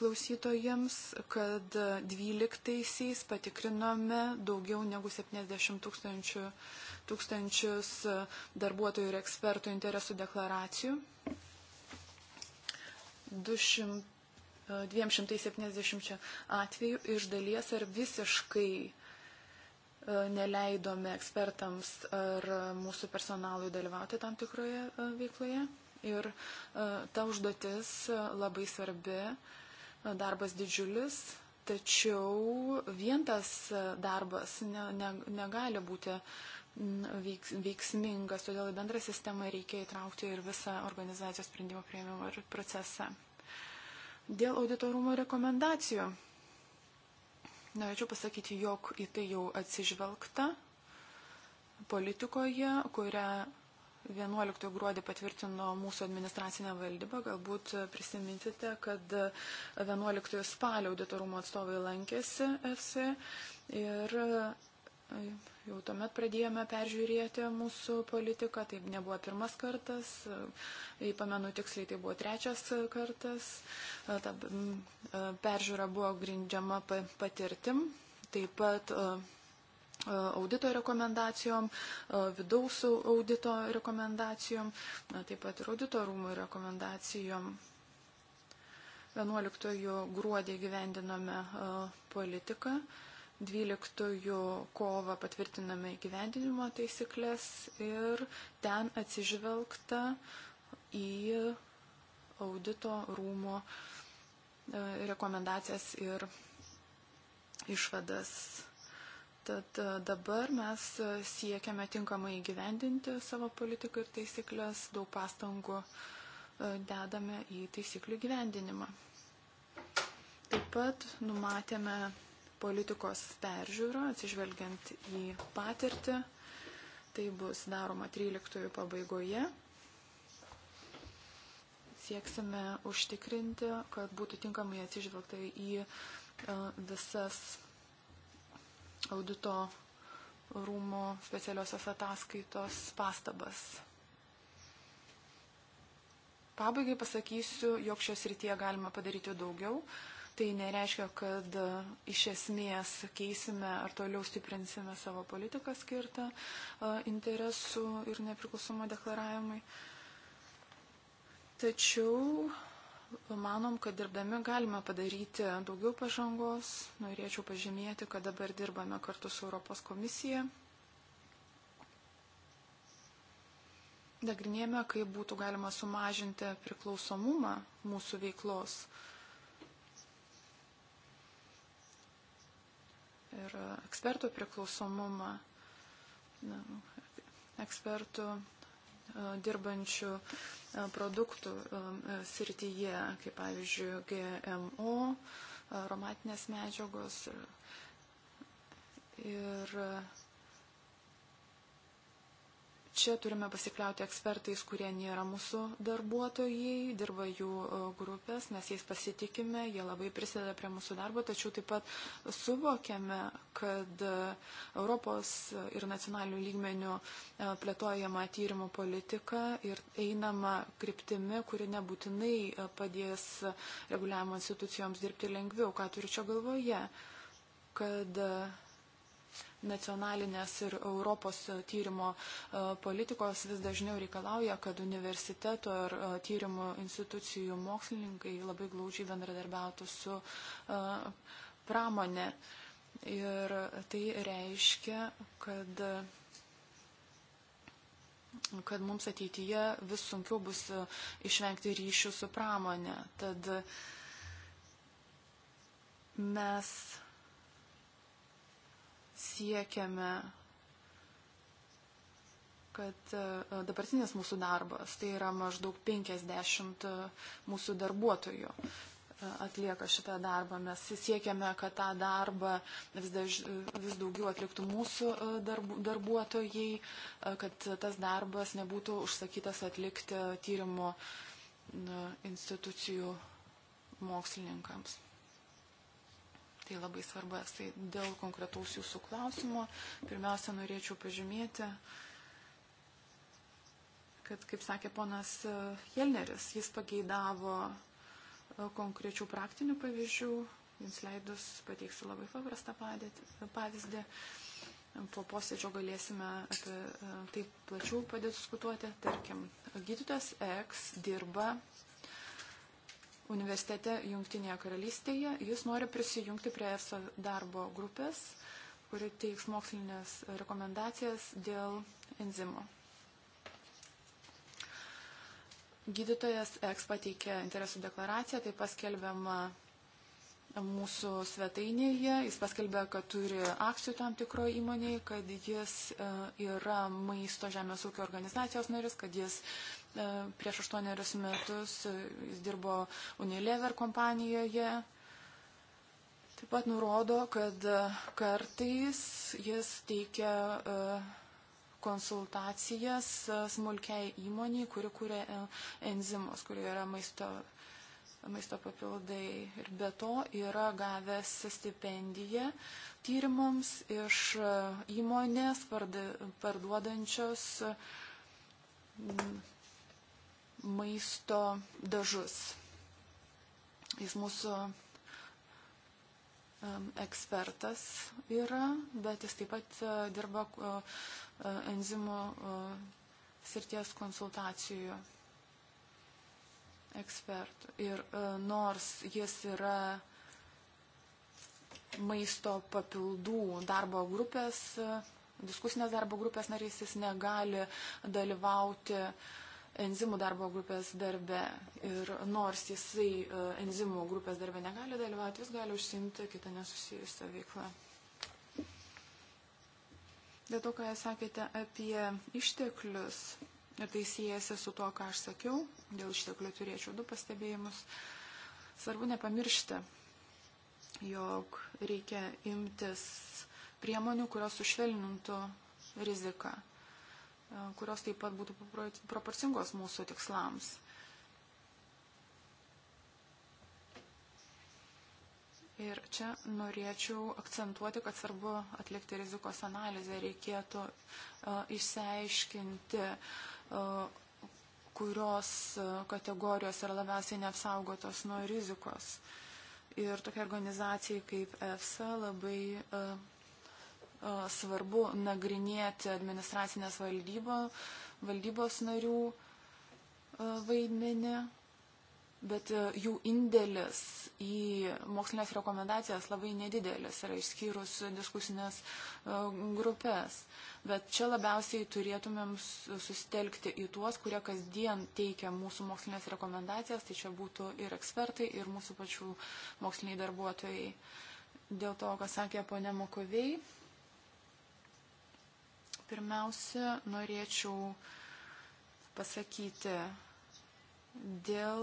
klausytojams, kad 12-aisiais patikrinome daugiau negu 70 tūkstančių, tūkstančius darbuotojų ir ekspertų interesų deklaracijų. 200, 270 e, atvejų iš dalies ar visiškai E, neleidome ekspertams ar mūsų personalui dalyvauti tam tikroje e, veikloje. Ir e, ta užduotis labai svarbi, darbas didžiulis, tačiau vien tas darbas ne, ne, negali būti veiksmingas, todėl į bendrą sistemą reikia įtraukti ir visą organizacijos sprendimo prieimimo procesą. Dėl auditorumo rekomendacijų Norėčiau pasakyti, jog į tai jau atsižvelgta politikoje, kurią 11 gruodį patvirtino mūsų administracinė valdyba. Galbūt prisiminsite, kad 11 spalio auditorumo atstovai lankėsi EFSI ir Jau tuomet pradėjome peržiūrėti mūsų politiką, tai nebuvo pirmas kartas, jei pamenu tiksliai, tai buvo trečias kartas. Ta peržiūra buvo grindžiama patirtim, taip pat audito rekomendacijom, vidaus audito rekomendacijom, taip pat ir audito rūmų rekomendacijom. 11 gruodį gyvendinome politiką 12 kovą patvirtiname įgyvendinimo taisyklės ir ten atsižvelgta į audito rūmo e, rekomendacijas ir išvadas. Tad e, dabar mes e, siekiame tinkamai įgyvendinti savo politiką ir taisyklės, daug pastangų dedame į taisyklių gyvendinimą. Taip pat numatėme politikos peržiūra, atsižvelgiant į patirtį. Tai bus daroma 13 pabaigoje. Sieksime užtikrinti, kad būtų tinkamai atsižvelgta į e, visas audito rūmų specialiosios ataskaitos pastabas. Pabaigai pasakysiu, jog šios rytyje galima padaryti daugiau. Tai nereiškia, kad e, iš esmės keisime ar toliau stiprinsime savo politiką skirtą e, interesų ir nepriklausomo deklaravimui. Tačiau e, manom, kad dirbdami galime padaryti daugiau pažangos. Norėčiau pažymėti, kad dabar dirbame kartu su Europos komisija. Nagrinėjame, kaip būtų galima sumažinti priklausomumą mūsų veiklos ir ekspertų priklausomumą, ekspertų e, dirbančių e, produktų e, srityje, kaip pavyzdžiui GMO, aromatinės medžiagos ir Čia turime pasikliauti ekspertais, kurie nėra mūsų darbuotojai, dirba jų e, grupės, mes jais pasitikime, jie labai prisideda prie mūsų darbo, tačiau taip pat suvokiame, kad e, Europos ir nacionalinių lygmenių e, plėtojama tyrimų politika ir einama kryptimi, kuri nebūtinai padės reguliavimo institucijoms dirbti lengviau. Ką turiu čia galvoje? kad uh, nacionalinės ir Europos e, tyrimo e, politikos vis dažniau reikalauja, kad universiteto ir e, tyrimo institucijų mokslininkai labai glaudžiai bendradarbiautų su pramonė. Ir tai reiškia, kad kad mums ateityje vis sunkiau bus išvengti ryšių su pramonė. Tad mes siekiame, kad e, dabartinis mūsų darbas, tai yra maždaug 50 e, mūsų darbuotojų e, atlieka šitą darbą. Mes siekiame, kad tą darbą vis, daž, vis daugiau atliktų mūsų darbu, darbuotojai, kad tas darbas nebūtų užsakytas atlikti tyrimo institucijų mokslininkams. Tai labai svarbas. Tai dėl konkretaus jūsų klausimo pirmiausia norėčiau pažymėti, kad, kaip sakė ponas e, Jelneris, jis pageidavo e, konkrečių praktinių pavyzdžių. Jums leidus pateiksiu labai paprastą pavyzdį. Po posėdžio galėsime apie tai plačiau padiskutuoti. Tarkim, gydytojas X dirba universitete Junktinėje karalystėje. Jis nori prisijungti prie ESA darbo grupės, kuri teiks mokslinės rekomendacijas dėl enzimo. Gydytojas X pateikė interesų deklaraciją, tai paskelbiama mūsų svetainėje. Jis paskelbė, kad turi akcijų tam tikroje įmonėje, kad jis e, yra maisto žemės ūkio organizacijos narys, kad jis e, prieš aštuonerius metus e, jis dirbo Unilever kompanijoje. Taip pat nurodo, kad kartais jis teikia konsultacijas smulkiai įmoniai, kuri kūrė enzimus, kurie yra maisto maisto papildai. Ir be to yra gavęs stipendiją tyrimams iš e, įmonės parduodančios mm, maisto dažus. Jis mūsų e, ekspertas yra, bet jis taip pat e, dirba enzimų srities konsultacijų ekspertų. Ir e, nors jis yra maisto papildų darbo grupės, e, diskusinės darbo grupės narys, jis negali dalyvauti enzimų darbo grupės darbe. Ir nors jisai e, enzimų grupės darbe negali dalyvauti, jis gali užsimti kitą nesusijusią veiklą. Dėl to, ką jūs sakėte apie išteklius, Ir tai siejasi su to, ką aš sakiau. Dėl išteklių turėčiau du pastebėjimus. Svarbu nepamiršti, jog reikia imtis priemonių, kurios sušvelnintų riziką, kurios taip pat būtų proporcingos mūsų tikslams. Ir čia norėčiau akcentuoti, kad svarbu atlikti rizikos analizę, reikėtų uh, išsiaiškinti, uh, kurios kategorijos yra labiausiai neapsaugotos nuo rizikos. Ir tokia organizacija kaip EFSA labai svarbu nagrinėti administracinės valdybo, valdybos narių vaidmenį bet e, jų indėlis į mokslinės rekomendacijas labai nedidelis yra išskyrus diskusinės e, grupės. Bet čia labiausiai turėtumėm susitelkti į tuos, kurie kasdien teikia mūsų mokslinės rekomendacijas, tai čia būtų ir ekspertai, ir mūsų pačių moksliniai darbuotojai. Dėl to, ką sakė ponė Mokoviai, pirmiausia, norėčiau pasakyti, dėl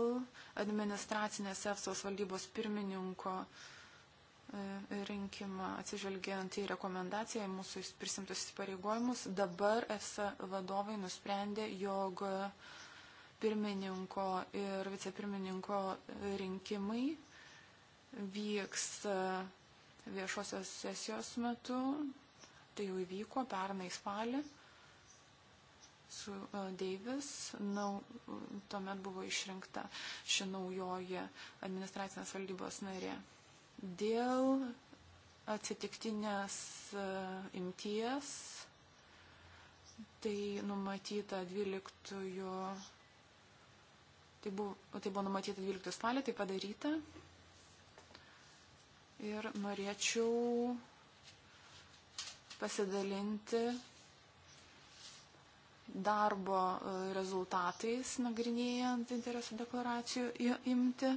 administracinės EFSOS valdybos pirmininko e, rinkimą atsižvelgiant į rekomendaciją, į mūsų prisimtus įsipareigojimus. Dabar EFSA vadovai nusprendė, jog pirmininko ir vicepirmininko rinkimai vyks e, viešosios sesijos metu. Tai jau įvyko pernai spalį su e, Deivis, nau, tuomet buvo išrinkta ši naujoji administracinės valdybos narė. Dėl atsitiktinės e, imties, tai numatyta 12, tai buvo, tai buvo numatyta 12 spalio, tai padaryta. Ir norėčiau pasidalinti darbo e, rezultatais nagrinėjant interesų deklaracijų imti.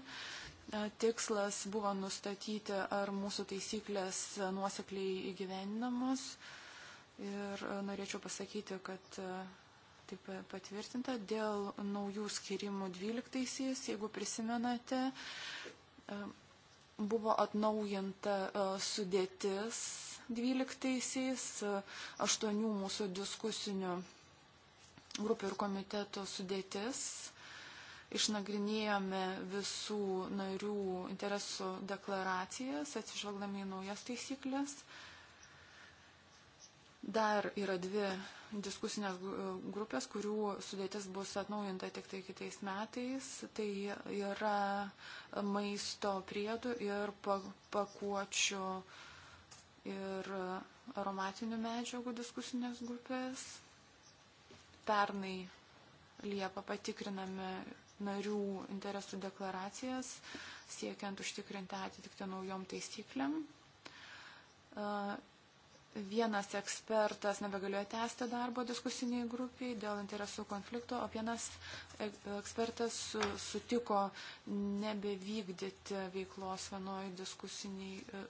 E, tikslas buvo nustatyti, ar mūsų taisyklės nuosekliai įgyvendinamos. Ir e, norėčiau pasakyti, kad taip patvirtinta dėl naujų skirimų 12-aisiais, jeigu prisimenate, buvo atnaujinta sudėtis 12-aisiais, aštuonių mūsų diskusinių grupių ir komiteto sudėtis. Išnagrinėjome visų narių interesų deklaracijas, atsižvelgdami į naujas taisyklės. Dar yra dvi diskusinės grupės, kurių sudėtis bus atnaujinta tik tai kitais metais. Tai yra maisto priedų ir pakuočių ir aromatinių medžiagų diskusinės grupės pernai Liepą patikriname narių interesų deklaracijas, siekiant užtikrinti atitiktą naujom taisyklėm. Vienas ekspertas nebegalėjo tęsti darbo diskusiniai grupiai dėl interesų konflikto, o vienas e, ekspertas sutiko nebevykdyti veiklos vienoje diskusiniai, e,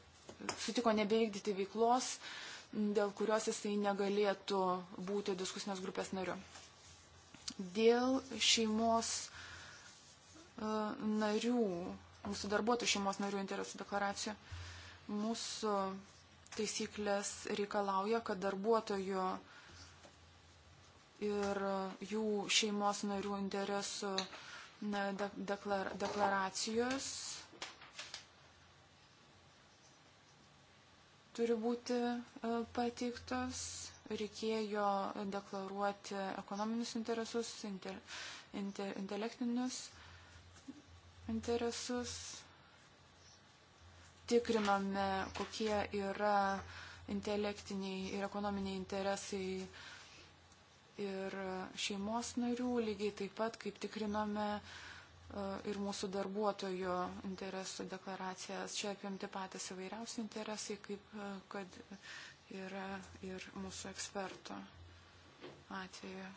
sutiko nebevykdyti veiklos uh, dėl kurios jisai negalėtų būti diskusinės grupės nariu. Dėl šeimos e, narių, mūsų darbuotojų šeimos narių interesų deklaracijų, mūsų taisyklės reikalauja, kad darbuotojų ir jų šeimos narių interesų deklar, deklaracijos turi būti e, pateiktos. Reikėjo deklaruoti ekonominius interesus, inter, inter, intelektinius interesus. Tikrinome, kokie yra intelektiniai ir ekonominiai interesai ir šeimos narių, lygiai taip pat kaip tikrinome uh, E, ir mūsų darbuotojų interesų deklaracijas. Čia apimti patys įvairiausi interesai, kaip e, kad yra ir mūsų eksperto atveju.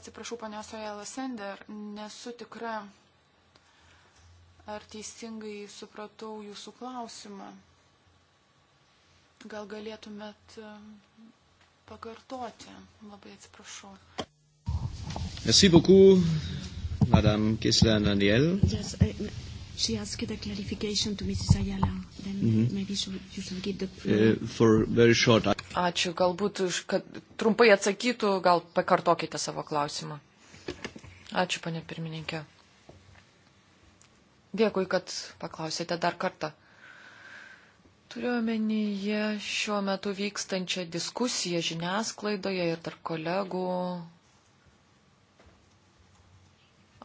Atsiprašau, panios Ojala Sender, nesu tikra, ar teisingai supratau jūsų klausimą. Gal galėtumėt e, pakartoti? Labai atsiprašau. Merci beaucoup, Madame Kisler Daniel. Yes, I, she asked the clarification to Mrs. Ayala. Then mm -hmm. maybe she, you should give the... Uh, for very short... Ačiū, galbūt, kad trumpai atsakytų, gal pakartokite savo klausimą. Ačiū, panė pirmininkė. Dėkui, kad paklausėte dar kartą. Turiuomenyje šiuo metu vykstančią diskusiją žiniasklaidoje ir tarp kolegų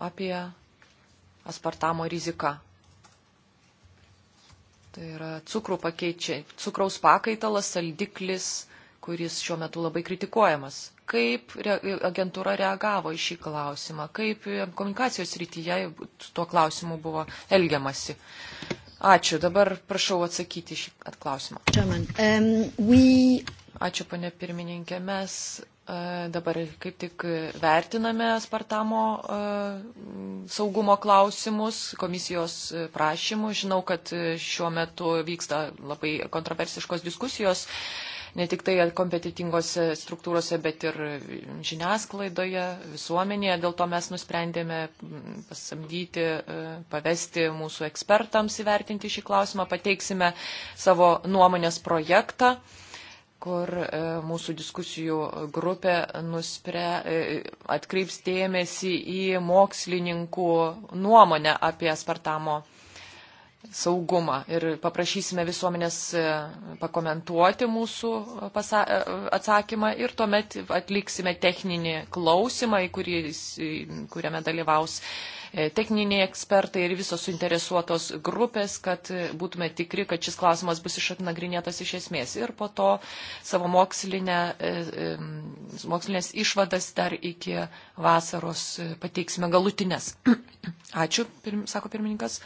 apie aspartamo riziką. Tai yra cukrų pakeičia, cukraus pakaitalas, saldiklis, kuris šiuo metu labai kritikuojamas. Kaip re, agentūra reagavo į šį klausimą, kaip komunikacijos rytyje tuo klausimu buvo elgiamasi. Ačiū. Dabar prašau atsakyti šį klausimą. Um, Ačiū, ponė pirmininkė. Mes uh, dabar kaip tik vertiname Spartamo uh, saugumo klausimus komisijos uh, prašymų. Žinau, kad šiuo metu vyksta labai kontroversiškos diskusijos ne tik tai kompetitingose struktūrose, bet ir žiniasklaidoje, visuomenėje. Dėl to mes nusprendėme mm, pasamdyti, e, pavesti mūsų ekspertams įvertinti šį klausimą. Pateiksime savo nuomonės projektą kur e, mūsų diskusijų grupė nuspre, e, atkreips dėmesį į mokslininkų nuomonę apie Spartamo saugumą ir paprašysime visuomenės e, pakomentuoti mūsų e, pasa, e, atsakymą ir tuomet atliksime techninį klausimą, kurį, kuriame dalyvaus techniniai ekspertai ir visos suinteresuotos grupės, kad būtume tikri, kad šis klausimas bus išnagrinėtas iš esmės. Ir po to savo mokslinę, mokslinės išvadas dar iki vasaros pateiksime galutinės. Ačiū, pirm, sako pirmininkas.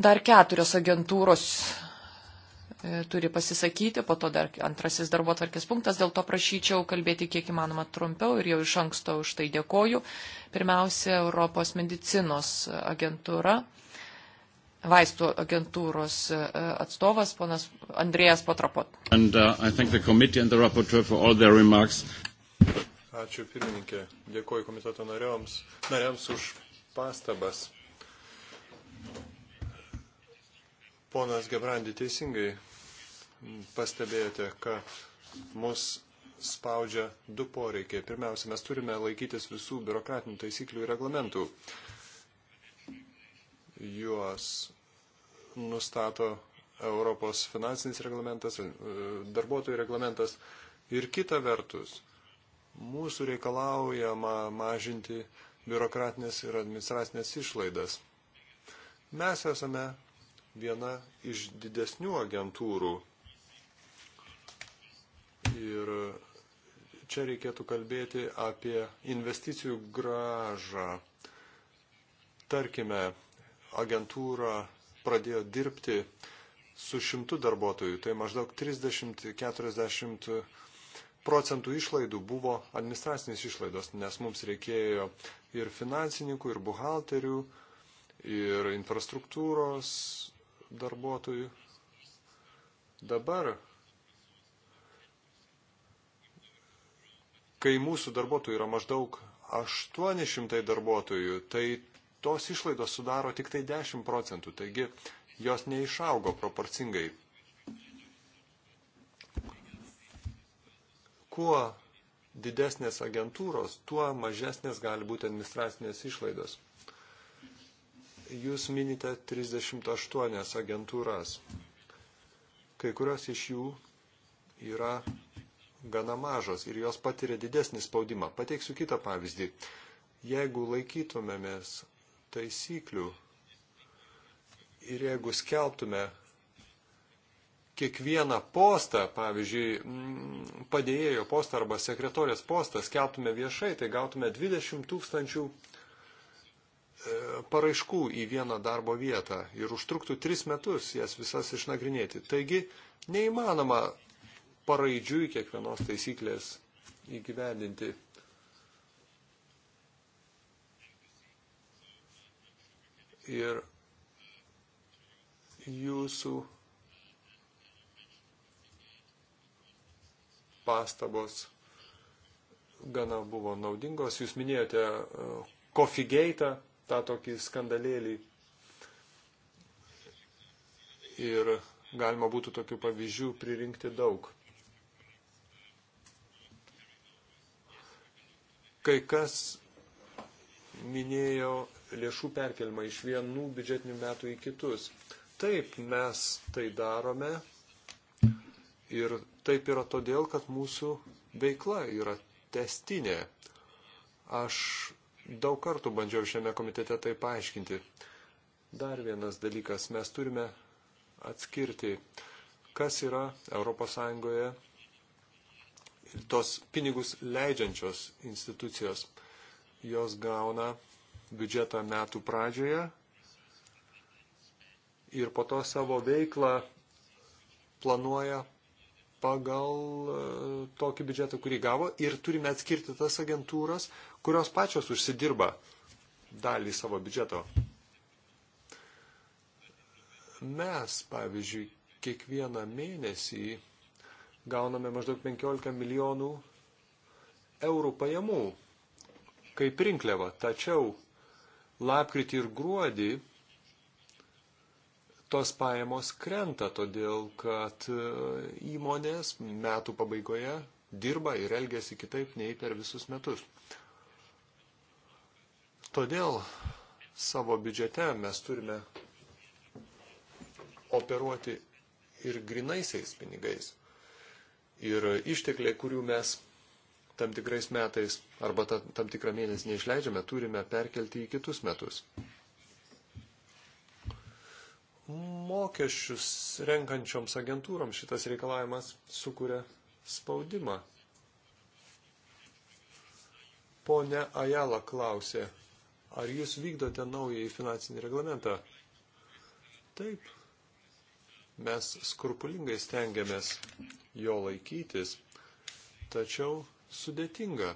Dar keturios agentūros e, turi pasisakyti, po to dar antrasis darbo tvarkės punktas, dėl to prašyčiau kalbėti kiek įmanoma trumpiau ir jau iš anksto už tai dėkoju. Pirmiausia, Europos medicinos agentūra, vaistų agentūros e, atstovas, ponas Andrėjas Potrapot. And, uh, Ačiū pirmininkė, dėkoju komiteto nariams, nariams už pastabas. Ponas Gebrandi teisingai pastebėjote, kad mus spaudžia du poreikiai. Pirmiausia, mes turime laikytis visų biurokratinių taisyklių ir reglamentų. Juos nustato Europos finansinis reglamentas, e, darbuotojų reglamentas ir kita vertus. Mūsų reikalaujama mažinti biurokratinės ir administracinės išlaidas. Mes esame viena iš didesnių agentūrų. Ir čia reikėtų kalbėti apie investicijų gražą. Tarkime, agentūra pradėjo dirbti su šimtu darbuotojų, tai maždaug 30-40 procentų išlaidų buvo administracinės išlaidos, nes mums reikėjo ir finansininkų, ir buhalterių, ir infrastruktūros darbuotojų. Dabar, kai mūsų darbuotojų yra maždaug 800 darbuotojų, tai tos išlaidos sudaro tik tai 10 procentų, taigi jos neišaugo proporcingai. Kuo didesnės agentūros, tuo mažesnės gali būti administracinės išlaidos jūs minite 38 agentūras. Kai kurios iš jų yra gana mažos ir jos patiria didesnį spaudimą. Pateiksiu kitą pavyzdį. Jeigu laikytumėmės taisyklių ir jeigu skelbtume kiekvieną postą, pavyzdžiui, padėjėjo postą arba sekretorės postą skelbtume viešai, tai gautume 20 tūkstančių E, paraiškų į vieną darbo vietą ir užtruktų tris metus jas visas išnagrinėti. Taigi neįmanoma paraidžiui kiekvienos taisyklės įgyvendinti. Ir jūsų pastabos gana buvo naudingos. Jūs minėjote kofigeitą, e, tą tokį skandalėlį. Ir galima būtų tokių pavyzdžių pririnkti daug. Kai kas minėjo lėšų perkelimą iš vienų biudžetinių metų į kitus. Taip, mes tai darome ir taip yra todėl, kad mūsų veikla yra testinė. Aš daug kartų bandžiau šiame komitete tai paaiškinti. Dar vienas dalykas, mes turime atskirti, kas yra ES ir tos pinigus leidžiančios institucijos. Jos gauna biudžetą metų pradžioje ir po to savo veiklą planuoja pagal e, tokį biudžetą, kurį gavo ir turime atskirti tas agentūras, kurios pačios užsidirba dalį savo biudžeto. Mes, pavyzdžiui, kiekvieną mėnesį gauname maždaug 15 milijonų eurų pajamų kaip rinkliava. Tačiau lapkritį ir gruodį tos pajamos krenta, todėl kad e, įmonės metų pabaigoje dirba ir elgesi kitaip nei per visus metus. Todėl savo biudžete mes turime operuoti ir grinaisiais pinigais. Ir ištekliai, kurių mes tam tikrais metais arba tam tikrą mėnesį neišleidžiame, turime perkelti į kitus metus. mokesčius renkančioms agentūroms šitas reikalavimas sukuria spaudimą. Pone Ajala klausė, ar jūs vykdote naująjį finansinį reglamentą? Taip. Mes skrupulingai stengiamės jo laikytis, tačiau sudėtinga,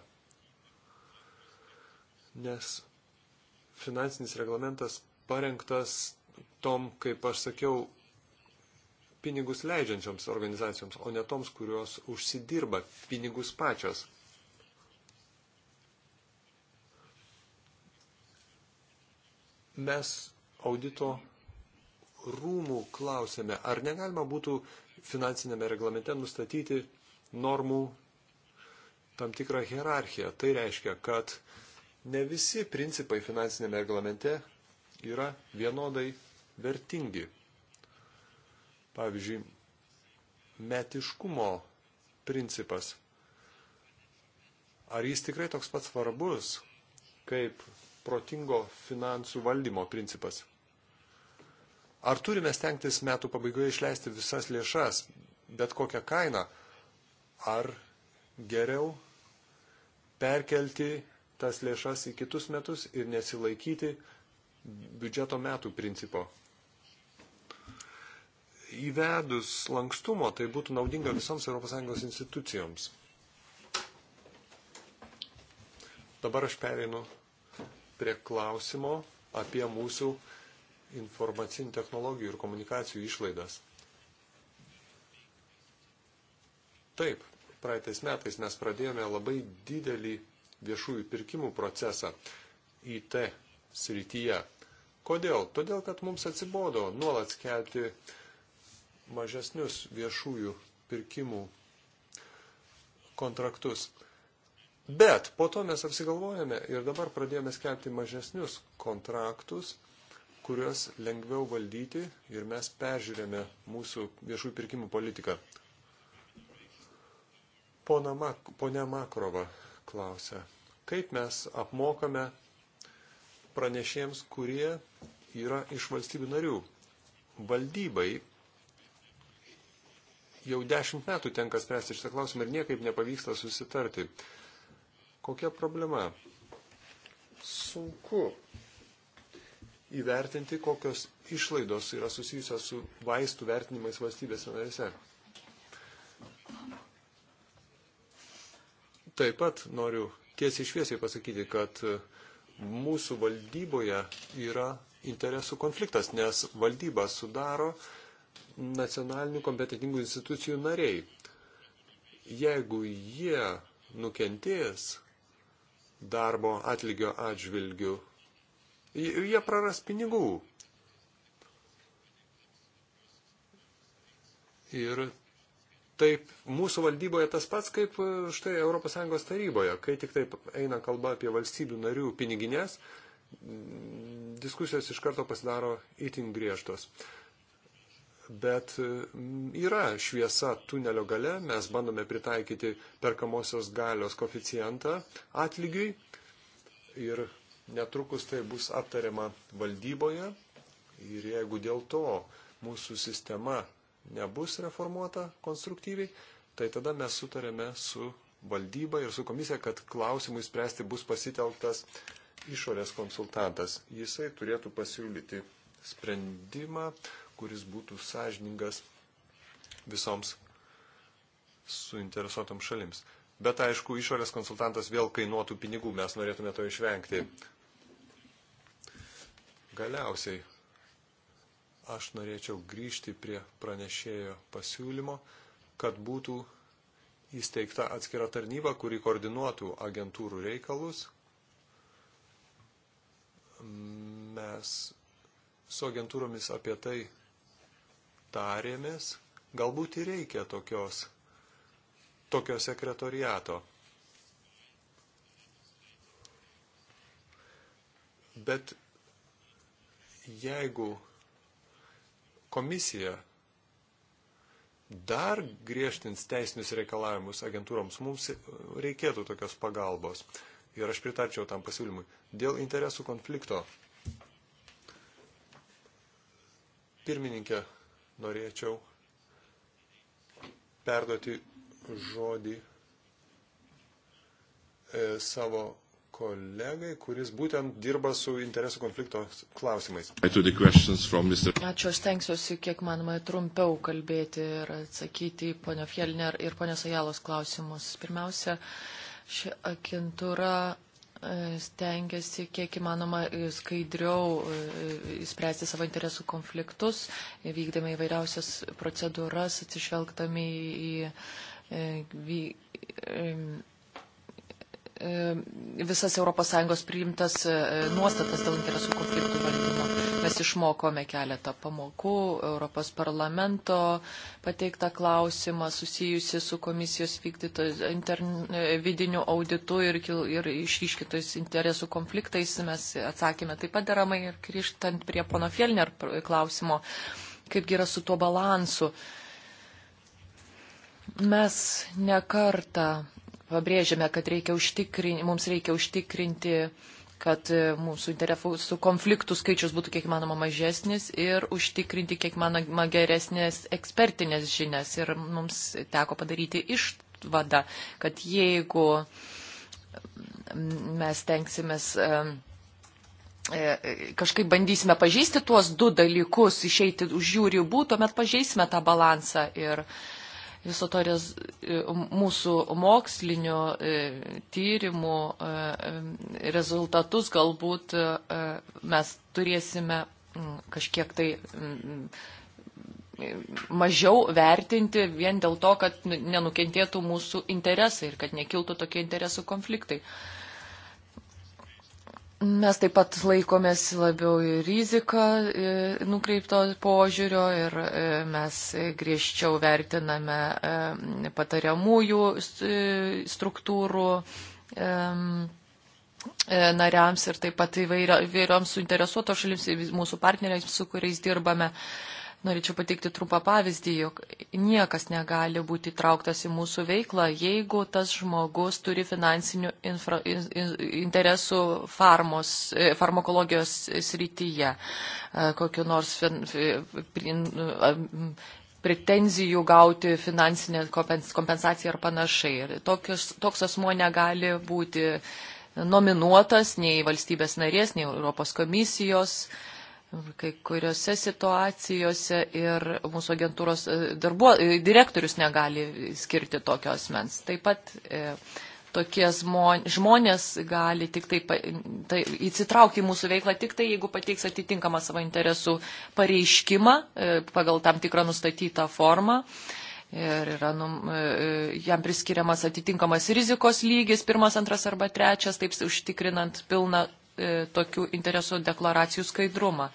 nes finansinis reglamentas parengtas tom, kaip aš sakiau, pinigus leidžiančioms organizacijoms, o ne toms, kurios užsidirba pinigus pačios. Mes audito rūmų klausėme, ar negalima būtų finansinėme reglamente nustatyti normų tam tikrą hierarchiją. Tai reiškia, kad ne visi principai finansinėme reglamente yra vienodai vertingi. Pavyzdžiui, metiškumo principas. Ar jis tikrai toks pats svarbus kaip protingo finansų valdymo principas? Ar turime stengtis metų pabaigoje išleisti visas lėšas, bet kokią kainą? Ar geriau perkelti tas lėšas į kitus metus ir nesilaikyti biudžeto metų principo? įvedus lankstumo tai būtų naudinga visoms ES institucijoms. Dabar aš pereinu prie klausimo apie mūsų informacinių technologijų ir komunikacijų išlaidas. Taip, praeitais metais mes pradėjome labai didelį viešųjų pirkimų procesą IT srityje. Kodėl? Todėl, kad mums atsibodo nuolat skelbti mažesnius viešųjų pirkimų kontraktus. Bet po to mes apsigalvojame ir dabar pradėjome skelbti mažesnius kontraktus, kuriuos lengviau valdyti ir mes peržiūrėme mūsų viešųjų pirkimų politiką. Pona Mak ponia Makrova klausia, kaip mes apmokame pranešėjams, kurie yra iš valstybių narių. Valdybai Jau dešimt metų tenka spręsti šitą klausimą ir niekaip nepavyksta susitarti. Kokia problema? Sunku įvertinti, kokios išlaidos yra susijusios su vaistų vertinimais valstybės narėse. Taip pat noriu tiesiai šviesiai pasakyti, kad mūsų valdyboje yra interesų konfliktas, nes valdyba sudaro uh, nacionalinių kompetitingų institucijų nariai. Jeigu jie nukentės darbo atlygio atžvilgių, jie praras pinigų. Ir taip mūsų valdyboje tas pats kaip e, štai ES taryboje, kai tik taip eina kalba apie valstybių narių piniginės, diskusijos iš karto pasidaro itin griežtos. Bet mm, yra šviesa tunelio gale, mes bandome pritaikyti perkamosios galios koficijantą atlygiui ir netrukus tai bus aptariama valdyboje ir jeigu dėl to mūsų sistema nebus reformuota konstruktyviai, tai tada mes sutarėme su valdyba ir su komisija, kad klausimui spręsti bus pasitelktas išorės konsultantas. Jisai turėtų pasiūlyti sprendimą, kuris būtų sąžiningas visoms suinteresuotam šalims. Bet aišku, išorės konsultantas vėl kainuotų pinigų, mes norėtume to išvengti. Galiausiai aš norėčiau grįžti prie pranešėjo pasiūlymo, kad būtų įsteigta atskira tarnyba, kuri koordinuotų agentūrų reikalus. Mes su agentūromis apie tai tarėmės, galbūt ir reikia tokios, tokio sekretoriato. Bet jeigu komisija dar griežtins teisinius reikalavimus agentūroms, mums reikėtų tokios pagalbos. Ir aš pritarčiau tam pasiūlymui. Dėl interesų konflikto. Pirmininkė, norėčiau perduoti žodį e, savo kolegai, kuris būtent dirba su interesų konflikto klausimais. Ačiū, aš tenksiuosi kiek manoma trumpiau kalbėti ir atsakyti į ponio Fjellner ir ponio Sajalos klausimus. Pirmiausia, ši agentūra E, stengiasi kiek įmanoma e, skaidriau e, spręsti savo interesų konfliktus, vykdami įvairiausias procedūras, atsižvelgdami į E, visas ES priimtas e, nuostatas dėl interesų konfliktų valdymo. Mes išmokome keletą pamokų, Europos parlamento pateiktą klausimą susijusi su komisijos vykdytos e, vidiniu auditu ir, ir išryškitais interesų konfliktais. Mes atsakėme taip pat deramai ir grįžtant prie pono Fielner klausimo, kaipgi yra su tuo balansu. Mes nekartą pabrėžiame, kad reikia užtikrin, mums reikia užtikrinti, kad mūsų interesų konfliktų skaičius būtų kiek manoma mažesnis ir užtikrinti kiek manoma geresnės ekspertinės žinias. Ir mums teko padaryti išvadą, kad jeigu mes tenksimės e, e, kažkaip bandysime pažįsti tuos du dalykus, išeiti už jų ribų, tuomet pažįsime tą balansą ir uh, viso to rez, e, mūsų mokslinio e, tyrimų e, rezultatus galbūt mes turėsime kažkiek tai mažiau vertinti vien dėl to, kad nenukentėtų mūsų interesai ir kad nekiltų tokie interesų konfliktai. Uh, Mes taip pat laikomės labiau į riziką nukreipto požiūrio ir e, mes griežčiau vertiname e, patariamųjų e, struktūrų nariams ir taip pat įvairioms suinteresuotos šalims, mūsų partneriams, su kuriais dirbame. Norėčiau pateikti trumpą pavyzdį, jog niekas negali būti trauktas į mūsų veiklą, jeigu tas žmogus turi finansinių infra, in, interesų farmos, e, farmakologijos srityje, e, kokiu nors fin, prin, pretenzijų gauti finansinę kompensaciją ar panašiai. Ir tokius, toks asmo negali būti nominuotas nei valstybės narės, nei Europos komisijos. Uh, Kai kuriuose situacijose ir mūsų agentūros e, darbuo, e, direktorius negali skirti tokio asmens. Taip pat e, tokie žmonės gali tik tai, tai įsitraukti į mūsų veiklą tik tai, jeigu pateiks atitinkamą savo interesų pareiškimą e, pagal tam tikrą nustatytą formą. Ir yra, nu, e, jam priskiriamas atitinkamas rizikos lygis, pirmas, antras arba trečias, taip užtikrinant pilną E, tokių interesų deklaracijų skaidrumą.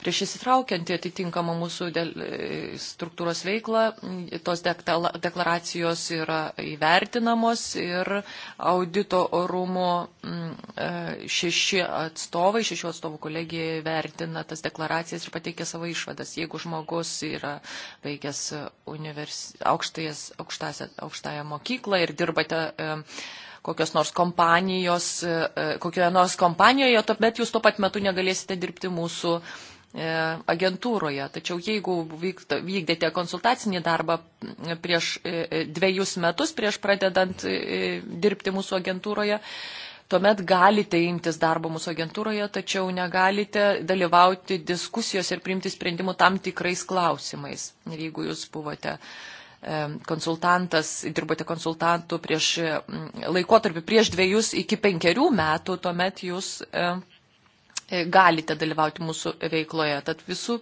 Prieš įsitraukiant į atitinkamą mūsų e, struktūros veiklą, tos deklaracijos yra įvertinamos ir audito orumo mm, e, šeši atstovai, šešių atstovų kolegija vertina tas deklaracijas ir pateikia savo išvadas. Jeigu žmogus yra veikęs univers... aukštąją mokyklą ir dirbate kokios nors kompanijos, e, e, kokioje nors kompanijoje, bet jūs tuo pat metu negalėsite dirbti mūsų e, agentūroje. Tačiau jeigu vykdėte konsultacinį darbą prieš dviejus metus, prieš pradedant dirbti mūsų agentūroje, tuomet galite imtis darbo mūsų agentūroje, tačiau negalite dalyvauti diskusijos ir priimti sprendimų tam tikrais klausimais. Ir jeigu jūs buvote uh, konsultantas, dirbote konsultantų prieš laikotarpį prieš dviejus iki penkerių metų, tuomet jūs e, galite dalyvauti mūsų veikloje. Tad visų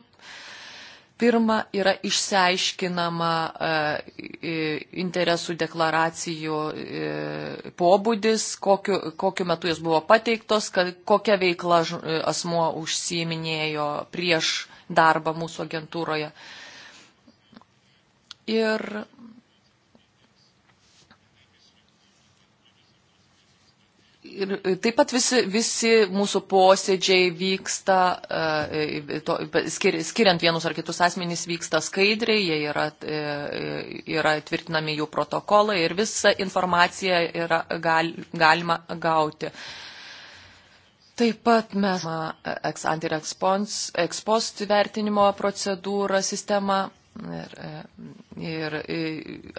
pirma yra išsiaiškinama e, interesų deklaracijų e, pobūdis, kokiu, kokiu metu jis buvo pateiktos, kad, kokia veikla asmuo užsiminėjo prieš darbą mūsų agentūroje. Ir Ir taip pat visi, visi mūsų posėdžiai vyksta, e, to, skir, skiriant vienus ar kitus asmenys vyksta skaidriai, jie yra, e, yra tvirtinami jų protokolai ir visą informaciją yra gal, galima gauti. Taip pat mes e, ex ante ir ex post vertinimo procedūrą sistemą Ir, e, ir e,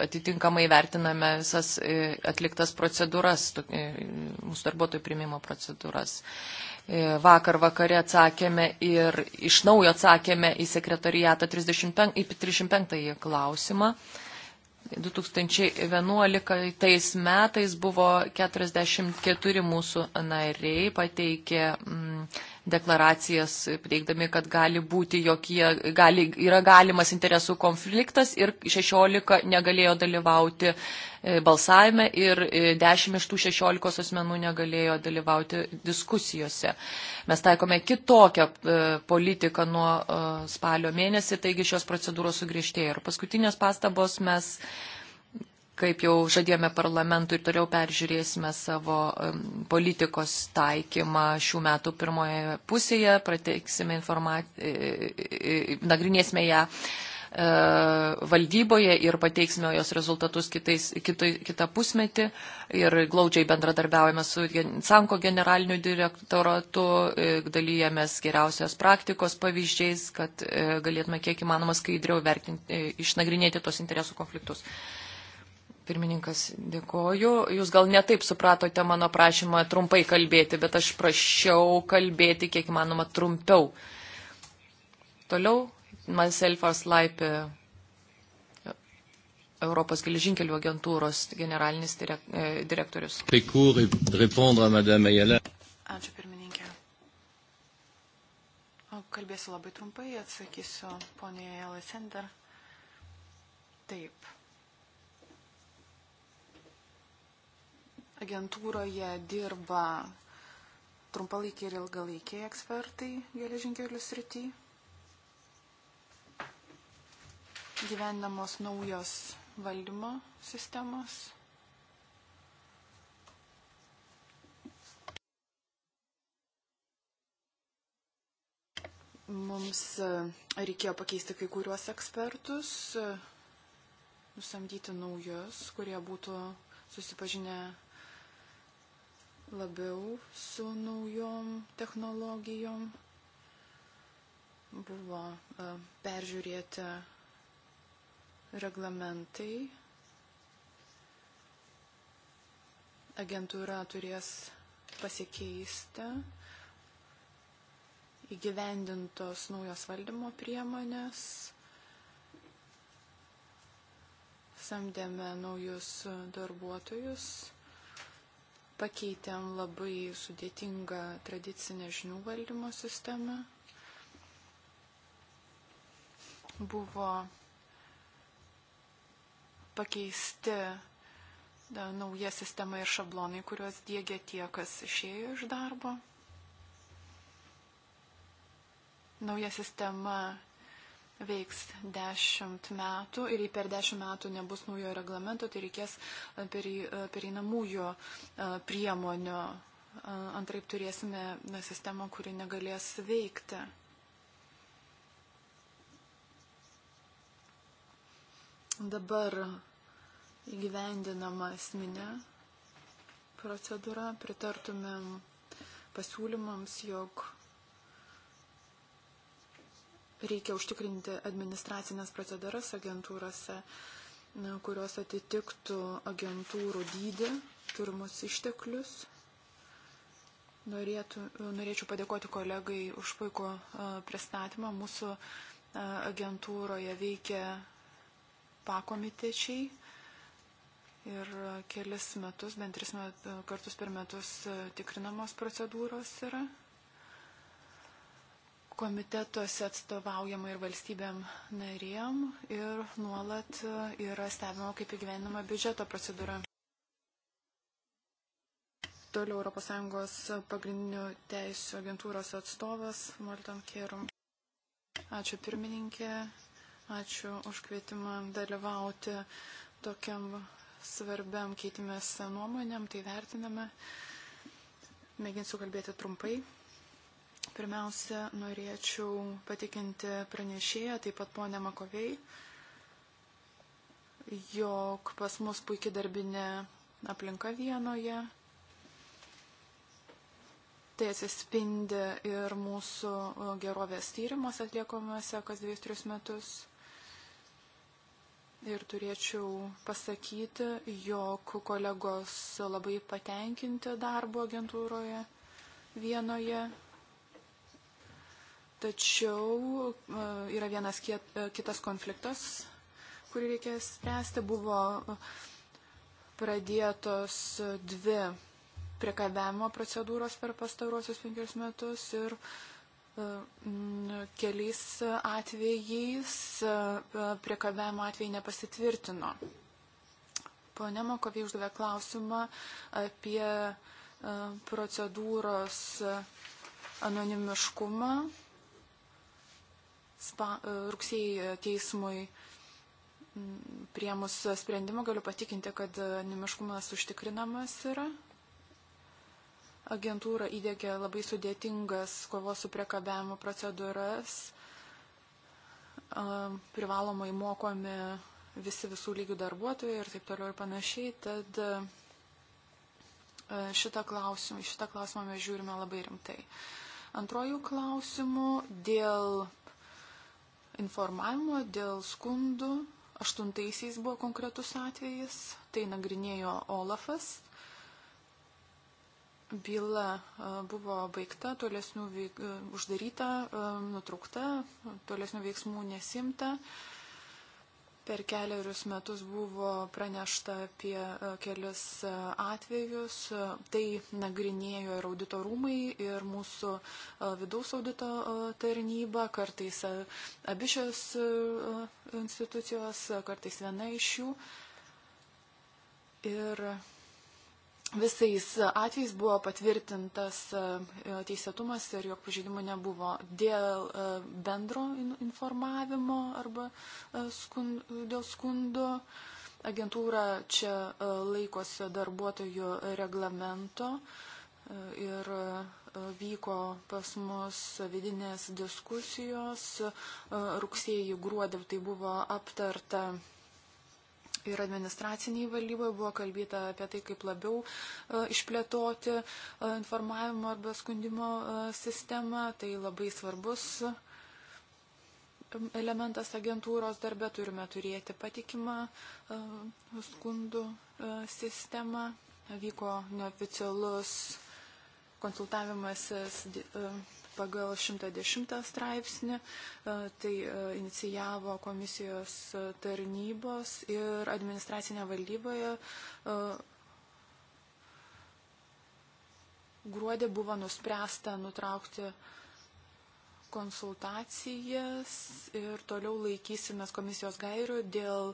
atitinkamai vertiname visas e, atliktas procedūras, mūsų darbuotojų primimo procedūras. Vakar vakare atsakėme ir iš naujo atsakėme į sekretariatą 35, į 35 klausimą. 2011 metais buvo 44 mūsų nariai pateikė. Mm, deklaracijas, teikdami, kad gali būti, jog jie, gali, yra galimas interesų konfliktas ir 16 negalėjo dalyvauti e, balsavime ir 10 e, iš tų 16 asmenų negalėjo dalyvauti diskusijose. Mes taikome kitokią e, politiką nuo spalio mėnesį, taigi šios procedūros sugriežtėjo. Ir paskutinės pastabos mes Kaip jau žadėjome parlamentui ir toliau peržiūrėsime savo politikos taikymą šių metų pirmoje pusėje, prateiksime informaciją, e, e, e, nagrinėsime ją valdyboje ir pateiksime jos rezultatus kitais, kitai, kitą pusmetį. Ir glaudžiai bendradarbiaujame su Sanko generaliniu direktoratu, dalyjamės geriausios praktikos pavyzdžiais, kad galėtume kiek įmanoma skaidriau vertinti, išnagrinėti tos interesų konfliktus. Pirmininkas, dėkoju. Jūs gal netaip supratote mano prašymą trumpai kalbėti, bet aš prašiau kalbėti kiek manoma trumpiau. Toliau, Maselfas Laipė, Europos geležinkelių agentūros generalinis e, direktorius. Ačiū pirmininkė. O kalbėsiu labai trumpai, atsakysiu ponėje Lasender. Taip Agentūroje dirba trumpalaikiai ir ilgalaikiai ekspertai geležinkelių srity. Gyvendamos naujos valdymo sistemos. Mums e, reikėjo pakeisti kai kuriuos ekspertus, e, nusamdyti naujus, kurie būtų susipažinę labiau su naujom technologijom. Buvo e, peržiūrėti reglamentai. Agentūra turės pasikeisti. Įgyvendintos naujos valdymo priemonės. Samdėme naujus darbuotojus pakeitėm labai sudėtingą tradicinę žinių valdymo sistemą. Buvo pakeisti da, nauja sistema ir šablonai, kuriuos dėgia tie, kas išėjo iš darbo. Nauja sistema veiks 10 metų ir jei per 10 metų nebus naujo reglamento, tai reikės e, e, pereinamųjų e, priemonių. Antraip turėsime sistemą, kuri negalės veikti. Dabar įgyvendinama esminė procedūra, pritartumėm pasiūlymams, jog reikia užtikrinti administracinės procedūras agentūrose, kurios atitiktų agentūrų dydį, turimus išteklius. Norėtų, norėčiau padėkoti kolegai už puikų pristatymą. Mūsų agentūroje veikia pakomitečiai ir kelis metus, bent tris met, kartus per metus tikrinamos procedūros yra komitetuose atstovaujama ir valstybėm narėm ir nuolat e, yra stebima, kaip įgyvenama biudžeto procedūra. Toliau ES pagrindinių teisų agentūros atstovas Molton Kerum. Ačiū pirmininkė, ačiū už kvietimą dalyvauti tokiam svarbiam keitimės nuomonėm, tai vertiname. Mėginsiu kalbėti trumpai. Pirmiausia, norėčiau patikinti pranešėją, taip pat ponę Makovei, jog pas mus puikiai darbinė aplinka Vienoje. Tai atsispindi ir mūsų gerovės tyrimas atliekamuose kas 2-3 metus. Ir turėčiau pasakyti, jog kolegos labai patenkinti darbo agentūroje vienoje Tačiau e, yra vienas e, kitas konfliktas, kurį reikia spręsti. Buvo pradėtos dvi priekabėjimo procedūros per pastaruosius penkerius metus ir e, keliais atvejais priekabėjimo atvejai nepasitvirtino. Pone Mokovė uždavė klausimą apie procedūros anonimiškumą spa, e, rugsėjai e, teismui priemus sprendimą galiu patikinti, kad nemiškumas užtikrinamas yra. Agentūra įdėkė labai sudėtingas kovos su priekabėjimu procedūras. E, privalomai mokomi visi visų lygių darbuotojai ir taip toliau ir panašiai. Tad šitą klausimą, šitą klausimą mes žiūrime labai rimtai. Antrojų klausimų dėl informavimo dėl skundų. Aštuntaisiais buvo konkretus atvejis, tai nagrinėjo Olafas. Byla e, buvo baigta, tolesnių veik... E, uždaryta, e, nutraukta, tolesnių veiksmų nesimta. Per keliarius metus buvo pranešta apie e, kelis e, atvejus. Tai nagrinėjo ir audito rūmai, ir mūsų e, vidaus audito tarnyba, kartais abi šios institucijos, kartais viena iš jų. Ir visais atvejais buvo patvirtintas e, teisėtumas ir jog pažeidimų nebuvo dėl e, bendro informavimo arba e, skund, dėl skundų. Agentūra čia laikosi darbuotojų reglamento ir vyko pas mus vidinės diskusijos. Rugsėjį gruodį tai buvo aptarta ir administraciniai valdyboje buvo kalbėta apie tai, kaip labiau e, išplėtoti e, informavimo arba skundimo e, sistemą. Tai labai svarbus elementas agentūros darbe. Turime turėti patikimą skundų sistemą. Vyko neoficialus konsultavimasis pagal 110 straipsnį, e, tai e, inicijavo komisijos tarnybos ir administracinė valdyboje e, gruodį buvo nuspręsta nutraukti konsultacijas ir toliau laikysimės komisijos gairių dėl,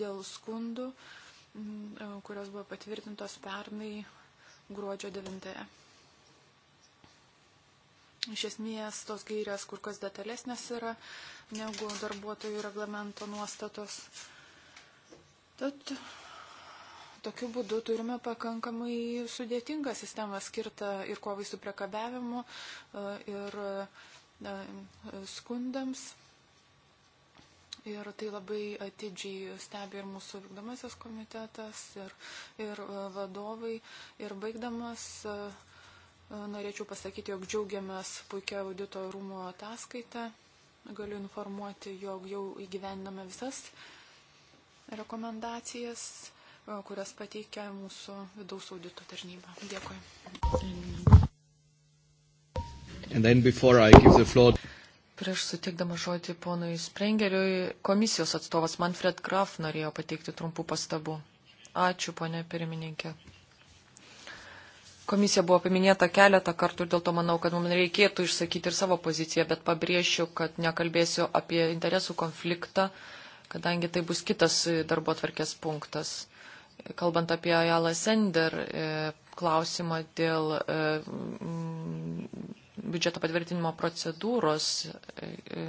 dėl skundų, kurios buvo patvirtintos pernai gruodžio 9. Iš esmės tos gairės kur kas detalesnės yra negu darbuotojų reglamento nuostatos. Tad tokiu būdu turime pakankamai sudėtingą sistemą skirtą ir kovai su priekabiavimu, e, ir e, skundams. Ir tai labai atidžiai stebi ir mūsų vykdomasis komitetas, ir, ir e, vadovai. Ir baigdamas. Uh, norėčiau pasakyti, jog džiaugiamės puikia audito rūmo ataskaita. Galiu informuoti, jog jau įgyvendiname visas rekomendacijas e, kurias pateikia mūsų vidaus audito tarnyba. Dėkui. Floor... Prieš sutikdama žodį ponui Sprengeriui, komisijos atstovas Manfred Graf norėjo pateikti trumpų pastabų. Ačiū, ponė pirmininkė. Komisija buvo paminėta keletą kartų ir dėl to manau, kad mums reikėtų išsakyti ir savo poziciją, bet pabrėšiu, kad nekalbėsiu apie interesų konfliktą, kadangi tai bus kitas darbo atverkės punktas. Kalbant apie Ayala Sender e, klausimą dėl e, biudžeto patvirtinimo procedūros, e,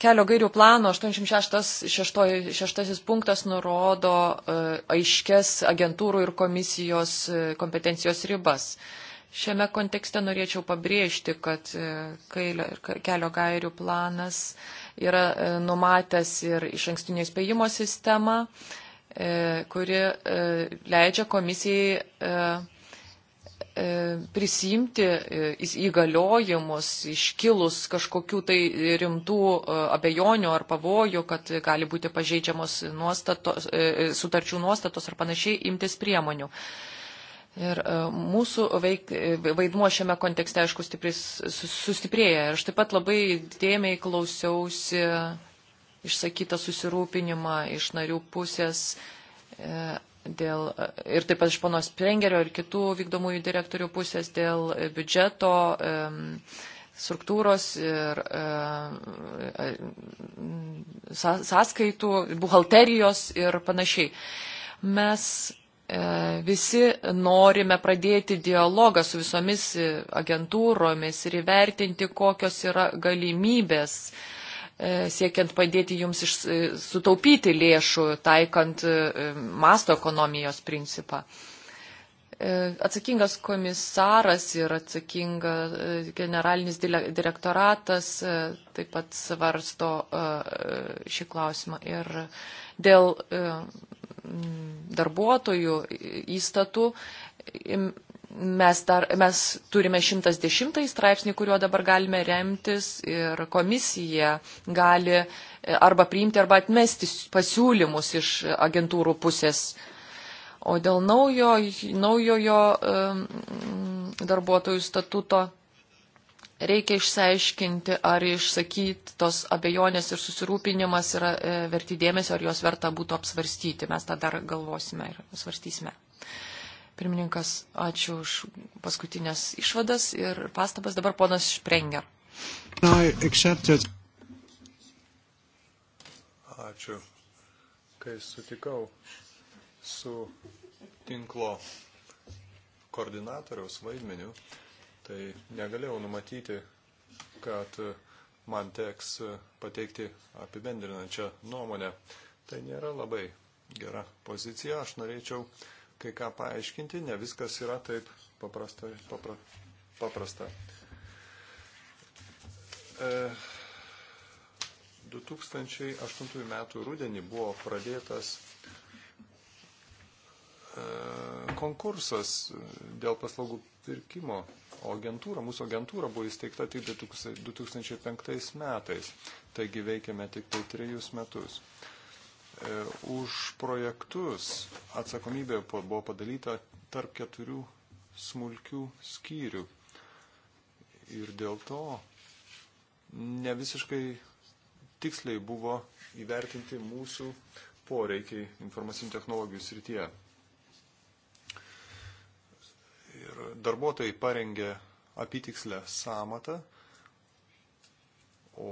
kelio gairių plano 86 punktas nurodo e, aiškes agentūrų ir komisijos e, kompetencijos ribas. Šiame kontekste norėčiau pabrėžti, kad e, kelio gairių planas yra numatęs ir iš ankstinio įspėjimo sistemą, kuri leidžia komisijai E, prisimti e, įgaliojimus iškilus kažkokių tai rimtų e, abejonių ar pavojų, kad gali būti pažeidžiamos nuostatos, sutarčių nuostatos ar panašiai imtis priemonių. Ir mūsų veik, vaidmuo šiame kontekste, aišku, sustiprėja. Ir aš taip pat labai dėmiai klausiausi išsakytą susirūpinimą iš narių pusės dėl, e, ir taip pat iš ponos Prengerio ir kitų vykdomųjų direktorių pusės dėl e, biudžeto e, struktūros ir sąskaitų, buhalterijos ir panašiai. Mes visi norime pradėti dialogą su visomis agentūromis ir įvertinti, kokios yra galimybės uh, E, siekiant padėti jums iš, e, sutaupyti lėšų, taikant e, masto ekonomijos principą. Atsakingas komisaras ir atsakinga generalinis direktoratas taip pat svarsto šį klausimą. Ir dėl darbuotojų įstatų mes, dar, mes turime 110 straipsnį, kuriuo dabar galime remtis ir komisija gali e, arba priimti, arba atmesti pasiūlymus iš agentūrų pusės. O dėl naujo, naujojo um, darbuotojų statuto reikia išsiaiškinti, ar išsakyti tos abejonės ir susirūpinimas yra e, verti dėmesio, ar juos verta būtų apsvarstyti. Mes tą dar galvosime ir svarstysime. Uh, Pirmininkas, ačiū už paskutinės išvadas ir pastabas. Dabar ponas Sprenger. Ačiū, kai sutikau su tinklo koordinatoriaus vaidmeniu, tai negalėjau numatyti, kad man teks pateikti apibendrinančią nuomonę. Tai nėra labai gera pozicija. Aš norėčiau uh, kai ką paaiškinti, ne viskas yra taip paprasta. Papra, paprasta. E, 2008 metų rudenį buvo pradėtas e, konkursas dėl paslaugų pirkimo, o agentūra, mūsų agentūra buvo įsteigta tik 2005 metais, taigi veikėme tik tai trejus metus. E, E, už projektus atsakomybė buvo padalyta tarp keturių smulkių skyrių. Ir dėl to ne visiškai tiksliai buvo įvertinti mūsų poreikiai informacinių technologijų srityje. Ir darbuotojai parengė apitikslę samatą, o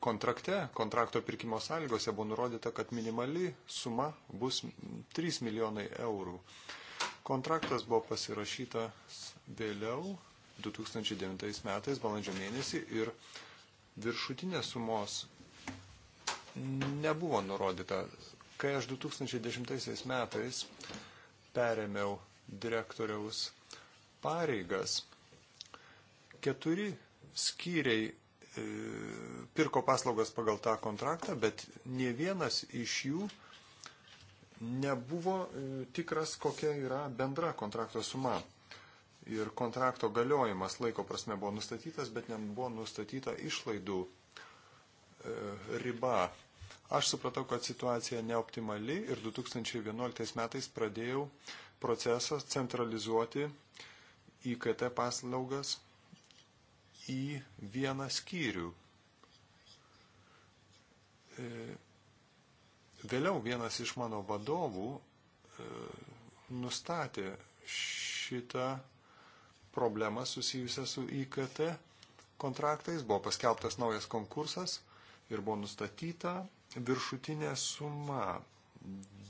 kontrakte, kontrakto pirkimo sąlygose buvo nurodyta, kad minimali suma bus 3 milijonai eurų. Kontraktas buvo pasirašytas vėliau, 2009 metais, balandžio mėnesį, ir viršutinės sumos nebuvo nurodyta. Kai aš 2010 metais perėmiau direktoriaus pareigas, keturi skyriai E, pirko paslaugas pagal tą kontraktą, bet ne vienas iš jų nebuvo e, tikras, kokia yra bendra kontrakto suma. Ir kontrakto galiojimas laiko prasme buvo nustatytas, bet nebuvo nustatyta išlaidų e, riba. Aš supratau, kad situacija neoptimali ir 2011 metais pradėjau procesą centralizuoti IKT paslaugas į vieną skyrių. E, vėliau vienas iš mano vadovų e, nustatė šitą problemą susijusią su IKT kontraktais. Buvo paskelbtas naujas konkursas ir buvo nustatyta viršutinė suma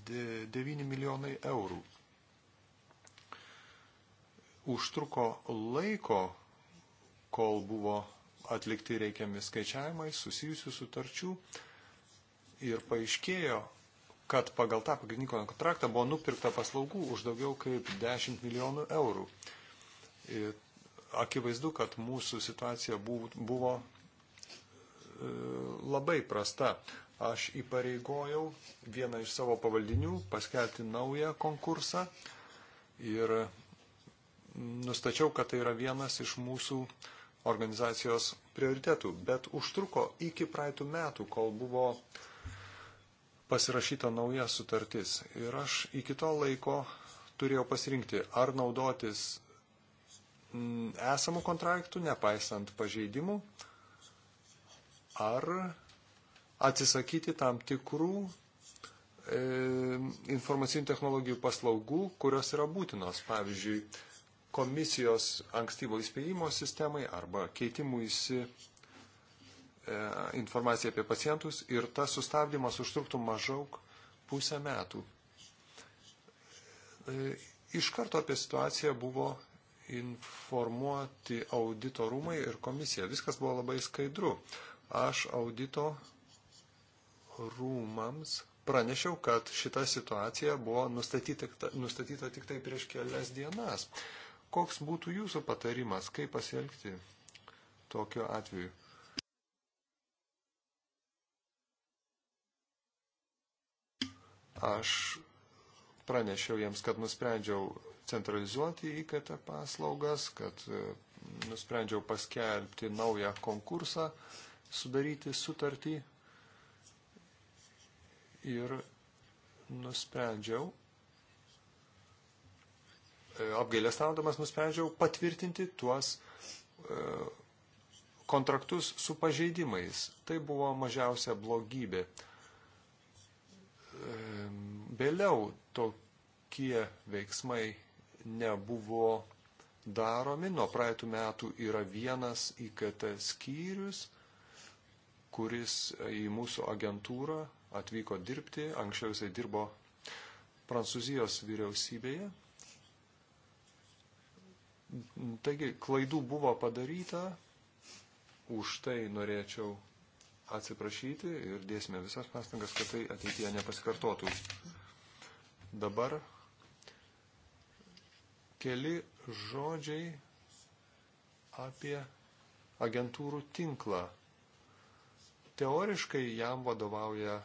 9 milijonai eurų. Užtruko laiko kol buvo atlikti reikiami skaičiavimai susijusių sutarčių ir paaiškėjo, kad pagal tą pagrindinį kontraktą buvo nupirkta paslaugų už daugiau kaip 10 milijonų eurų. Ir akivaizdu, kad mūsų situacija buvo e, labai prasta. Aš įpareigojau vieną iš savo pavaldinių paskelbti naują konkursą ir nustačiau, kad tai yra vienas iš mūsų uh, organizacijos prioritetų, bet užtruko iki praeitų metų, kol buvo pasirašyta nauja sutartis. Ir aš iki to laiko turėjau pasirinkti, ar naudotis mm, esamų kontraktų, nepaisant pažeidimų, ar atsisakyti tam tikrų e, informacinių technologijų paslaugų, kurios yra būtinos. Pavyzdžiui, komisijos ankstyvo įspėjimo sistemai arba keitimuisi e, informacija apie pacientus ir tas sustabdymas užtruktų maždaug pusę metų. E, iš karto apie situaciją buvo informuoti audito rūmai ir komisija. Viskas buvo labai skaidru. Aš audito rūmams pranešiau, kad šita situacija buvo nustatyta, nustatyta tik tai prieš kelias dienas. Koks būtų jūsų patarimas, kaip pasielgti tokiu atveju? Aš pranešiau jiems, kad nusprendžiau centralizuoti įkata paslaugas, kad e, nusprendžiau paskelbti naują konkursą, sudaryti sutartį ir nusprendžiau E, apgailę staudamas nusprendžiau patvirtinti tuos e, kontraktus su pažeidimais. Tai buvo mažiausia blogybė. E, vėliau tokie veiksmai nebuvo daromi. Nuo praeitų metų yra vienas IKT skyrius, kuris į mūsų agentūrą atvyko dirbti. Anksčiau jisai dirbo Prancūzijos vyriausybėje. Taigi klaidų buvo padaryta, už tai norėčiau atsiprašyti ir dėsime visas pastangas, kad tai ateityje nepasikartotų. Dabar keli žodžiai apie agentūrų tinklą. Teoriškai jam vadovauja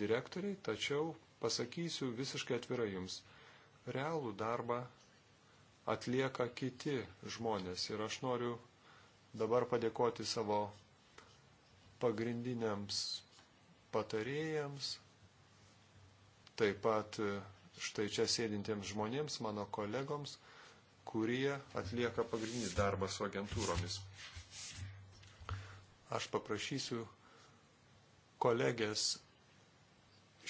direktoriai, tačiau pasakysiu visiškai atvirai jums. Realų darbą atlieka kiti žmonės. Ir aš noriu dabar padėkoti savo pagrindiniams patarėjams, taip pat e, štai čia sėdintiems žmonėms, mano kolegoms, kurie atlieka pagrindinį darbą su agentūromis. Aš paprašysiu kolegės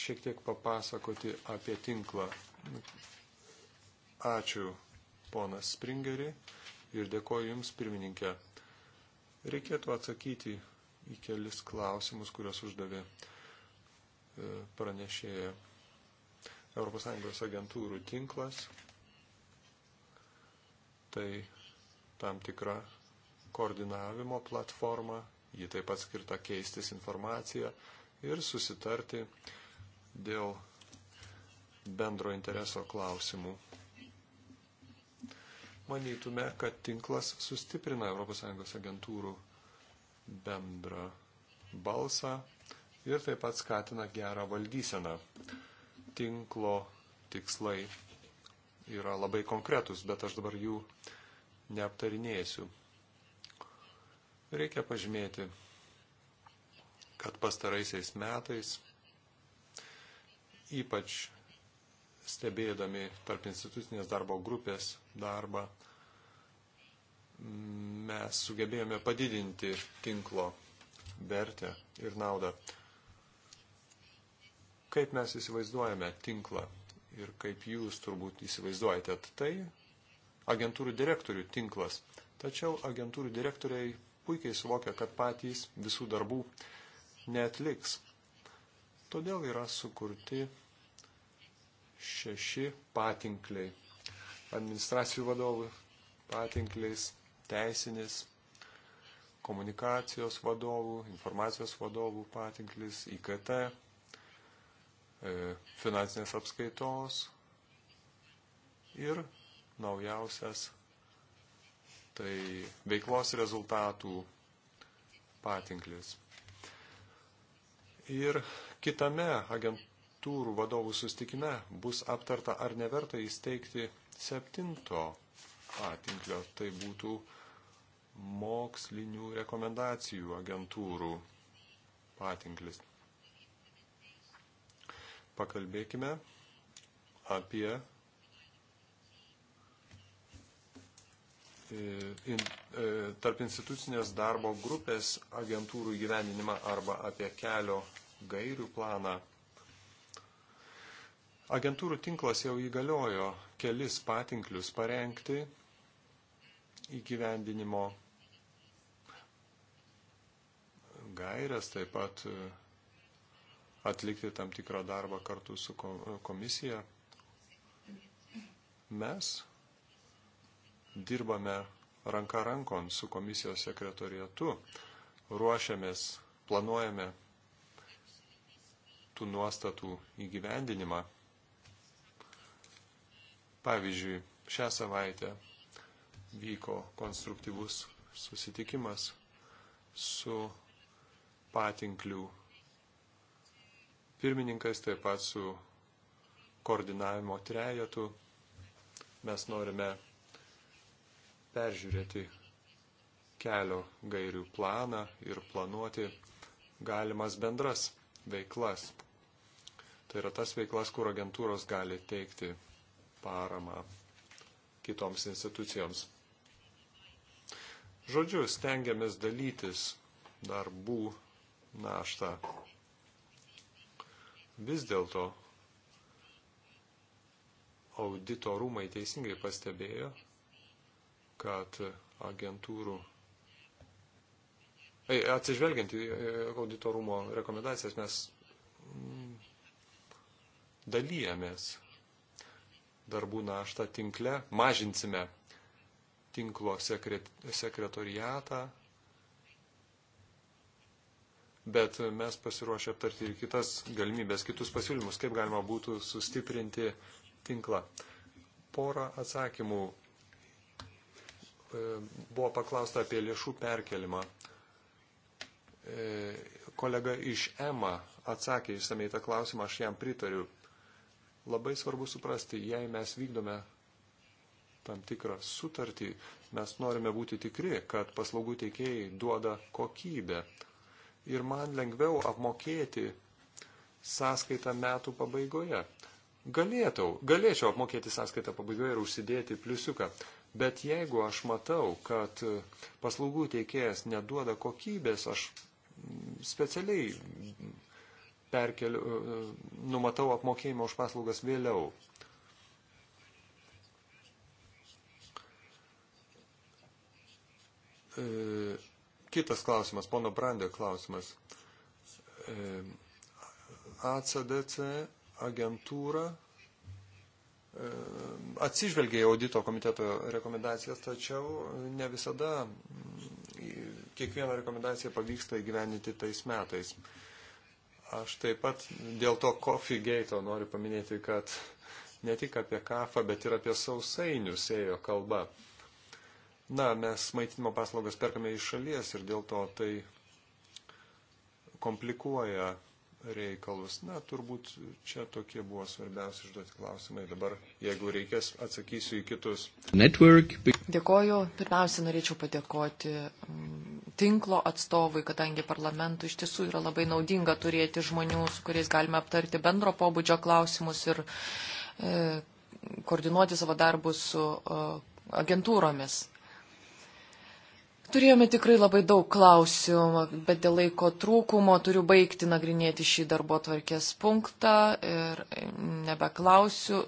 šiek tiek papasakoti apie tinklą. Ačiū ponas Springeri ir dėkoju Jums, pirmininkė. Reikėtų atsakyti į kelis klausimus, kuriuos uždavė e, pranešėja ES agentūrų tinklas. Tai tam tikra koordinavimo platforma, ji taip pat skirta keistis informaciją ir susitarti dėl bendro intereso klausimų manytume, kad tinklas sustiprina ES agentūrų bendrą balsą ir taip pat skatina gerą valdyseną. Tinklo tikslai yra labai konkretus, bet aš dabar jų neaptarinėsiu. Reikia pažymėti, kad pastaraisiais metais, ypač stebėdami tarp institucinės darbo grupės darbą, mes sugebėjome padidinti tinklo vertę ir naudą. Kaip mes įsivaizduojame tinklą ir kaip jūs turbūt įsivaizduojate, tai agentūrų direktorių tinklas. Tačiau agentūrų direktoriai puikiai suvokia, kad patys visų darbų netliks. Todėl yra sukurti šeši patinkliai. Administracijų vadovų patinkliais, teisinis, komunikacijos vadovų, informacijos vadovų patinklis, IKT, e, finansinės apskaitos ir naujausias tai veiklos rezultatų patinklis. Ir kitame agent, struktūrų vadovų sustikime bus aptarta, ar neverta įsteigti septinto patinklio, tai būtų mokslinių rekomendacijų agentūrų patinklis. Pakalbėkime apie e, in, e, tarp institucinės darbo grupės agentūrų gyveninimą arba apie kelio gairių planą Agentūrų tinklas jau įgaliojo kelis patinklius parengti įgyvendinimo gairias, taip pat e, atlikti tam tikrą darbą kartu su komisija. Mes dirbame ranka rankon su komisijos sekretorietu, ruošiamės, planuojame tų nuostatų įgyvendinimą. Pavyzdžiui, šią savaitę vyko konstruktyvus susitikimas su patinklių pirmininkas, taip pat su koordinavimo trejatu. Mes norime peržiūrėti kelio gairių planą ir planuoti galimas bendras veiklas. Tai yra tas veiklas, kur agentūros gali teikti paramą kitoms institucijoms. Žodžiu, stengiamės dalytis darbų naštą. Vis dėlto audito rūmai teisingai pastebėjo, kad agentūrų Atsižvelgiant į auditorumo rekomendacijas, mes mm, dalyjamės darbų naštą tinkle, mažinsime tinklo sekret, sekretoriatą, bet mes pasiruošę aptarti ir kitas galimybės, kitus pasiūlymus, kaip galima būtų sustiprinti tinklą. Porą atsakymų. E, buvo paklausta apie lėšų perkelimą. E, kolega iš EMA atsakė išsamei tą klausimą, aš jam pritariu. Labai svarbu suprasti, jei mes vykdome tam tikrą sutartį, mes norime būti tikri, kad paslaugų teikėjai duoda kokybę. Ir man lengviau apmokėti sąskaitą metų pabaigoje. Galėtau, galėčiau apmokėti sąskaitą pabaigoje ir užsidėti pliusiuką, bet jeigu aš matau, kad paslaugų teikėjas neduoda kokybės, aš specialiai perkeliu, e, numatau apmokėjimą už paslaugas vėliau. E, kitas klausimas, pono Brandė klausimas. E, ACDC agentūra atsižvelgia į audito komiteto rekomendacijas, tačiau ne visada kiekvieną rekomendaciją pavyksta įgyveninti tais metais. Aš taip pat dėl to Coffee Gate noriu paminėti, kad ne tik apie kafą, bet ir apie sausainius ėjo kalba. Na, mes maitinimo paslaugas perkame iš šalies ir dėl to tai komplikuoja reikalus. Na, turbūt čia tokie buvo svarbiausi užduoti klausimai. Dabar, jeigu reikės, atsakysiu į kitus. Network. Dėkoju. Pirmiausia, norėčiau padėkoti mm, tinklo atstovui, kadangi parlamentų iš tiesų yra labai naudinga turėti žmonių, su kuriais galime aptarti bendro pobūdžio klausimus ir e, koordinuoti savo darbus su e, agentūromis. Turėjome tikrai labai daug klausimų, bet dėl laiko trūkumo turiu baigti nagrinėti šį darbo tvarkės punktą ir nebeklausiu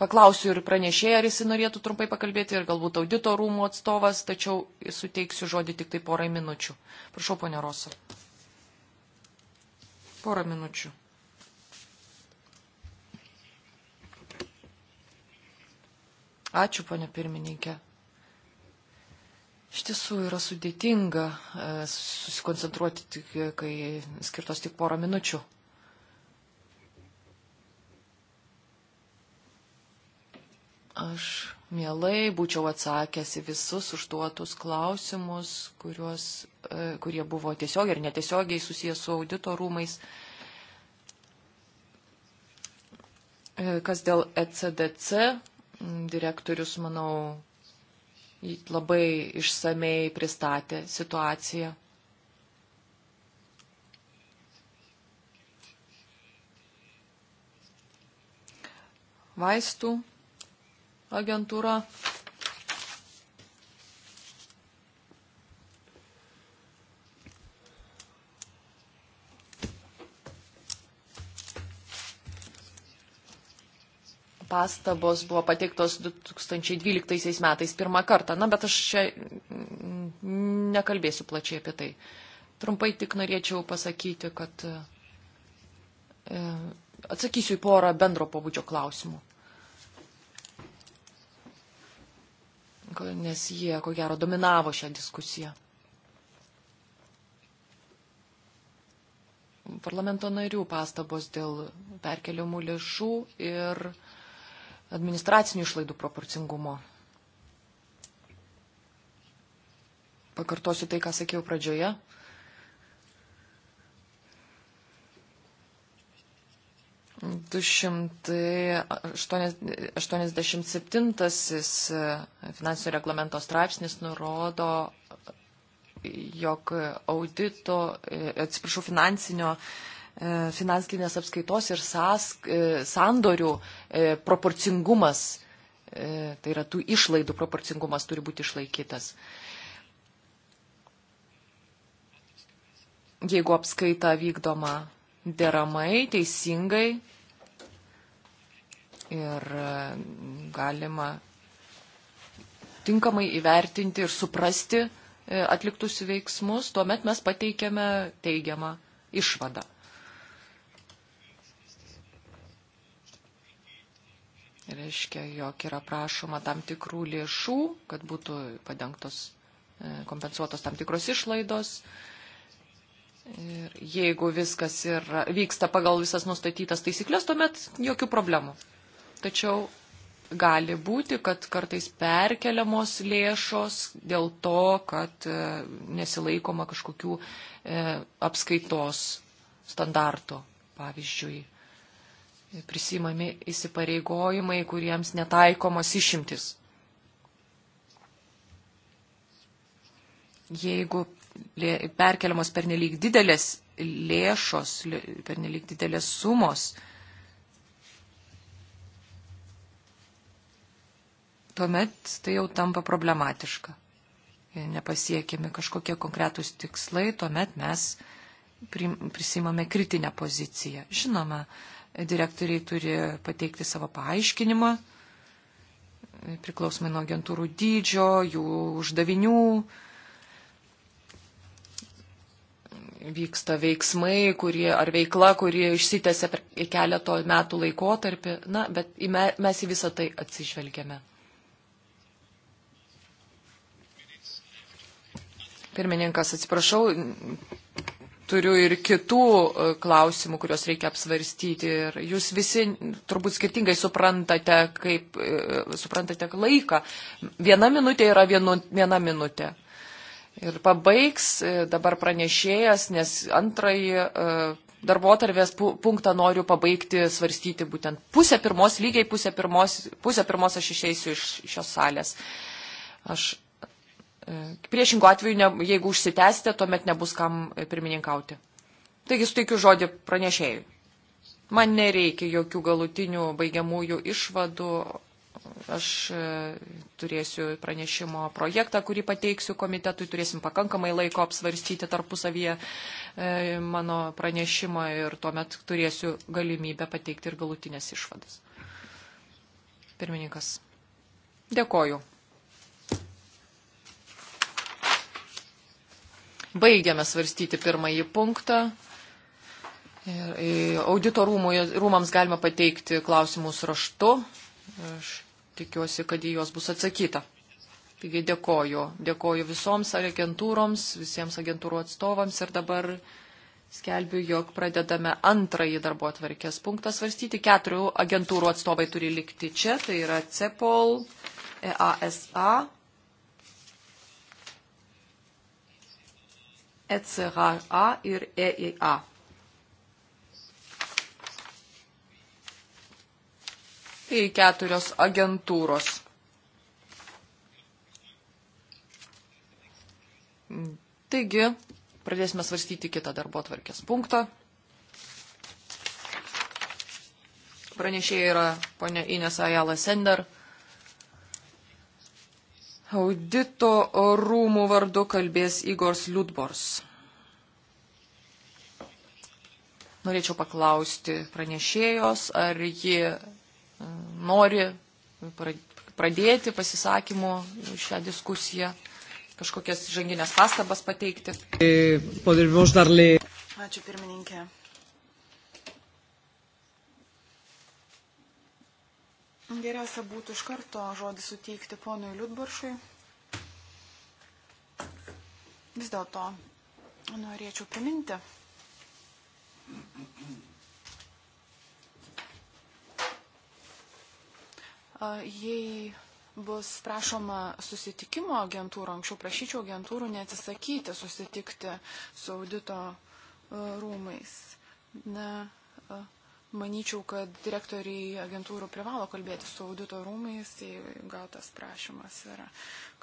paklausiu ir pranešėją, ar jis norėtų trumpai pakalbėti, ir galbūt audito rūmų atstovas, tačiau suteiksiu žodį tik tai porai minučių. Prašau, ponė Rosa. Porą minučių. Ačiū, ponė pirmininkė. Iš tiesų yra sudėtinga e, susikoncentruoti, tik, kai skirtos tik porą minučių Aš mielai būčiau atsakęs į visus užduotus klausimus, kuriuos, e, kurie buvo tiesiogiai ir netiesiogiai susijęs su audito rūmais. E, kas dėl ECDC, direktorius, manau, labai išsamei pristatė situaciją. Vaistų agentūra. Pastabos buvo pateiktos 2012 metais pirmą kartą, na, bet aš čia nekalbėsiu plačiai apie tai. Trumpai tik norėčiau pasakyti, kad e, atsakysiu į porą bendro pabudžio klausimų. nes jie, ko gero, dominavo šią diskusiją. Parlamento narių pastabos dėl perkeliamų lėšų ir administracinių išlaidų proporcingumo. Pakartosiu tai, ką sakiau pradžioje. 287 e, finansinio reglamento straipsnis nurodo, jog audito, e, atsiprašau, finansinio e, finansinės apskaitos ir sask, sandorių proporcingumas, tai yra tų išlaidų proporcingumas turi būti išlaikytas. Jeigu apskaita vykdoma deramai, teisingai, ir e, galima tinkamai įvertinti ir suprasti e, atliktus veiksmus, tuomet mes pateikėme teigiamą išvadą. Reiškia, jog yra prašoma tam tikrų lėšų, kad būtų padengtos, e, kompensuotos tam tikros išlaidos. Ir jeigu viskas yra, vyksta pagal visas nustatytas taisyklės, tuomet jokių problemų. Tačiau gali būti, kad kartais perkeliamos lėšos dėl to, kad e, nesilaikoma kažkokių e, apskaitos standarto, pavyzdžiui. Prisimami įsipareigojimai, kuriems netaikomos išimtis. Jeigu perkeliamos pernelyg didelės lėšos, pernelyg didelės sumos, tuomet tai jau tampa problematiška. Nepasiekiami kažkokie konkretūs tikslai, tuomet mes prisimame kritinę poziciją. Žinoma, direktoriai turi pateikti savo paaiškinimą, priklausomai nuo agentūrų dydžio, jų uždavinių, vyksta veiksmai, kurie, ar veikla, kurie išsitęsia per keleto metų laikotarpį, na, bet mes į visą tai atsižvelgiame. Pirmininkas, atsiprašau, turiu ir kitų e, klausimų, kuriuos reikia apsvarstyti. Ir jūs visi turbūt skirtingai suprantate, kaip e, suprantate laiką. Viena minutė yra vienu, viena minutė. Ir pabaigs e, dabar pranešėjas, nes antrąjį darbo tarvės punktą noriu pabaigti svarstyti būtent pusę pirmos, lygiai pusę pirmos, pusę pirmos aš išeisiu iš šios salės. Aš E, Priešingų atveju, ne, jeigu užsitęsite, tuomet nebus kam pirmininkauti. Taigi suteikiu žodį pranešėjui. Man nereikia jokių galutinių baigiamųjų išvadų. Aš e, turėsiu pranešimo projektą, kurį pateiksiu komitetui, turėsim pakankamai laiko apsvarstyti tarpusavyje e, mano pranešimą ir tuomet turėsiu galimybę pateikti ir galutinės išvadas. Pirmininkas. Dėkoju. Baigiame svarstyti pirmąjį punktą. Ir audito rūmų, rūmams galima pateikti klausimus raštu. Aš tikiuosi, kad į juos bus atsakyta. Taigi dėkoju. Dėkoju visoms agentūroms, visiems agentūrų atstovams ir dabar skelbiu, jog pradedame antrąjį darbo atvarkės punktą svarstyti. Keturių agentūrų atstovai turi likti čia. Tai yra CEPOL, EASA, ECHA ir EIA. Tai keturios agentūros. Taigi, pradėsime svarstyti kitą darbo atvarkės punktą. Pranešėja yra ponia Ines Ajala Sender. Audito rūmų vardu kalbės Igors Liudbors. Norėčiau paklausti pranešėjos, ar ji e, nori pradėti pasisakymų šią diskusiją, kažkokias žanginės pastabas pateikti. E, Ačiū pirmininkė. Geriausia būtų iš karto žodį suteikti ponui Liudbaršui. Vis dėlto norėčiau priminti, jei bus prašoma susitikimo agentūrų, anksčiau prašyčiau agentūrų neatsisakyti susitikti su audito rūmais. Na, Manyčiau, kad direktoriai agentūrų privalo kalbėti su audito rūmais, jei tai gautas prašymas yra.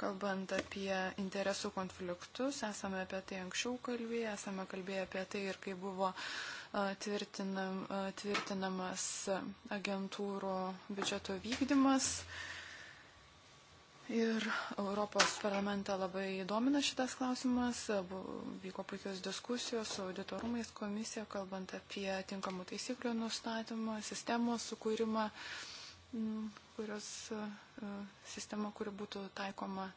Kalbant apie interesų konfliktus, esame apie tai anksčiau kalbėję, esame kalbėję apie tai ir kai buvo tvirtinam, tvirtinamas agentūrų biudžeto vykdymas. Uh, Ir Europos parlamente labai domina šitas klausimas, vyko puikios diskusijos su auditorumais komisija, kalbant apie tinkamų taisyklių nustatymą, sistemos sukūrimą, mm, kurios e, sistema, kuri būtų taikoma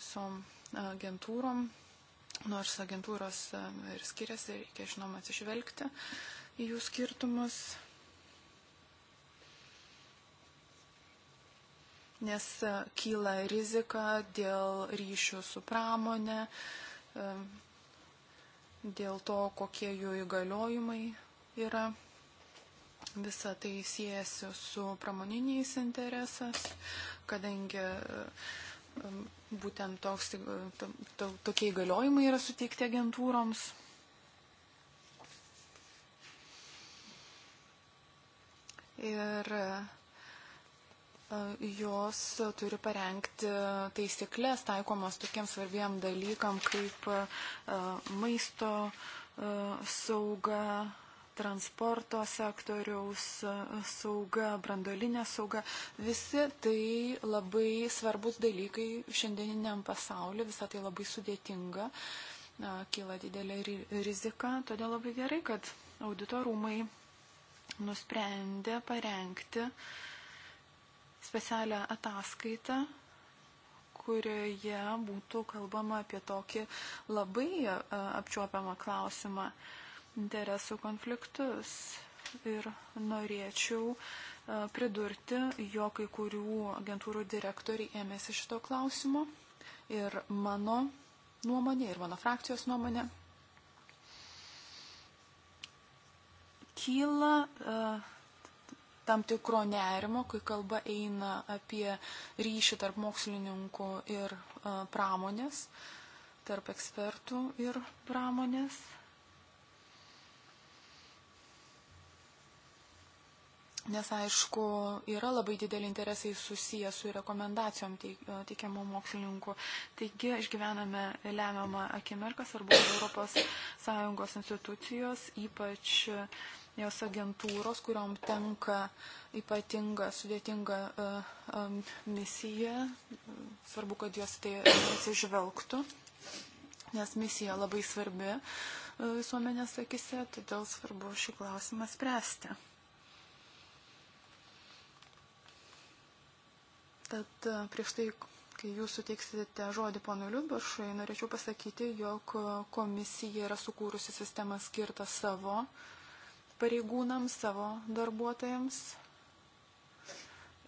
visom agentūrom, nors agentūros e, ir skiriasi, reikia žinoma atsižvelgti į jų skirtumus. nes e, kyla rizika dėl ryšių su pramonė, e, dėl to, kokie jų įgaliojimai yra. Visa tai siejasi su pramoniniais interesas, kadangi e, būtent toks, to, to, tokie įgaliojimai yra suteikti agentūroms. Ir E, jos turi parengti taisyklės taikomas tokiems svarbiem dalykam kaip e, maisto e, sauga, transporto sektoriaus sauga, brandolinė sauga. Visi tai labai svarbus dalykai šiandieniniam pasauliu, visą tai labai sudėtinga, kyla didelė rizika, todėl labai gerai, kad auditorumai nusprendė parengti uh, specialią ataskaitą, kurioje būtų kalbama apie tokį labai e, apčiuopiamą klausimą - interesų konfliktus. Ir norėčiau e, pridurti, jo kai kurių agentūrų direktoriai ėmėsi šito klausimo. Ir mano nuomonė, ir mano frakcijos nuomonė kyla uh, tam tikro nerimo, kai kalba eina apie ryšį tarp mokslininkų ir e, pramonės, tarp ekspertų ir pramonės. Nes aišku, yra labai dideli interesai susiję su rekomendacijom e, teikiamo mokslininkų. Taigi išgyvename lemiamą akimirką, svarbu Europos Sąjungos institucijos, ypač uh, nes agentūros, kuriuom tenka ypatinga sudėtinga e, e, misija, e, svarbu, kad jos tai atsižvelgtų, nes misija labai svarbi visuomenės akise, todėl svarbu šį klausimą spręsti. Tad prieš tai, kai jūs suteiksite žodį ponui Liubašui, norėčiau pasakyti, jog komisija yra sukūrusi sistemą skirtą savo uh, pareigūnams, savo darbuotojams.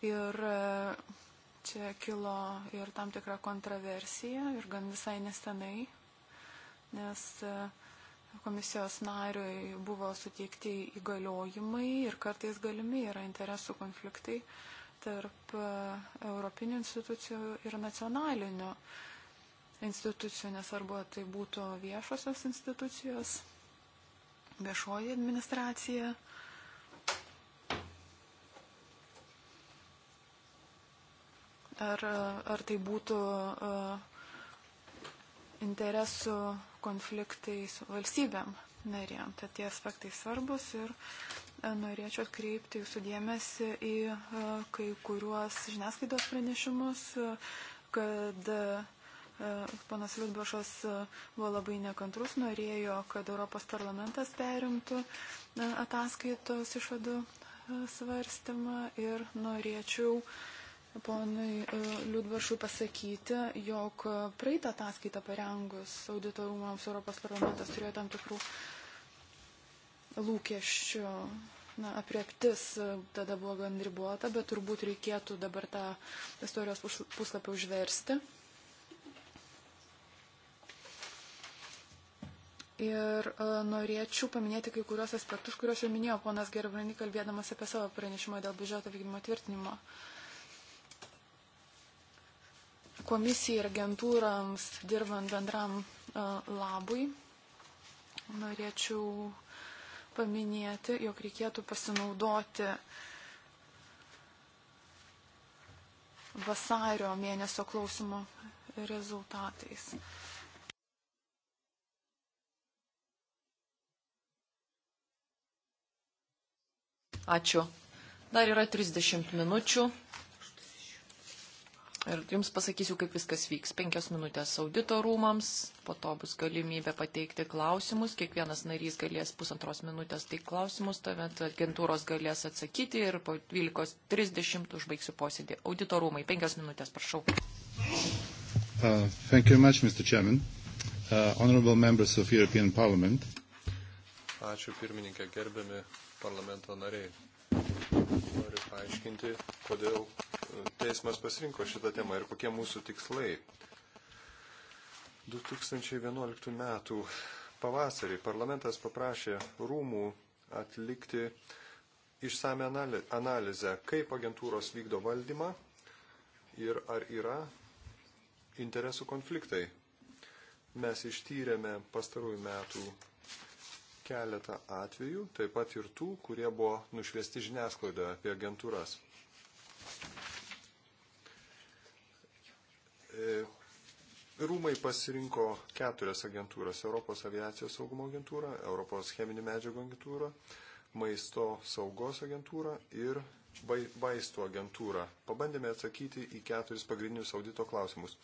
Ir e, čia kilo ir tam tikra kontroversija ir gan visai nesenai, nes e, komisijos nariui buvo suteikti įgaliojimai ir kartais galimi yra interesų konfliktai tarp e, europinių institucijų ir nacionalinių institucijų, nesvarbu, tai būtų viešosios institucijos viešoji administracija. Ar, ar tai būtų e, interesų konfliktai su valstybėm narėm. Tad tie aspektai svarbus ir e, norėčiau atkreipti jūsų dėmesį į e, kai kuriuos žiniasklaidos pranešimus, kad E, Panas Liudbašas e, buvo labai nekantrus, norėjo, kad Europos parlamentas perimtų e, ataskaitos išvadų svarstymą ir norėčiau ponui Liudbašui pasakyti, jog praeitą ataskaitą parengus auditorumams Europos parlamentas turėjo tam tikrų lūkesčių. Na, apriektis tada buvo gan ribota, bet turbūt reikėtų dabar tą istorijos puslapį užversti. Ir e, norėčiau paminėti kai kurios aspektus, kuriuos jau minėjo ponas Gerbrani, kalbėdamas apie savo pranešimą dėl biudžeto vykdymo tvirtinimo. Komisija ir agentūrams dirbant bendram e, labui, norėčiau paminėti, jog reikėtų pasinaudoti vasario mėnesio klausimo rezultatais. Ačiū. Dar yra 30 minučių. Ir jums pasakysiu, kaip viskas vyks. Penkios minutės audito rūmams, po to bus galimybė pateikti klausimus. Kiekvienas narys galės pusantros minutės teikti klausimus, tuomet agentūros galės atsakyti ir po 12.30 užbaigsiu posėdį. Audito rūmai, penkios minutės, prašau. Uh, much, uh, Ačiū pirmininkė, gerbiami parlamento nariai. Noriu paaiškinti, kodėl e, teismas pasirinko šitą temą ir kokie mūsų tikslai. 2011 m. pavasarį parlamentas paprašė rūmų atlikti išsame analizę, kaip agentūros vykdo valdymą ir ar yra interesų konfliktai. Mes ištyrėme pastarųjų metų keletą atvejų, taip pat ir tų, kurie buvo nušviesti žiniasklaidoje apie agentūras. E, rūmai pasirinko keturias agentūras - Europos aviacijos saugumo agentūrą, Europos cheminių medžiagų agentūrą, maisto saugos agentūrą ir vaistų agentūrą. Pabandėme atsakyti į keturis pagrindinius audito klausimus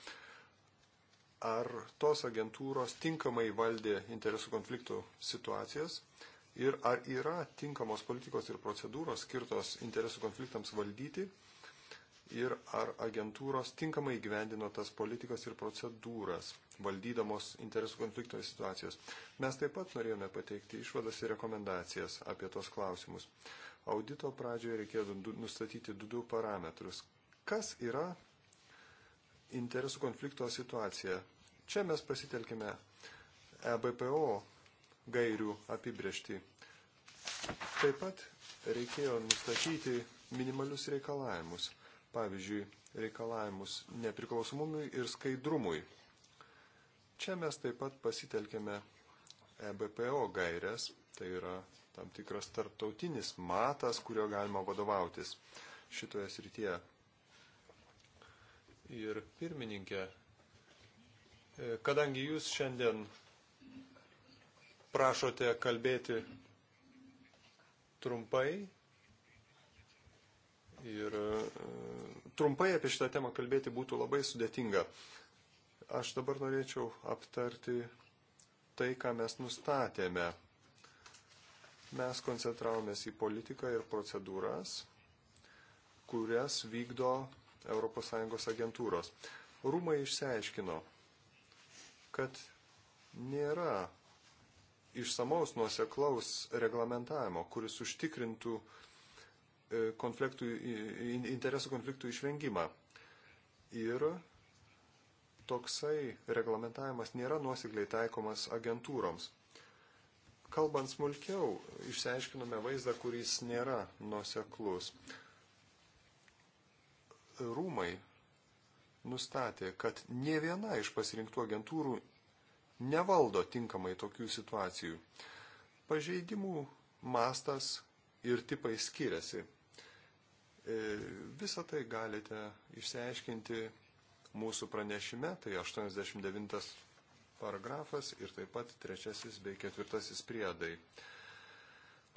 ar tos agentūros tinkamai valdė interesų konfliktų situacijas ir ar yra tinkamos politikos ir procedūros skirtos interesų konfliktams valdyti ir ar agentūros tinkamai gyvendino tas politikas ir procedūras valdydamos interesų konflikto situacijas. Mes taip pat norėjome pateikti išvadas ir rekomendacijas apie tos klausimus. Audito pradžioje reikėjo nustatyti du, du parametrus. Kas yra interesų konflikto situaciją. Čia mes pasitelkime EBPO gairių apibriešti. Taip pat reikėjo nustatyti minimalius reikalavimus. Pavyzdžiui, reikalavimus nepriklausomumui ir skaidrumui. Čia mes taip pat pasitelkėme EBPO gairias, tai yra tam tikras tarptautinis matas, kurio galima vadovautis šitoje srityje ir pirmininkė. E, kadangi jūs šiandien prašote kalbėti trumpai ir e, trumpai apie šitą temą kalbėti būtų labai sudėtinga. Aš dabar norėčiau aptarti tai, ką mes nustatėme. Mes koncentravomės į politiką ir procedūras, kurias vykdo ES agentūros. Rūmai išsiaiškino, kad nėra išsamaus nuoseklaus reglamentavimo, kuris užtikrintų e, konfliktų, interesų konfliktų išvengimą. Ir toksai reglamentavimas nėra nuosekliai taikomas agentūroms. Kalbant smulkiau, išsiaiškinome vaizdą, kuris nėra nuoseklus rūmai nustatė, kad ne viena iš pasirinktų agentūrų nevaldo tinkamai tokių situacijų. Pažeidimų mastas ir tipai skiriasi. E, Visą tai galite išsiaiškinti mūsų pranešime, tai 89 paragrafas ir taip pat trečiasis bei ketvirtasis priedai.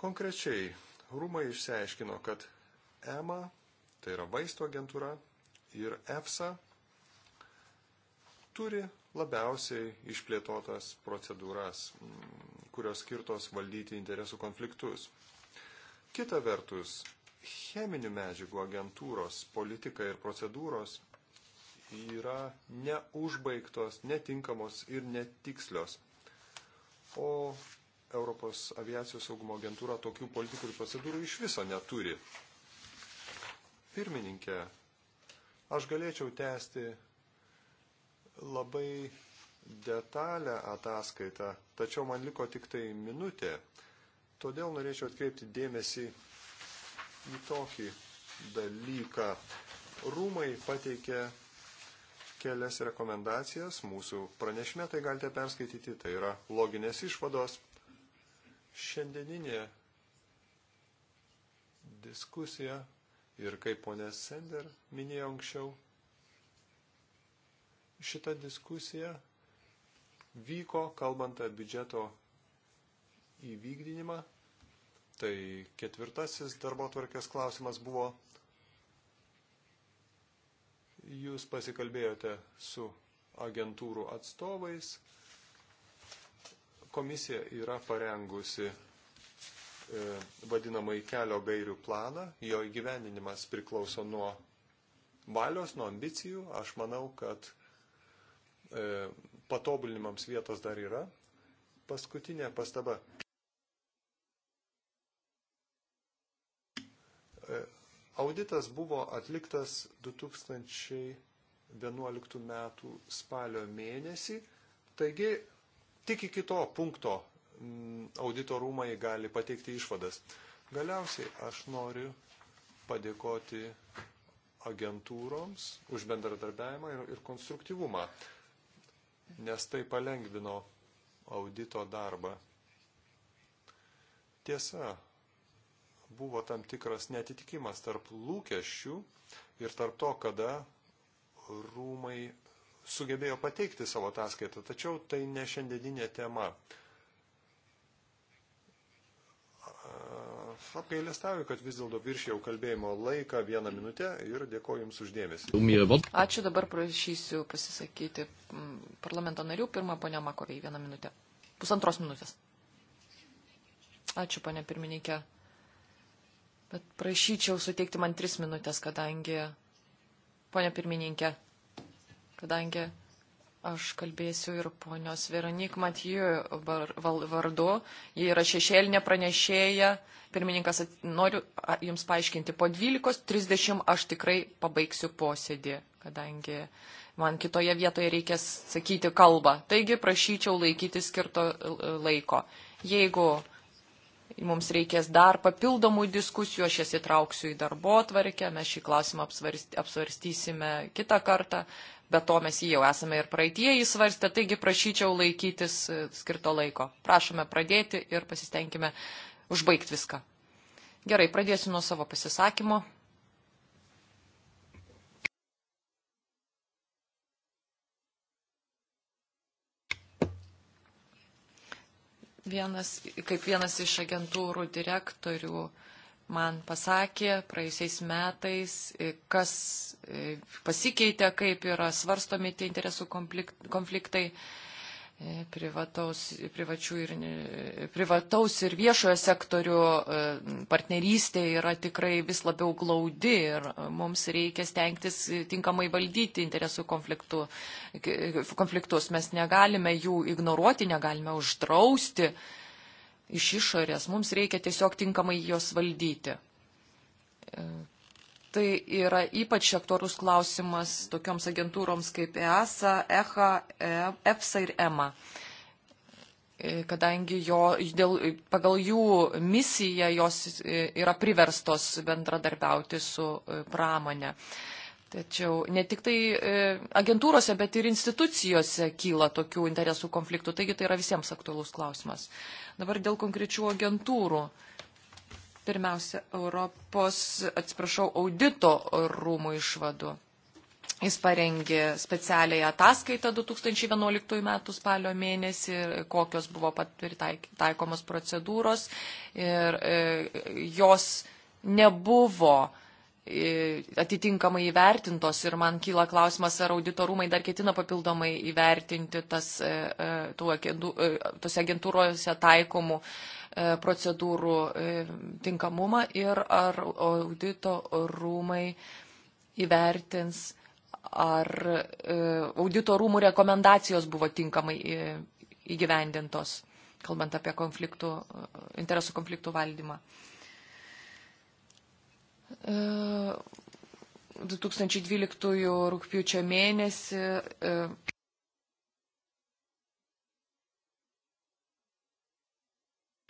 Konkrečiai, rūmai išsiaiškino, kad EMA tai yra vaisto agentūra ir EFSA, turi labiausiai išplėtotas procedūras, mm, kurios skirtos valdyti interesų konfliktus. Kita vertus, cheminių medžiagų agentūros politika ir procedūros yra neužbaigtos, netinkamos ir netikslios. O Europos aviacijos saugumo agentūra tokių politikų ir procedūrų iš viso neturi pirmininkė, aš galėčiau tęsti labai detalę ataskaitą, tačiau man liko tik tai minutė. Todėl norėčiau atkreipti dėmesį į tokį dalyką. Rūmai pateikė kelias rekomendacijas, mūsų pranešime tai galite perskaityti, tai yra loginės išvados. Šiandieninė diskusija Ir kaip ponė Sender minėjo anksčiau, šita diskusija vyko, kalbant apie biudžeto įvykdinimą. Tai ketvirtasis darbo tvarkės klausimas buvo. Jūs pasikalbėjote su agentūrų atstovais. Komisija yra parengusi E, vadinamai kelio gairių planą. Jo įgyvendinimas priklauso nuo valios, nuo ambicijų. Aš manau, kad e, patobulinimams vietos dar yra. Paskutinė pastaba. E, auditas buvo atliktas 2011 m. spalio mėnesį, taigi tik iki to punkto Mm, audito rūmai gali pateikti išvadas. Galiausiai aš noriu padėkoti agentūroms už bendradarbiavimą ir, ir konstruktyvumą, nes tai palengvino audito darbą. Tiesa, buvo tam tikras netitikimas tarp lūkesčių ir tarp to, kada rūmai sugebėjo pateikti savo ataskaitą, tačiau tai ne šiandieninė tema. apgailestauju, kad vis dėlto viršėjau kalbėjimo laiką vieną minutę ir dėkoju Jums uždėmesį. Ačiū, dabar prašysiu pasisakyti mm, parlamento narių. Pirmą ponę Makovėjį vieną minutę. Pusantros minutės. Ačiū, ponė pirmininkė. Bet prašyčiau suteikti man tris minutės, kadangi, ponė pirmininkė, kadangi Aš kalbėsiu ir ponios Veronik Matijų vardu. Ji yra šešėlinė pranešėja. Pirmininkas, noriu Jums paaiškinti, po 12.30 aš tikrai pabaigsiu posėdį, kadangi man kitoje vietoje reikės sakyti kalbą. Taigi prašyčiau laikyti skirto e, laiko. Jeigu mums reikės dar papildomų diskusijų, aš jas įtrauksiu į darbo atvarkę, mes šį klausimą apsvarstysime kitą kartą be to mes jį jau esame ir praeitie įsvarstę, taigi prašyčiau laikytis e, skirto laiko. Prašome pradėti ir pasistengime užbaigti viską. Gerai, pradėsiu nuo savo pasisakymo. Vienas, kaip vienas iš agentūrų direktorių uh, man pasakė praėjusiais metais, e, kas e, pasikeitė, kaip yra svarstomi tie interesų konfliktai e, privataus, ir, privataus ir viešojo sektorių partnerystė yra tikrai vis labiau glaudi ir mums reikia stengtis tinkamai valdyti interesų konfliktų, konfliktus. Mes negalime jų ignoruoti, negalime uždrausti iš išorės, mums reikia tiesiog tinkamai juos valdyti. E, tai yra ypač aktuarus klausimas tokioms agentūroms kaip EASA, EHA, EFSA e ir EMA. E, kadangi jo, dėl, pagal jų misiją jos yra priverstos bendradarbiauti su pramonė. E, Tačiau ne tik tai e, agentūrose, bet ir institucijose kyla tokių interesų konfliktų, taigi tai yra visiems aktualus klausimas. Dabar dėl konkrečių agentūrų. Pirmiausia, Europos, atsiprašau, audito rūmų išvadų. Jis parengė specialiai ataskaitą 2011 m. spalio mėnesį, kokios buvo pataikomos procedūros ir e, jos nebuvo atitinkamai įvertintos ir man kyla klausimas, ar auditorumai dar ketina papildomai įvertinti tas, e, e, tų, e, tose agentūrose taikomų procedūrų tinkamumą ir ar audito rūmai įvertins, ar audito rūmų rekomendacijos buvo tinkamai įgyvendintos, kalbant apie konfliktų, interesų konfliktų valdymą. 2012 e, rūpiučio mėnesį. E, e,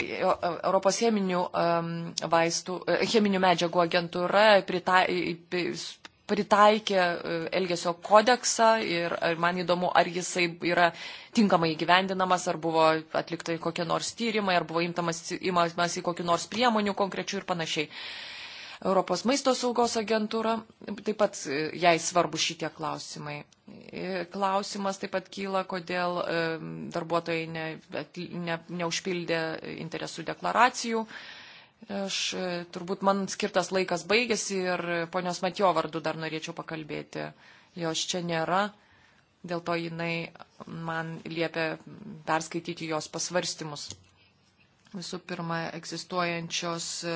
Europos cheminių, vaistų, cheminių medžiagų agentūra pritai, pritaikė Elgesio kodeksą ir man įdomu, ar jisai yra tinkamai įgyvendinamas, ar buvo atlikta kokie nors tyrimai, ar buvo imtamas, imamas į kokiu nors priemonių konkrečių ir panašiai. Uh, Europos maisto saugos agentūra, taip pat e, jai svarbu šitie klausimai. E, klausimas taip pat kyla, kodėl e, darbuotojai ne, ne, neužpildė interesų deklaracijų. Aš turbūt man skirtas laikas baigėsi ir ponios Matijo vardu dar norėčiau pakalbėti. Jos čia nėra, dėl to jinai man liepia perskaityti jos pasvarstymus. Visų pirma, egzistuojančios e,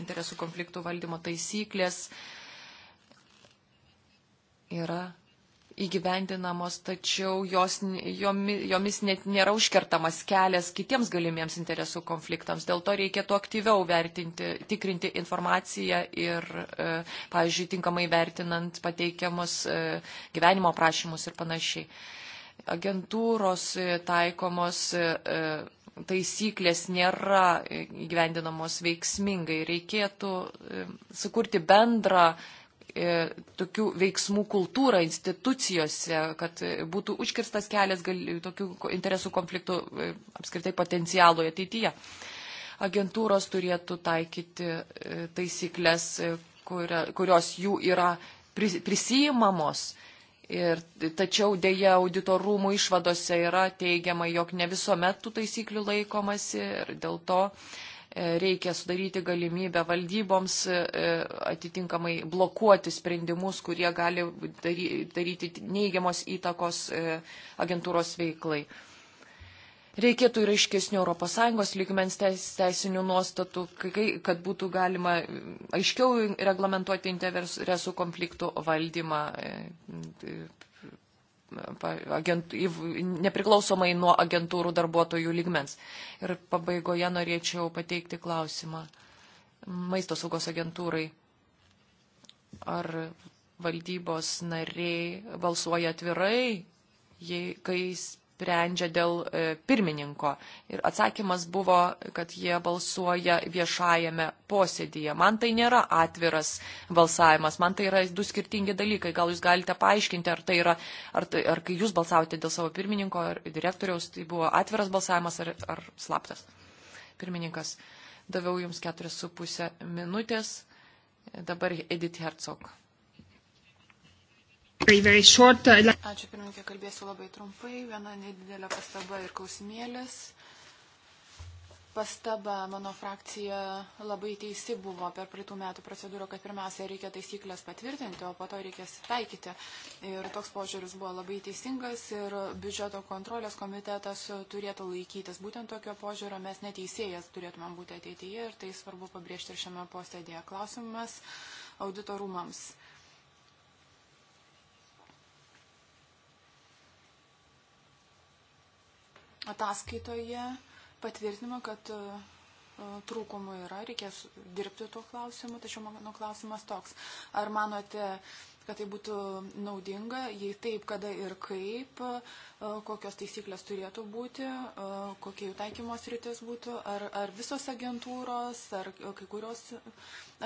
interesų konfliktų valdymo taisyklės yra įgyvendinamos, tačiau jos, jomis net nėra užkertamas kelias kitiems galimiems interesų konfliktams. Dėl to reikėtų aktyviau vertinti, tikrinti informaciją ir, e, pavyzdžiui, tinkamai vertinant pateikiamus e, gyvenimo prašymus ir panašiai. Agentūros taikomos taisyklės nėra įgyvendinamos veiksmingai. Reikėtų sukurti bendrą e, tokių veiksmų kultūrą institucijose, kad būtų užkirstas kelias gali, tokių interesų konfliktų e, apskritai potencialoje ateityje. Agentūros turėtų taikyti e, taisyklės, kurios jų yra prisijimamos Ir tačiau dėja auditorumų išvadose yra teigiama, jog ne visuomet tų taisyklių laikomasi ir dėl to e, reikia sudaryti galimybę valdyboms e, atitinkamai blokuoti sprendimus, kurie gali daryti neigiamos įtakos e, agentūros veiklai. Reikėtų ir aiškesnių ES lygmens teisinių nuostatų, kad būtų galima e, aiškiau reglamentuoti interesų konfliktų valdymą e, agent, nepriklausomai nuo agentūrų darbuotojų lygmens. Ir pabaigoje norėčiau pateikti klausimą maisto saugos agentūrai. Ar valdybos nariai balsuoja atvirai, jei, kai sprendžia dėl e, pirmininko. Ir atsakymas buvo, kad jie balsuoja viešajame posėdyje. Man tai nėra atviras balsavimas, man tai yra du skirtingi dalykai. Gal jūs galite paaiškinti, ar tai yra, ar, tai, ar kai jūs balsavote dėl savo pirmininko ar direktoriaus, tai buvo atviras balsavimas ar, ar slaptas. Pirmininkas, daviau jums keturias su pusę minutės. Dabar Edith Herzog. Short, uh, like... Ačiū pirmininkė, kalbėsiu labai trumpai. Viena nedidelė pastaba ir klausimėlis. Pastaba mano frakcija labai teisi buvo per praeitų metų procedūrą, kad pirmiausia reikia taisyklės patvirtinti, o po to reikės taikyti. Ir toks požiūris buvo labai teisingas ir biudžeto kontrolės komitetas turėtų laikytis. Būtent tokio požiūrio mes neteisėjas turėtumėm būti ateityje ir tai svarbu pabrėžti ir šiame posėdėje. Klausimas auditorumams. rūmams ataskaitoje patvirtinama, kad e, e, trūkumų yra, reikės dirbti tuo klausimu, tačiau mano klausimas toks. Ar manote, kad tai būtų naudinga, jei taip, kada ir kaip, e, kokios taisyklės turėtų būti, e, kokie jų taikymos rytis būtų, ar, ar visos agentūros, ar kai kurios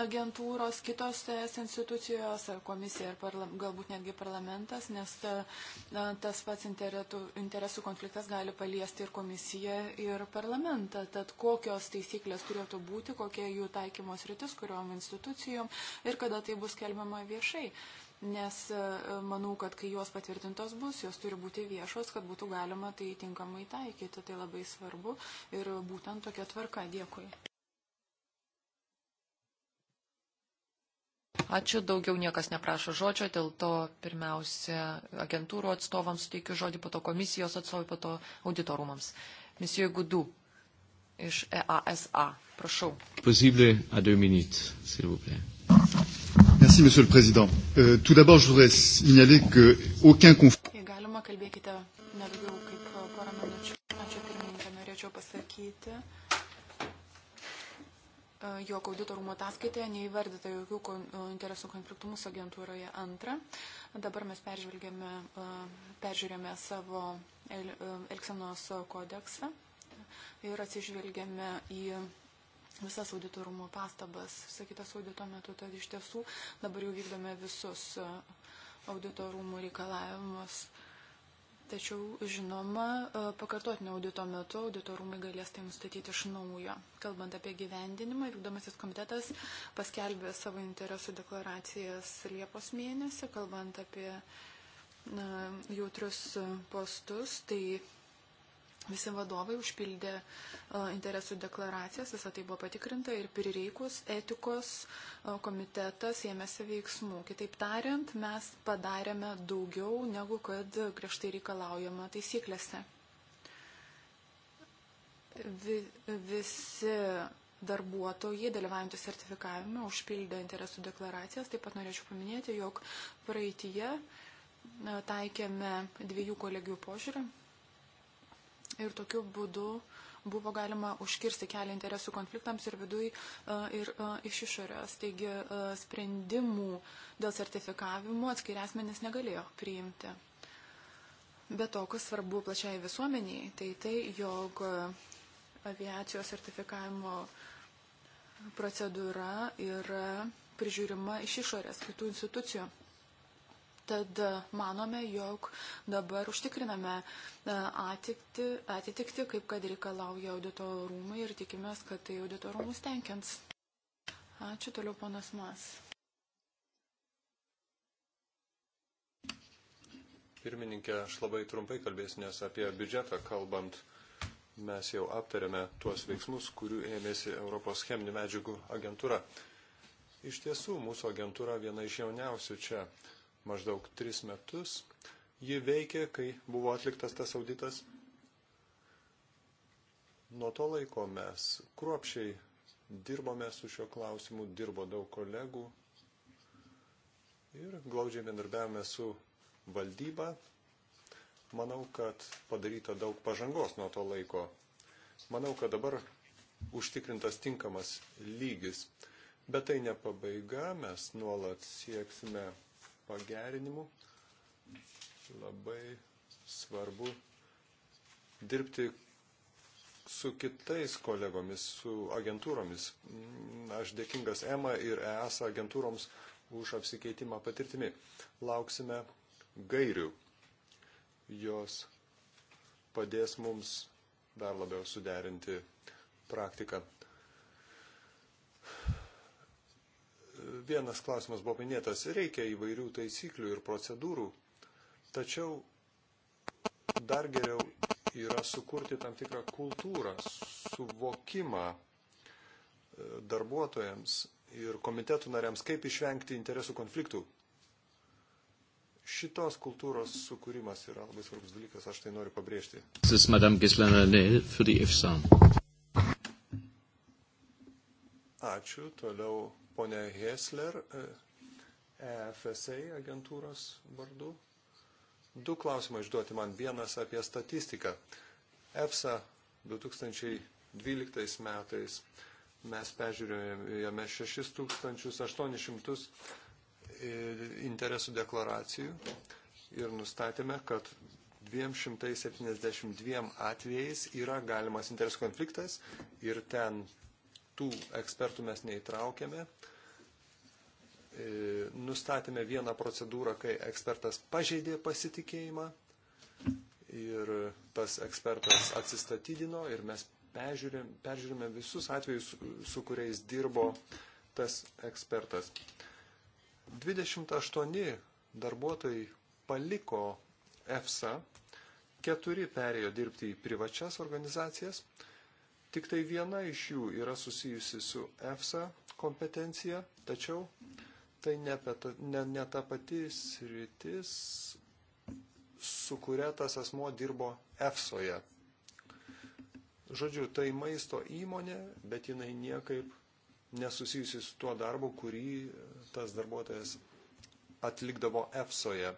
agentūros, kitos e institucijos, ar komisija, ar parla, galbūt netgi parlamentas, nes tas pats interesų, interesų konfliktas gali paliesti ir komisiją, ir parlamentą. Tad kokios taisyklės turėtų būti, kokie jų taikymos rytis, kuriuom institucijom ir kada tai bus kelbiama viešai nes e, manau, kad kai jos patvirtintos bus, jos turi būti viešos, kad būtų galima tai tinkamai taikyti. Tai labai svarbu ir būtent tokia tvarka. Dėkui. Ačiū, daugiau niekas neprašo žodžio, dėl to pirmiausia agentūrų atstovams suteikiu žodį, po to komisijos atstovai, po to auditorumams. Misijoje Gudu iš EASA, prašau. Posible à deux minutes, s'il vous plaît. Merci, Monsieur le Président. Euh, tout d'abord, je voudrais signaler qu'aucun conflit. Uh, uh, jog auditorumo ataskaitoje neįvardyta jokių kon, uh, interesų konfliktų mūsų agentūroje antra. Dabar mes peržiūrėme savo el, elksenos kodeksą ir atsižvelgėme į visas auditorumo pastabas, sakytas audito metu, tad iš tiesų dabar jau vykdome visus e, auditorumų reikalavimus. Tačiau, žinoma, e, pakartotinio audito metu auditorumai galės tai nustatyti iš naujo. Kalbant apie gyvendinimą, vykdomasis komitetas paskelbė savo interesų deklaracijas Liepos mėnesį, kalbant apie na, jautrius postus, tai Visi vadovai užpildė e, interesų deklaracijas, visą tai buvo patikrinta ir prireikus etikos e, komitetas ėmėsi veiksmų. Kitaip tariant, mes padarėme daugiau negu kad griežtai reikalaujama taisyklėse. Vi, visi darbuotojai dalyvaujantys sertifikavime užpildė interesų deklaracijas. Taip pat norėčiau paminėti, jog praeitie e, taikėme dviejų kolegijų požiūrį Ir tokiu būdu buvo galima užkirsti kelią interesų konfliktams ir vidui, e, ir e, iš išorės. Taigi e, sprendimų dėl sertifikavimo atskiri asmenys negalėjo priimti. Bet to, kas svarbu plačiai visuomeniai, tai tai, jog aviacijos sertifikavimo procedūra yra prižiūrima iš išorės kitų institucijų. Tad e, manome, jog dabar užtikriname e, atikti, atitikti, kaip kad reikalauja audito rūmai ir tikimės, kad tai audito rūmus tenkins. Ačiū toliau, ponas Mas. Pirmininkė, aš labai trumpai kalbėsiu, nes apie biudžetą kalbant mes jau aptarėme tuos veiksmus, kurių ėmėsi Europos cheminių medžiagų agentūra. Iš tiesų, mūsų agentūra viena iš jauniausių čia maždaug tris metus. Ji veikė, kai buvo atliktas tas auditas. Nuo to laiko mes kruopšiai dirbome su šiuo klausimu, dirbo daug kolegų ir glaudžiai bendarbiavome su valdyba. Manau, kad padaryta daug pažangos nuo to laiko. Manau, kad dabar užtikrintas tinkamas lygis. Bet tai ne pabaiga, mes nuolat sieksime pagerinimų. Labai svarbu dirbti su kitais kolegomis, su agentūromis. Aš dėkingas EMA ir EAS agentūroms už apsikeitimą patirtimi. Lauksime gairių. Jos padės mums dar labiau suderinti praktiką. vienas klausimas buvo paminėtas, reikia įvairių taisyklių ir procedūrų, tačiau dar geriau yra sukurti tam tikrą kultūrą, suvokimą e, darbuotojams ir komitetų nariams, kaip išvengti interesų konfliktų. Šitos kultūros sukūrimas yra labai svarbus dalykas, aš tai noriu pabrėžti. Ačiū. Toliau ponė Hesler, EFSA e agentūros vardu. Du klausimai išduoti man. Vienas apie statistiką. EFSA 2012 metais mes peržiūrėjome 6800 e, interesų deklaracijų ir nustatėme, kad 272 atvejais yra galimas interesų konfliktas ir ten tų ekspertų mes neįtraukėme. E, nustatėme vieną procedūrą, kai ekspertas pažeidė pasitikėjimą ir tas ekspertas atsistatydino ir mes peržiūrėm, peržiūrėme visus atvejus, su kuriais dirbo tas ekspertas. 28 darbuotojai paliko EFSA, 4 perėjo dirbti į privačias organizacijas, Tik tai viena iš jų yra susijusi su EFSA kompetencija, tačiau tai ne, ne, ne ta pati sritis, su kuria tas asmo dirbo EFSOje. Žodžiu, tai maisto įmonė, bet jinai niekaip nesusijusi su tuo darbu, kurį tas darbuotojas atlikdavo EFSOje.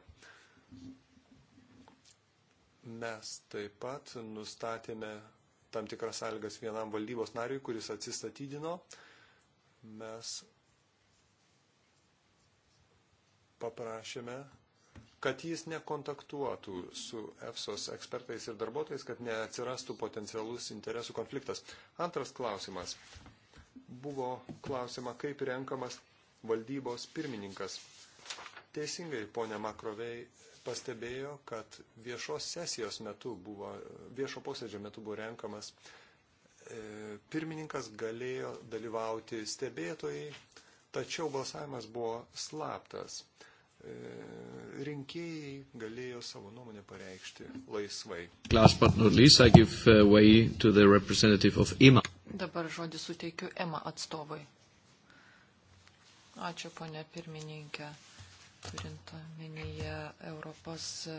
Mes taip pat nustatėme tam tikras sąlygas vienam valdybos nariui, kuris atsistatydino. Mes paprašėme, kad jis nekontaktuotų su EFSOS ekspertais ir darbuotojais, kad neatsirastų potencialus interesų konfliktas. Antras klausimas. Buvo klausima, kaip renkamas valdybos pirmininkas. Teisingai ponia Makrovei pastebėjo, kad viešos sesijos metu buvo, viešo posėdžio metu buvo renkamas e, pirmininkas galėjo dalyvauti stebėtojai, tačiau balsavimas buvo slaptas. E, rinkėjai galėjo savo nuomonę pareikšti laisvai. Uh, Dabar žodį suteikiu EMA atstovui. Ačiū, ponė pirmininkė turint omenyje Europos e,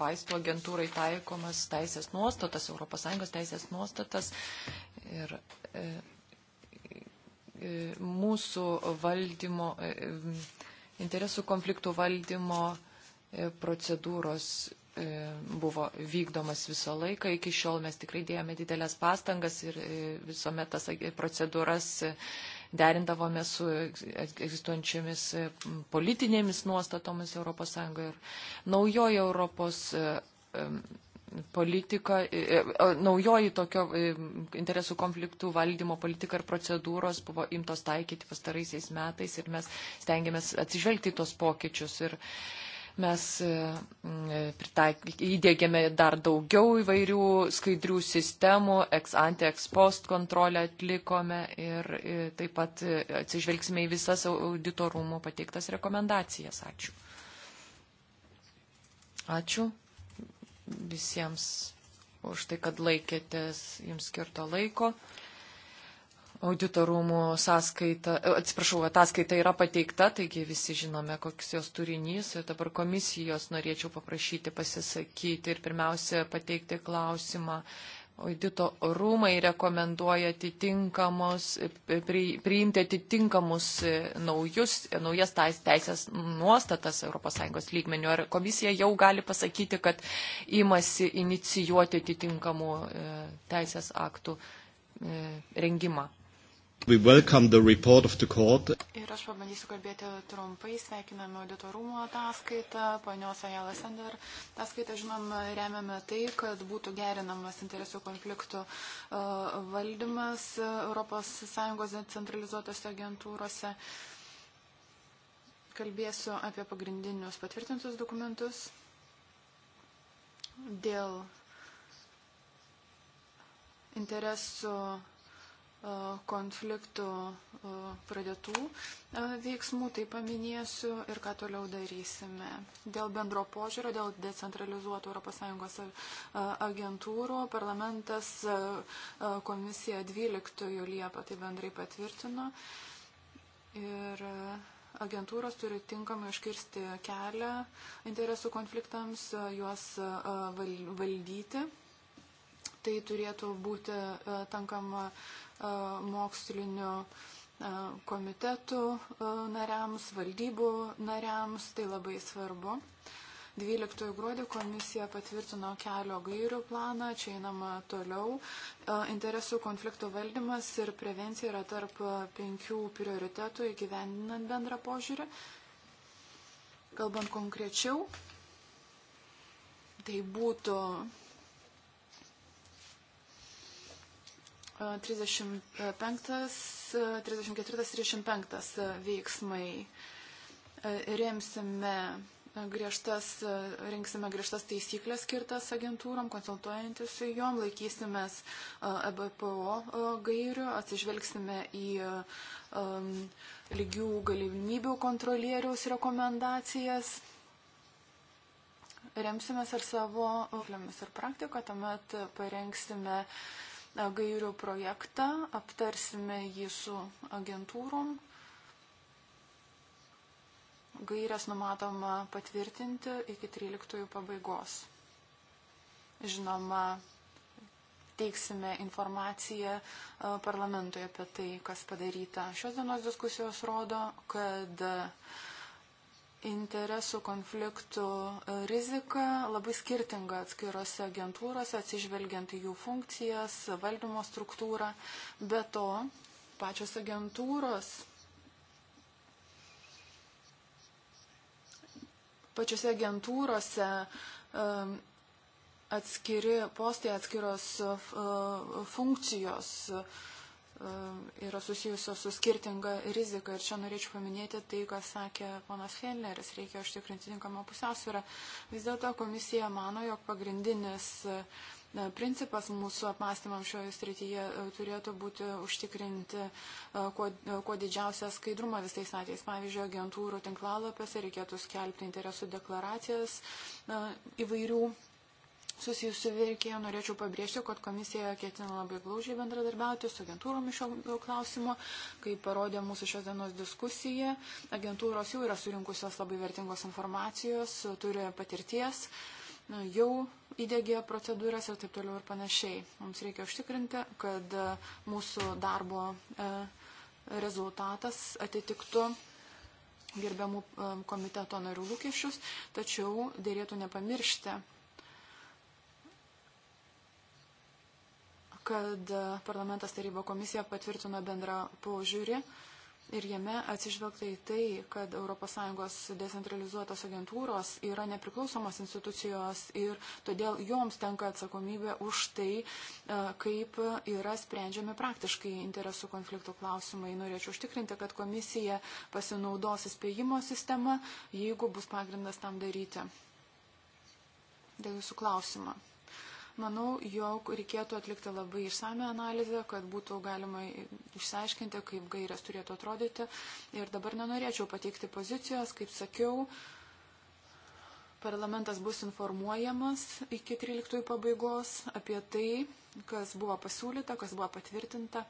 vaistų agentūrai taikomas teisės nuostatas, ES teisės nuostatas. Ir e, e, mūsų valdymo, interesų konfliktų valdymo procedūros buvo vykdomas visą laiką. Iki šiol mes tikrai dėjome didelės pastangas ir visuomet tas procedūras derindavome su egzistuojančiomis e, politinėmis nuostatomis ES. Ir naujoji Europos e, e, politika, naujoji tokio interesų konfliktų valdymo politika ir procedūros buvo imtos taikyti pastaraisiais metais ir mes stengiamės atsižvelgti į tos pokyčius. Ir, uh, Mes e, pritaik, įdėgėme dar daugiau įvairių skaidrių sistemų, ex ante, ex post kontrolę atlikome ir e, taip pat e, atsižvelgsime į visas auditorumų pateiktas rekomendacijas. Ačiū. Ačiū visiems už tai, kad laikėtės jums skirto laiko auditorumų sąskaita, e, atsiprašau, ataskaita yra pateikta, taigi visi žinome, koks jos turinys. Ir dabar komisijos norėčiau paprašyti pasisakyti ir pirmiausia pateikti klausimą. Audito rūmai rekomenduoja atitinkamos, e, priimti atitinkamus e, naujus, naujas teisės nuostatas ES lygmenių. Ar komisija jau gali pasakyti, kad imasi inicijuoti atitinkamų teisės aktų rengimą? Ir aš pabandysiu kalbėti trumpai, sveikiname auditorumo ataskaitą, ponios Ajala Sender ataskaitą, žinom, remiame tai, kad būtų gerinamas interesų konfliktų e, valdymas ES centralizuotose agentūrose. Kalbėsiu apie pagrindinius patvirtintus dokumentus dėl interesų konfliktų pradėtų veiksmų, tai paminėsiu ir ką toliau darysime. Dėl bendro požiūrio, dėl decentralizuotų ES agentūrų, parlamentas komisija 12 liepą tai bendrai patvirtino. Ir agentūros turi tinkamai iškirsti kelią interesų konfliktams, juos valdyti. Tai turėtų būti tankama mokslinio komitetų nariams, valdybų nariams, tai labai svarbu. 12 gruodį komisija patvirtino kelio gairių planą, čia einama toliau. Interesų konfliktų valdymas ir prevencija yra tarp penkių prioritetų įgyvendinant bendrą požiūrį. Kalbant konkrečiau, tai būtų 34-35 e, e, e, veiksmai. Remsime griežtas, rinksime griežtas taisyklės skirtas agentūrom, konsultuojantis su juom, laikysimės EBPO gairių, atsižvelgsime į lygių galimybių kontrolieriaus rekomendacijas remsimės ir savo auklėmis ir praktiką, tuomet parengsime gairių projektą, aptarsime jį su agentūrom. Gairias numatoma patvirtinti iki 13 pabaigos. Žinoma, teiksime informaciją e, parlamentui apie tai, kas padaryta. Šios dienos diskusijos rodo, kad interesų konfliktų e, rizika labai skirtinga atskirose agentūrose, atsižvelgiant į jų funkcijas, valdymo struktūrą. Be to, pačios agentūros. Pačiose agentūrose um, atskiri postai, atskiros uh, funkcijos uh, E, yra susijusios su skirtinga rizika. Ir čia norėčiau paminėti tai, kas sakė ponas Helleris, reikia užtikrinti tinkamą pusiausvyrą. Vis dėlto komisija mano, jog pagrindinis e, principas mūsų apmąstymam šioje srityje e, turėtų būti užtikrinti kuo, kuo didžiausią skaidrumą visais atvejais. Pavyzdžiui, agentūrų tinklalapiuose reikėtų skelbti interesų deklaracijas įvairių susijusių Vilkija, norėčiau pabrėžti, kad komisija ketina labai glaužiai bendradarbiauti su agentūromis šio klausimo. Kaip parodė mūsų šios dienos diskusija, agentūros jau yra surinkusios labai vertingos informacijos, turi patirties, jau įdėgė procedūras ir taip toliau ir panašiai. Mums reikia užtikrinti, kad mūsų darbo e, rezultatas atitiktų gerbiamų e, komiteto narių lūkesčius, tačiau dėlėtų nepamiršti kad e, parlamentas taryba komisija patvirtino bendrą požiūrį ir jame atsižvelgta į tai, kad ES decentralizuotos agentūros yra nepriklausomos institucijos ir todėl joms tenka atsakomybė už tai, e, kaip yra sprendžiami praktiškai interesų konfliktų klausimai. Norėčiau užtikrinti, kad komisija pasinaudos įspėjimo sistema, jeigu bus pagrindas tam daryti. Dėl jūsų klausimą. Manau, jog reikėtų atlikti labai išsame analizę, kad būtų galima išsiaiškinti, kaip gairės turėtų atrodyti. Ir dabar nenorėčiau pateikti pozicijos, kaip sakiau. Parlamentas bus informuojamas iki 13 pabaigos apie tai, kas buvo pasiūlyta, kas buvo patvirtinta.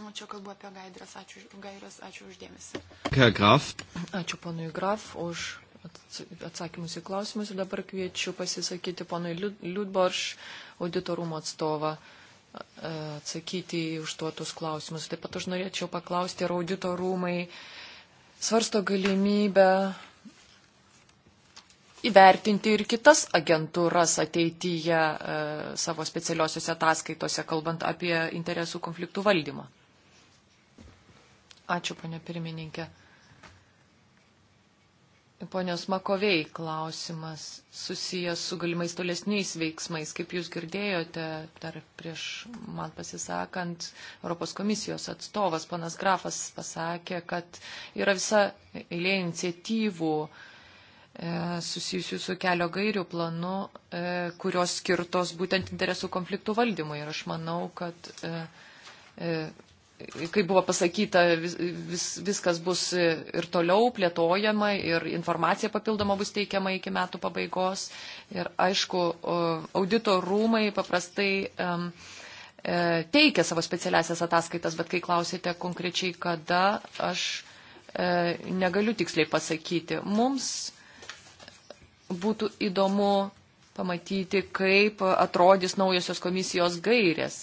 O nu, čia kalbu apie gairės. Ačiū, gairės, ačiū uždėmesi. Ačiū ponui Graf už atsakymus į klausimus ir dabar kviečiu pasisakyti ponui Liudborš, auditorumo atstovą, atsakyti į užduotus klausimus. Taip pat aš norėčiau paklausti, ar auditorumai svarsto galimybę įvertinti ir kitas agentūras ateityje e, savo specialiosiuose ataskaitose, kalbant apie interesų konfliktų valdymą. Ačiū, ponė pirmininkė. Ponios Makovei klausimas susijęs su galimais tolesniais veiksmais. Kaip jūs girdėjote, dar prieš man pasisakant, Europos komisijos atstovas panas Grafas pasakė, kad yra visa eilė iniciatyvų e, susijusių su kelio gairių planu, e, kurios skirtos būtent interesų konfliktų valdymui. Ir aš manau, kad e, e kaip buvo pasakyta, vis, vis, viskas bus ir toliau plėtojama ir informacija papildoma bus teikiama iki metų pabaigos. Ir aišku, audito rūmai paprastai um, teikia savo specialiasias ataskaitas, bet kai klausėte konkrečiai, kada, aš e, negaliu tiksliai pasakyti. Mums būtų įdomu pamatyti, kaip atrodys naujosios komisijos gairės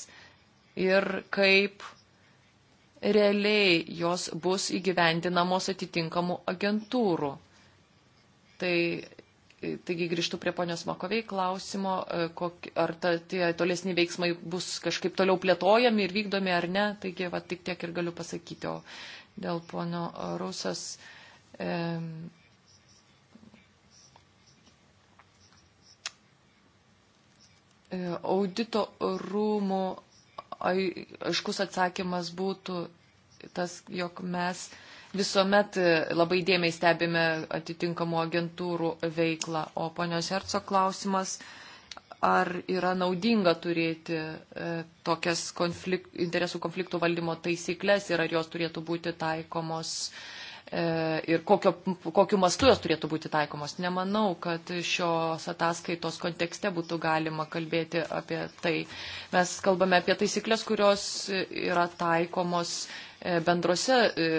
ir kaip realiai jos bus įgyvendinamos atitinkamų agentūrų. Tai, e, taigi grįžtu prie ponios Makovei klausimo, e, kok, ar ta, tie tolesni veiksmai bus kažkaip toliau plėtojami ir vykdomi ar ne. Taigi, va, tik tiek ir galiu pasakyti. O dėl pono Rusas. E, e audito rūmų aiškus atsakymas būtų tas, jog mes visuomet e, labai dėmiai stebime atitinkamų agentūrų veiklą. O ponios Herco klausimas, ar yra naudinga turėti e, tokias konflikt, interesų konfliktų valdymo taisyklės ir ar jos turėtų būti taikomos E, ir kokio, kokiu mastu jos turėtų būti taikomos. Nemanau, kad šios ataskaitos kontekste būtų galima kalbėti apie tai. Mes kalbame apie taisyklės, kurios yra taikomos e, bendrose, e,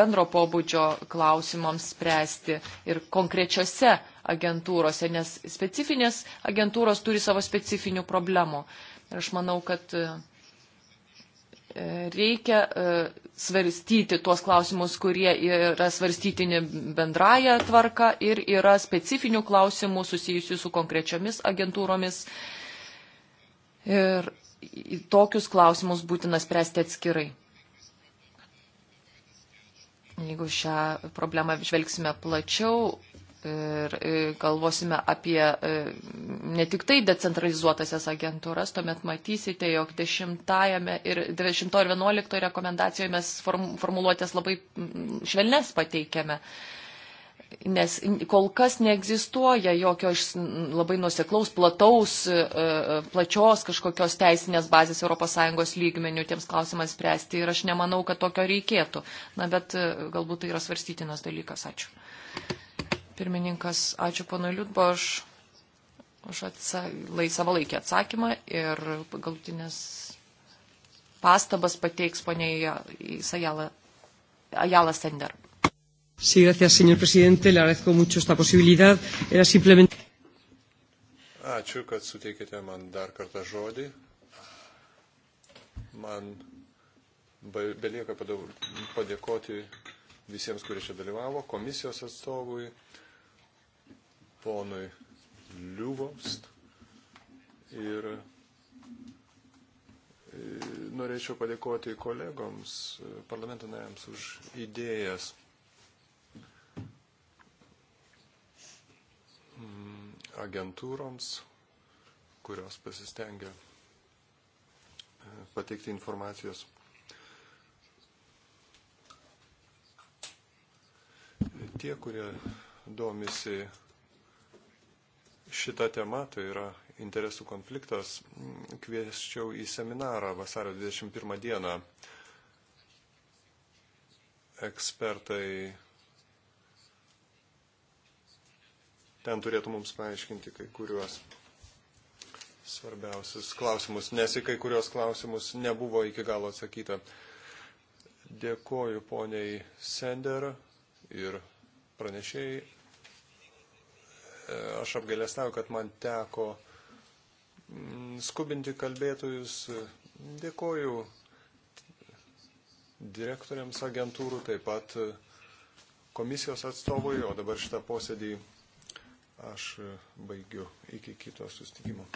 bendro pobūdžio klausimams spręsti ir konkrečiose agentūrose, nes specifinės agentūros turi savo specifinių problemų. Ir aš manau, kad E, reikia e, svarstyti tuos klausimus, kurie yra svarstytini bendraja tvarka ir yra specifinių klausimų susijusių su konkrečiomis agentūromis. Ir tokius klausimus būtina spręsti atskirai. Jeigu šią problemą žvelgsime plačiau, ir e, galvosime apie e, ne tik tai decentralizuotasias agentūras, tuomet matysite, jog 10 ir 10 ir 11 rekomendacijoje mes formuluotės labai švelnes pateikėme. Nes kol kas neegzistuoja jokio labai nuseklaus, plataus, e, plačios kažkokios teisinės bazės ES lygmenių tiems klausimams spręsti ir aš nemanau, kad tokio reikėtų. Na, bet galbūt tai yra svarstytinas dalykas. Ačiū. Pirmininkas, ačiū ponui Liudboš už atsa, lai, savalaikį atsakymą ir galutinės pastabas pateiks poniai Ajala, Ajala Sender. Sí, gracias, señor presidente. Le agradezco mucho esta posibilidad. Era simplemente. Ačiū, kad suteikėte man dar kartą žodį. Man belieka padėkoti visiems, kurie čia dalyvavo, komisijos atstovui, ponui Liuvost ir e, norėčiau padėkoti kolegoms, e, parlamento nariams už idėjas. Mm, agentūroms, kurios pasistengia e, pateikti informacijos. Tie, kurie domisi šita tema, tai yra interesų konfliktas, kvieščiau į seminarą vasario 21 dieną. Ekspertai ten turėtų mums paaiškinti kai kuriuos svarbiausius klausimus, nes į kai kuriuos klausimus nebuvo iki galo atsakyta. Dėkoju poniai Sender ir pranešėjai Aš apgailestau, kad man teko mm, skubinti kalbėtojus. Dėkoju direktoriams agentūrų, taip pat komisijos atstovui, o dabar šitą posėdį aš baigiu iki kito sustikimo.